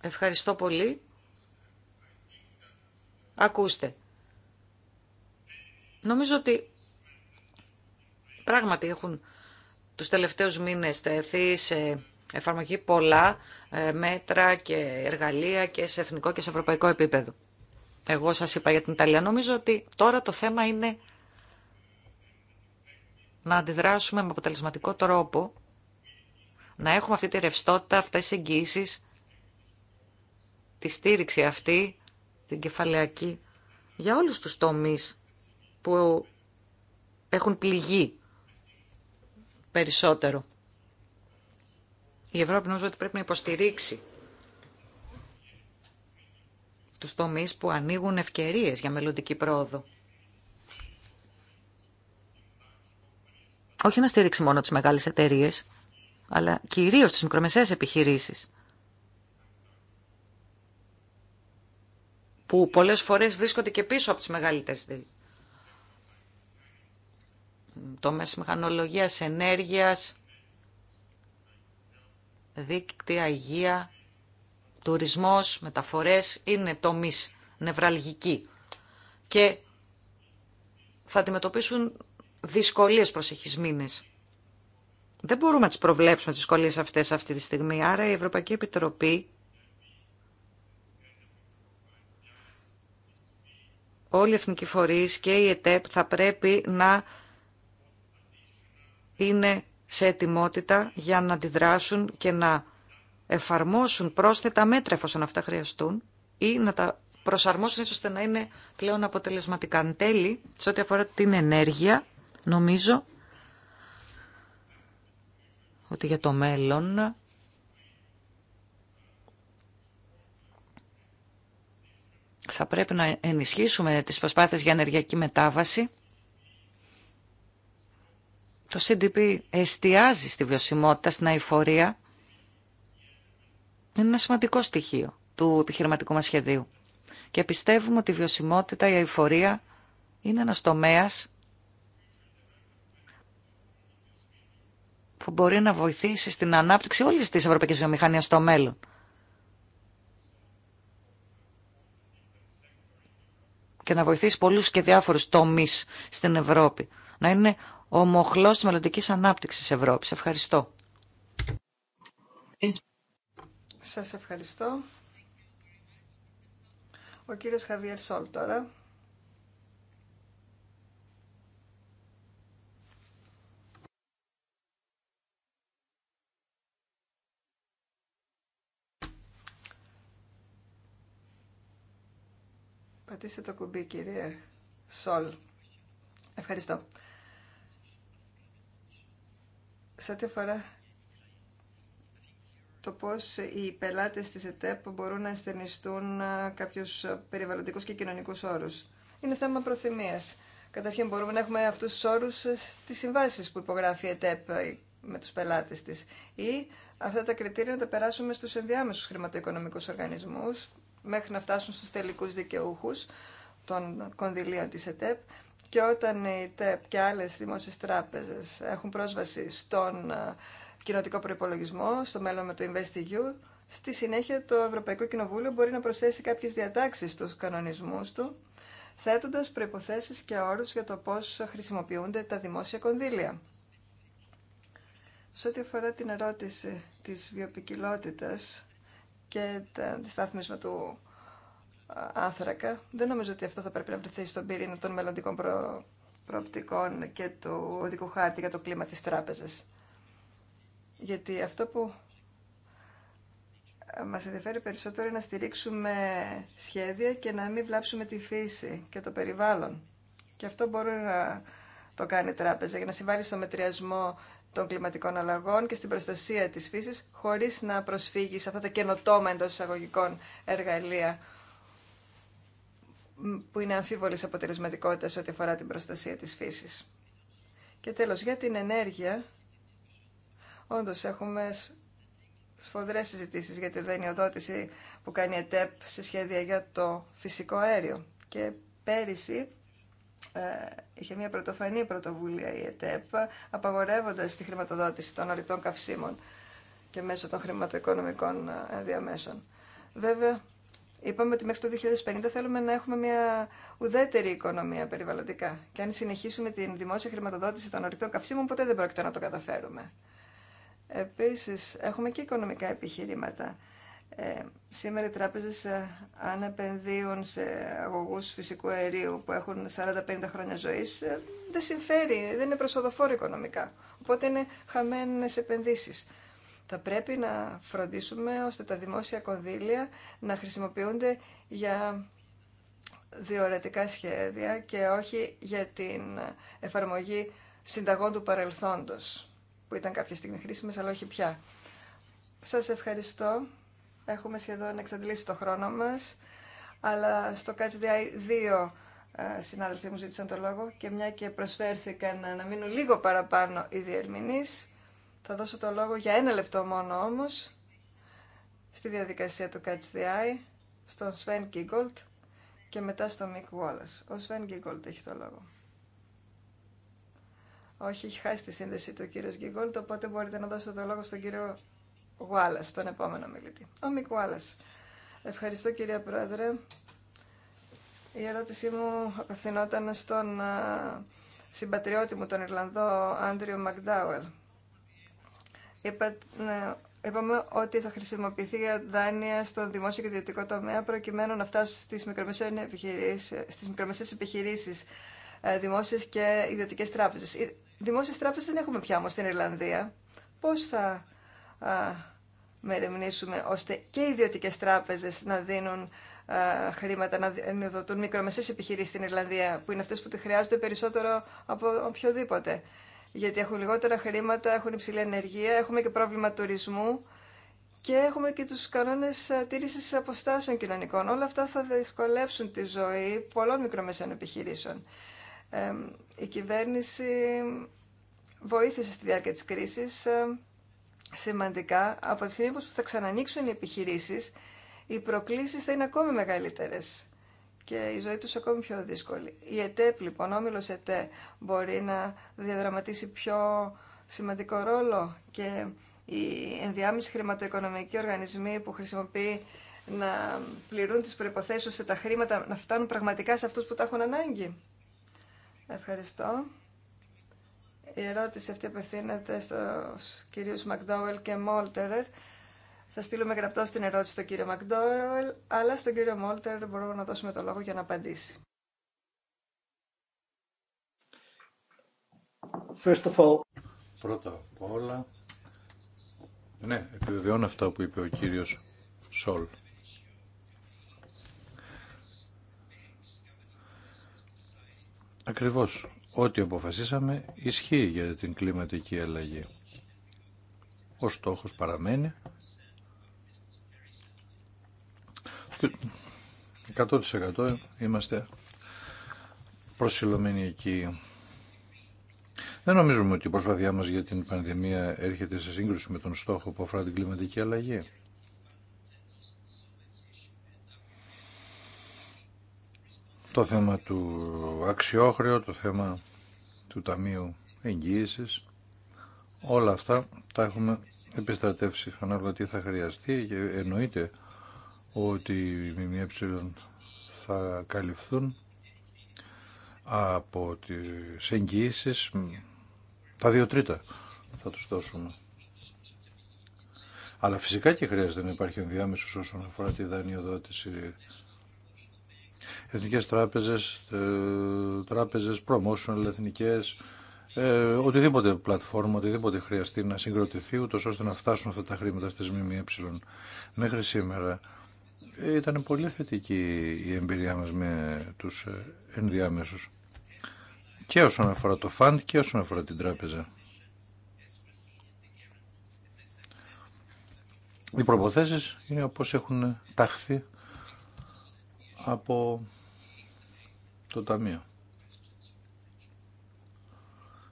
Ευχαριστώ πολύ. Ακούστε. Νομίζω ότι πράγματι έχουν τους τελευταίους μήνες τέθη σε εφαρμογή πολλά ε, μέτρα και εργαλεία και σε εθνικό και σε ευρωπαϊκό επίπεδο. Εγώ σας είπα για την Ιταλία. Νομίζω ότι τώρα το θέμα είναι να αντιδράσουμε με αποτελεσματικό τρόπο, να έχουμε αυτή τη ρευστότητα, αυτές τις εγγύσεις, τη στήριξη αυτή, την κεφαλαιακή, για όλους τους τομείς που έχουν πληγεί περισσότερο. Η Ευρώπη νομίζω ότι πρέπει να υποστηρίξει τους τομείς που ανοίγουν ευκαιρίες για μελλοντική πρόοδο. Όχι να στηρίξει μόνο τις μεγάλες εταιρείες, αλλά κυρίως τις μικρομεσαίες επιχειρήσεις. Που πολλές φορές βρίσκονται και πίσω από τις μεγαλύτερες τομές μηχανολογίας, ενέργειας, δίκτυα, υγεία, τουρισμός, μεταφορές είναι τομείς νευραλγικοί και θα αντιμετωπίσουν δυσκολίες προσεχείς μήνες. Δεν μπορούμε να τις προβλέψουμε τις δυσκολίες αυτές αυτή τη στιγμή, άρα η Ευρωπαϊκή Επιτροπή όλοι οι εθνικοί φορείς και η ΕΤΕΠ θα πρέπει να είναι σε ετοιμότητα για να αντιδράσουν και να εφαρμόσουν πρόσθετα μέτρα εφόσον αυτά χρειαστούν ή να τα προσαρμόσουν ώστε να είναι πλέον αποτελεσματικά. τέλει, σε ό,τι αφορά την ενέργεια, νομίζω ότι για το μέλλον θα πρέπει να ενισχύσουμε τις προσπάθειες για ενεργειακή μετάβαση το CDP εστιάζει στη βιωσιμότητα, στην αηφορία. Είναι ένα σημαντικό στοιχείο του επιχειρηματικού μας σχεδίου. Και πιστεύουμε ότι η βιωσιμότητα, η αηφορία είναι ένας τομέας που μπορεί να βοηθήσει στην ανάπτυξη όλης της ευρωπαϊκής βιομηχανίας στο μέλλον. Και να βοηθήσει πολλούς και διάφορους τομείς στην Ευρώπη. Να είναι ο μοχλός της μελλοντικής ανάπτυξης Ευρώπης. Ευχαριστώ. Ε. Σας ευχαριστώ. Ο κύριος Χαβιέρ Σόλ τώρα. Πατήστε το κουμπί, κύριε Σόλ. Ευχαριστώ σε ό,τι αφορά το πώς οι πελάτες της ΕΤΕΠ μπορούν να ασθενιστούν ε, κάποιους περιβαλλοντικούς και κοινωνικούς όρους. Είναι θέμα προθυμίας. Καταρχήν μπορούμε να έχουμε αυτούς τους όρους στις συμβάσεις που υπογράφει η ΕΤΕΠ ε, με τους πελάτες της. Ή αυτά τα κριτήρια να τα περάσουμε στους ενδιάμεσους χρηματοοικονομικούς οργανισμούς μέχρι να φτάσουν στους τελικούς δικαιούχους των κονδυλίων της ΕΤΕΠ και όταν οι ΤΕΠ και άλλες δημόσιες τράπεζες έχουν πρόσβαση στον ε, κοινοτικό προϋπολογισμό, στο μέλλον με το InvestEU, στη συνέχεια το Ευρωπαϊκό Κοινοβούλιο μπορεί να προσθέσει κάποιες διατάξεις στους κανονισμούς του, θέτοντας προϋποθέσεις και όρους για το πώς χρησιμοποιούνται τα δημόσια κονδύλια. Σε ό,τι αφορά την ερώτηση της βιοπικιλότητας και τη στάθμισμα του άνθρακα. Δεν νομίζω ότι αυτό θα πρέπει να βρεθεί στον πυρήνα των μελλοντικών προοπτικών και του οδικού χάρτη για το κλίμα της τράπεζας. Γιατί αυτό που μας ενδιαφέρει περισσότερο είναι να στηρίξουμε σχέδια και να μην βλάψουμε τη φύση και το περιβάλλον. Και αυτό μπορεί να το κάνει η τράπεζα για να συμβάλλει στο μετριασμό των κλιματικών αλλαγών και στην προστασία της φύσης χωρίς να προσφύγει σε αυτά τα καινοτόμα εντός εισαγωγικών εργαλεία που είναι αμφίβολης αποτελεσματικότητας ό,τι αφορά την προστασία της φύσης. Και τέλος, για την ενέργεια, όντως έχουμε σφοδρές συζητήσει για τη οδότηση που κάνει η ΕΤΕΠ σε σχέδια για το φυσικό αέριο. Και πέρυσι ε, είχε μια πρωτοφανή πρωτοβουλία η ΕΤΕΠ, απαγορεύοντας τη χρηματοδότηση των ορεικτών καυσίμων και μέσω των χρηματοοικονομικών ε, διαμέσων. Βέβαια, Είπαμε ότι μέχρι το 2050 θέλουμε να έχουμε μια ουδέτερη οικονομία περιβαλλοντικά. Και αν συνεχίσουμε την δημόσια χρηματοδότηση των ορεικτών καυσίμων, ποτέ δεν πρόκειται να το καταφέρουμε. Επίση, έχουμε και οικονομικά επιχειρήματα. Ε, σήμερα οι τράπεζε ε, αν επενδύουν σε αγωγού φυσικού αερίου που έχουν 40-50 χρόνια ζωή ε, δεν συμφέρει, δεν είναι προσοδοφόρο οικονομικά. Οπότε είναι χαμένε επενδύσει θα πρέπει να φροντίσουμε ώστε τα δημόσια κονδύλια να χρησιμοποιούνται για διορατικά σχέδια και όχι για την εφαρμογή συνταγών του παρελθόντος, που ήταν κάποια στιγμή χρήσιμες, αλλά όχι πια. Σας ευχαριστώ. Έχουμε σχεδόν εξαντλήσει το χρόνο μας, αλλά στο Catch δύο ε, συνάδελφοι μου ζήτησαν το λόγο και μια και προσφέρθηκαν να μείνουν λίγο παραπάνω οι διερμηνείς, θα δώσω το λόγο για ένα λεπτό μόνο όμως στη διαδικασία του Catch the Eye στον Sven Giggold και μετά στον Mick Wallace. Ο Sven Giggold έχει το λόγο. Όχι, έχει χάσει τη σύνδεση του κύριο Giggold, οπότε μπορείτε να δώσετε το λόγο στον κύριο Wallace, τον επόμενο μιλητή. Ο Mick Wallace. Ευχαριστώ κυρία Πρόεδρε. Η ερώτησή μου απευθυνόταν στον συμπατριώτη μου, τον Ιρλανδό Άντριο Μακδάουελ. Είπα, ναι, είπαμε ότι θα χρησιμοποιηθεί για δάνεια στο δημόσιο και ιδιωτικό τομέα προκειμένου να φτάσουν στις μικρομεσαίες επιχειρήσεις, στις μικρομεσαίες επιχειρήσεις ε, δημόσιες και ιδιωτικές τράπεζες. δημόσιες τράπεζες δεν έχουμε πια όμως στην Ιρλανδία. Πώς θα μερεμνήσουμε ώστε και οι ιδιωτικές τράπεζες να δίνουν χρήματα να δοτούν μικρομεσαίες επιχειρήσεις στην Ιρλανδία, που είναι αυτές που τη χρειάζονται περισσότερο από οποιοδήποτε γιατί έχουν λιγότερα χρήματα, έχουν υψηλή ενεργεία, έχουμε και πρόβλημα τουρισμού και έχουμε και τους κανόνες ε, τήρησης αποστάσεων κοινωνικών. Όλα αυτά θα δυσκολέψουν τη ζωή πολλών μικρομεσαίων επιχειρήσεων. η κυβέρνηση βοήθησε στη διάρκεια της κρίσης ε, σημαντικά. Από τη στιγμή που θα ξανανοίξουν οι επιχειρήσεις, οι προκλήσεις θα είναι ακόμη μεγαλύτερες και η ζωή τους ακόμη πιο δύσκολη. Η ΕΤΕΠ, λοιπόν, όμιλος ΕΤΕ, μπορεί να διαδραματίσει πιο σημαντικό ρόλο και οι ενδιάμεση χρηματοοικονομικοί οργανισμοί που χρησιμοποιεί να πληρούν τις προϋποθέσεις ώστε τα χρήματα να φτάνουν πραγματικά σε αυτούς που τα έχουν ανάγκη. Ευχαριστώ. Η ερώτηση αυτή απευθύνεται στους κυρίους Μακδόουελ και Μόλτερερ. Θα στείλουμε γραπτό στην ερώτηση στον κύριο Μακδόρελ, αλλά στον κύριο Μόλτερ μπορούμε να δώσουμε το λόγο για να απαντήσει. First of all... Πρώτα απ' όλα, ναι, επιβεβαιώνω αυτά που είπε ο κύριος Σόλ. Ακριβώς, ό,τι αποφασίσαμε ισχύει για την κλιματική αλλαγή. Ο στόχος παραμένει 100% είμαστε προσιλωμένοι εκεί. Δεν νομίζουμε ότι η προσπάθειά μας για την πανδημία έρχεται σε σύγκρουση με τον στόχο που αφορά την κλιματική αλλαγή. Το θέμα του αξιόχρεου, το θέμα του Ταμείου Εγγύησης, όλα αυτά τα έχουμε επιστρατεύσει ανάλογα τι θα χρειαστεί και εννοείται ότι οι ΜΜΕ θα καλυφθούν από τις εγγυησει τα δύο τρίτα θα τους δώσουμε. Αλλά φυσικά και χρειάζεται να υπάρχει ενδιάμεσο όσον αφορά τη δανειοδότηση. Εθνικές τράπεζες, ε, τράπεζες, promotional εθνικές, ε, οτιδήποτε πλατφόρμα, οτιδήποτε χρειαστεί να συγκροτηθεί, ούτως ώστε να φτάσουν αυτά τα χρήματα στι ΜΜΕ. Μέχρι σήμερα ήταν πολύ θετική η εμπειρία μας με τους ε, ενδιάμεσους. Και όσον αφορά το φαντ και όσον αφορά την τράπεζα. Οι προποθέσεις είναι όπως έχουν ταχθεί από το Ταμείο.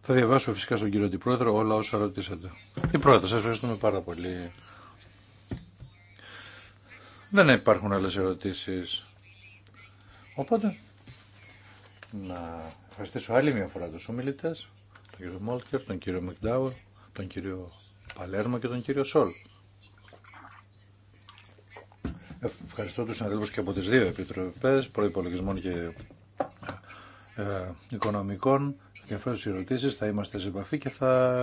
Θα διαβάσω φυσικά στον κύριο Αντιπρόεδρο όλα όσα ρωτήσατε. Η πρώτα, σας ευχαριστούμε πάρα πολύ. Δεν υπάρχουν άλλες ερωτήσεις. Οπότε, να ευχαριστήσω άλλη μια φορά τους ομιλητές, τον κύριο Μόλκερ, τον κύριο Μικτάουρ, τον κύριο Παλέρμο και τον κύριο Σόλ. Ευχαριστώ τους συναδέλφους και από τις δύο επιτροπές, προϋπολογισμών και ε, ε οικονομικών τι ερωτήσει θα είμαστε σε επαφή και θα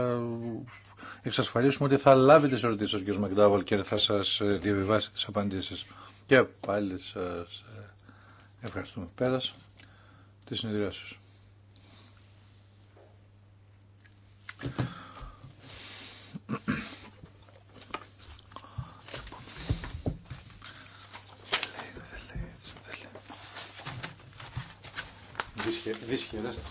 εξασφαλίσουμε ότι θα λάβει τι ερωτήσει σα, κ. Μακδάβολ, και θα σας ε, διαβιβάσει τι απαντήσεις. Και πάλι σας ε, ευχαριστούμε. Πέρας τη συνεδριάσεως. Δυσχερέστε.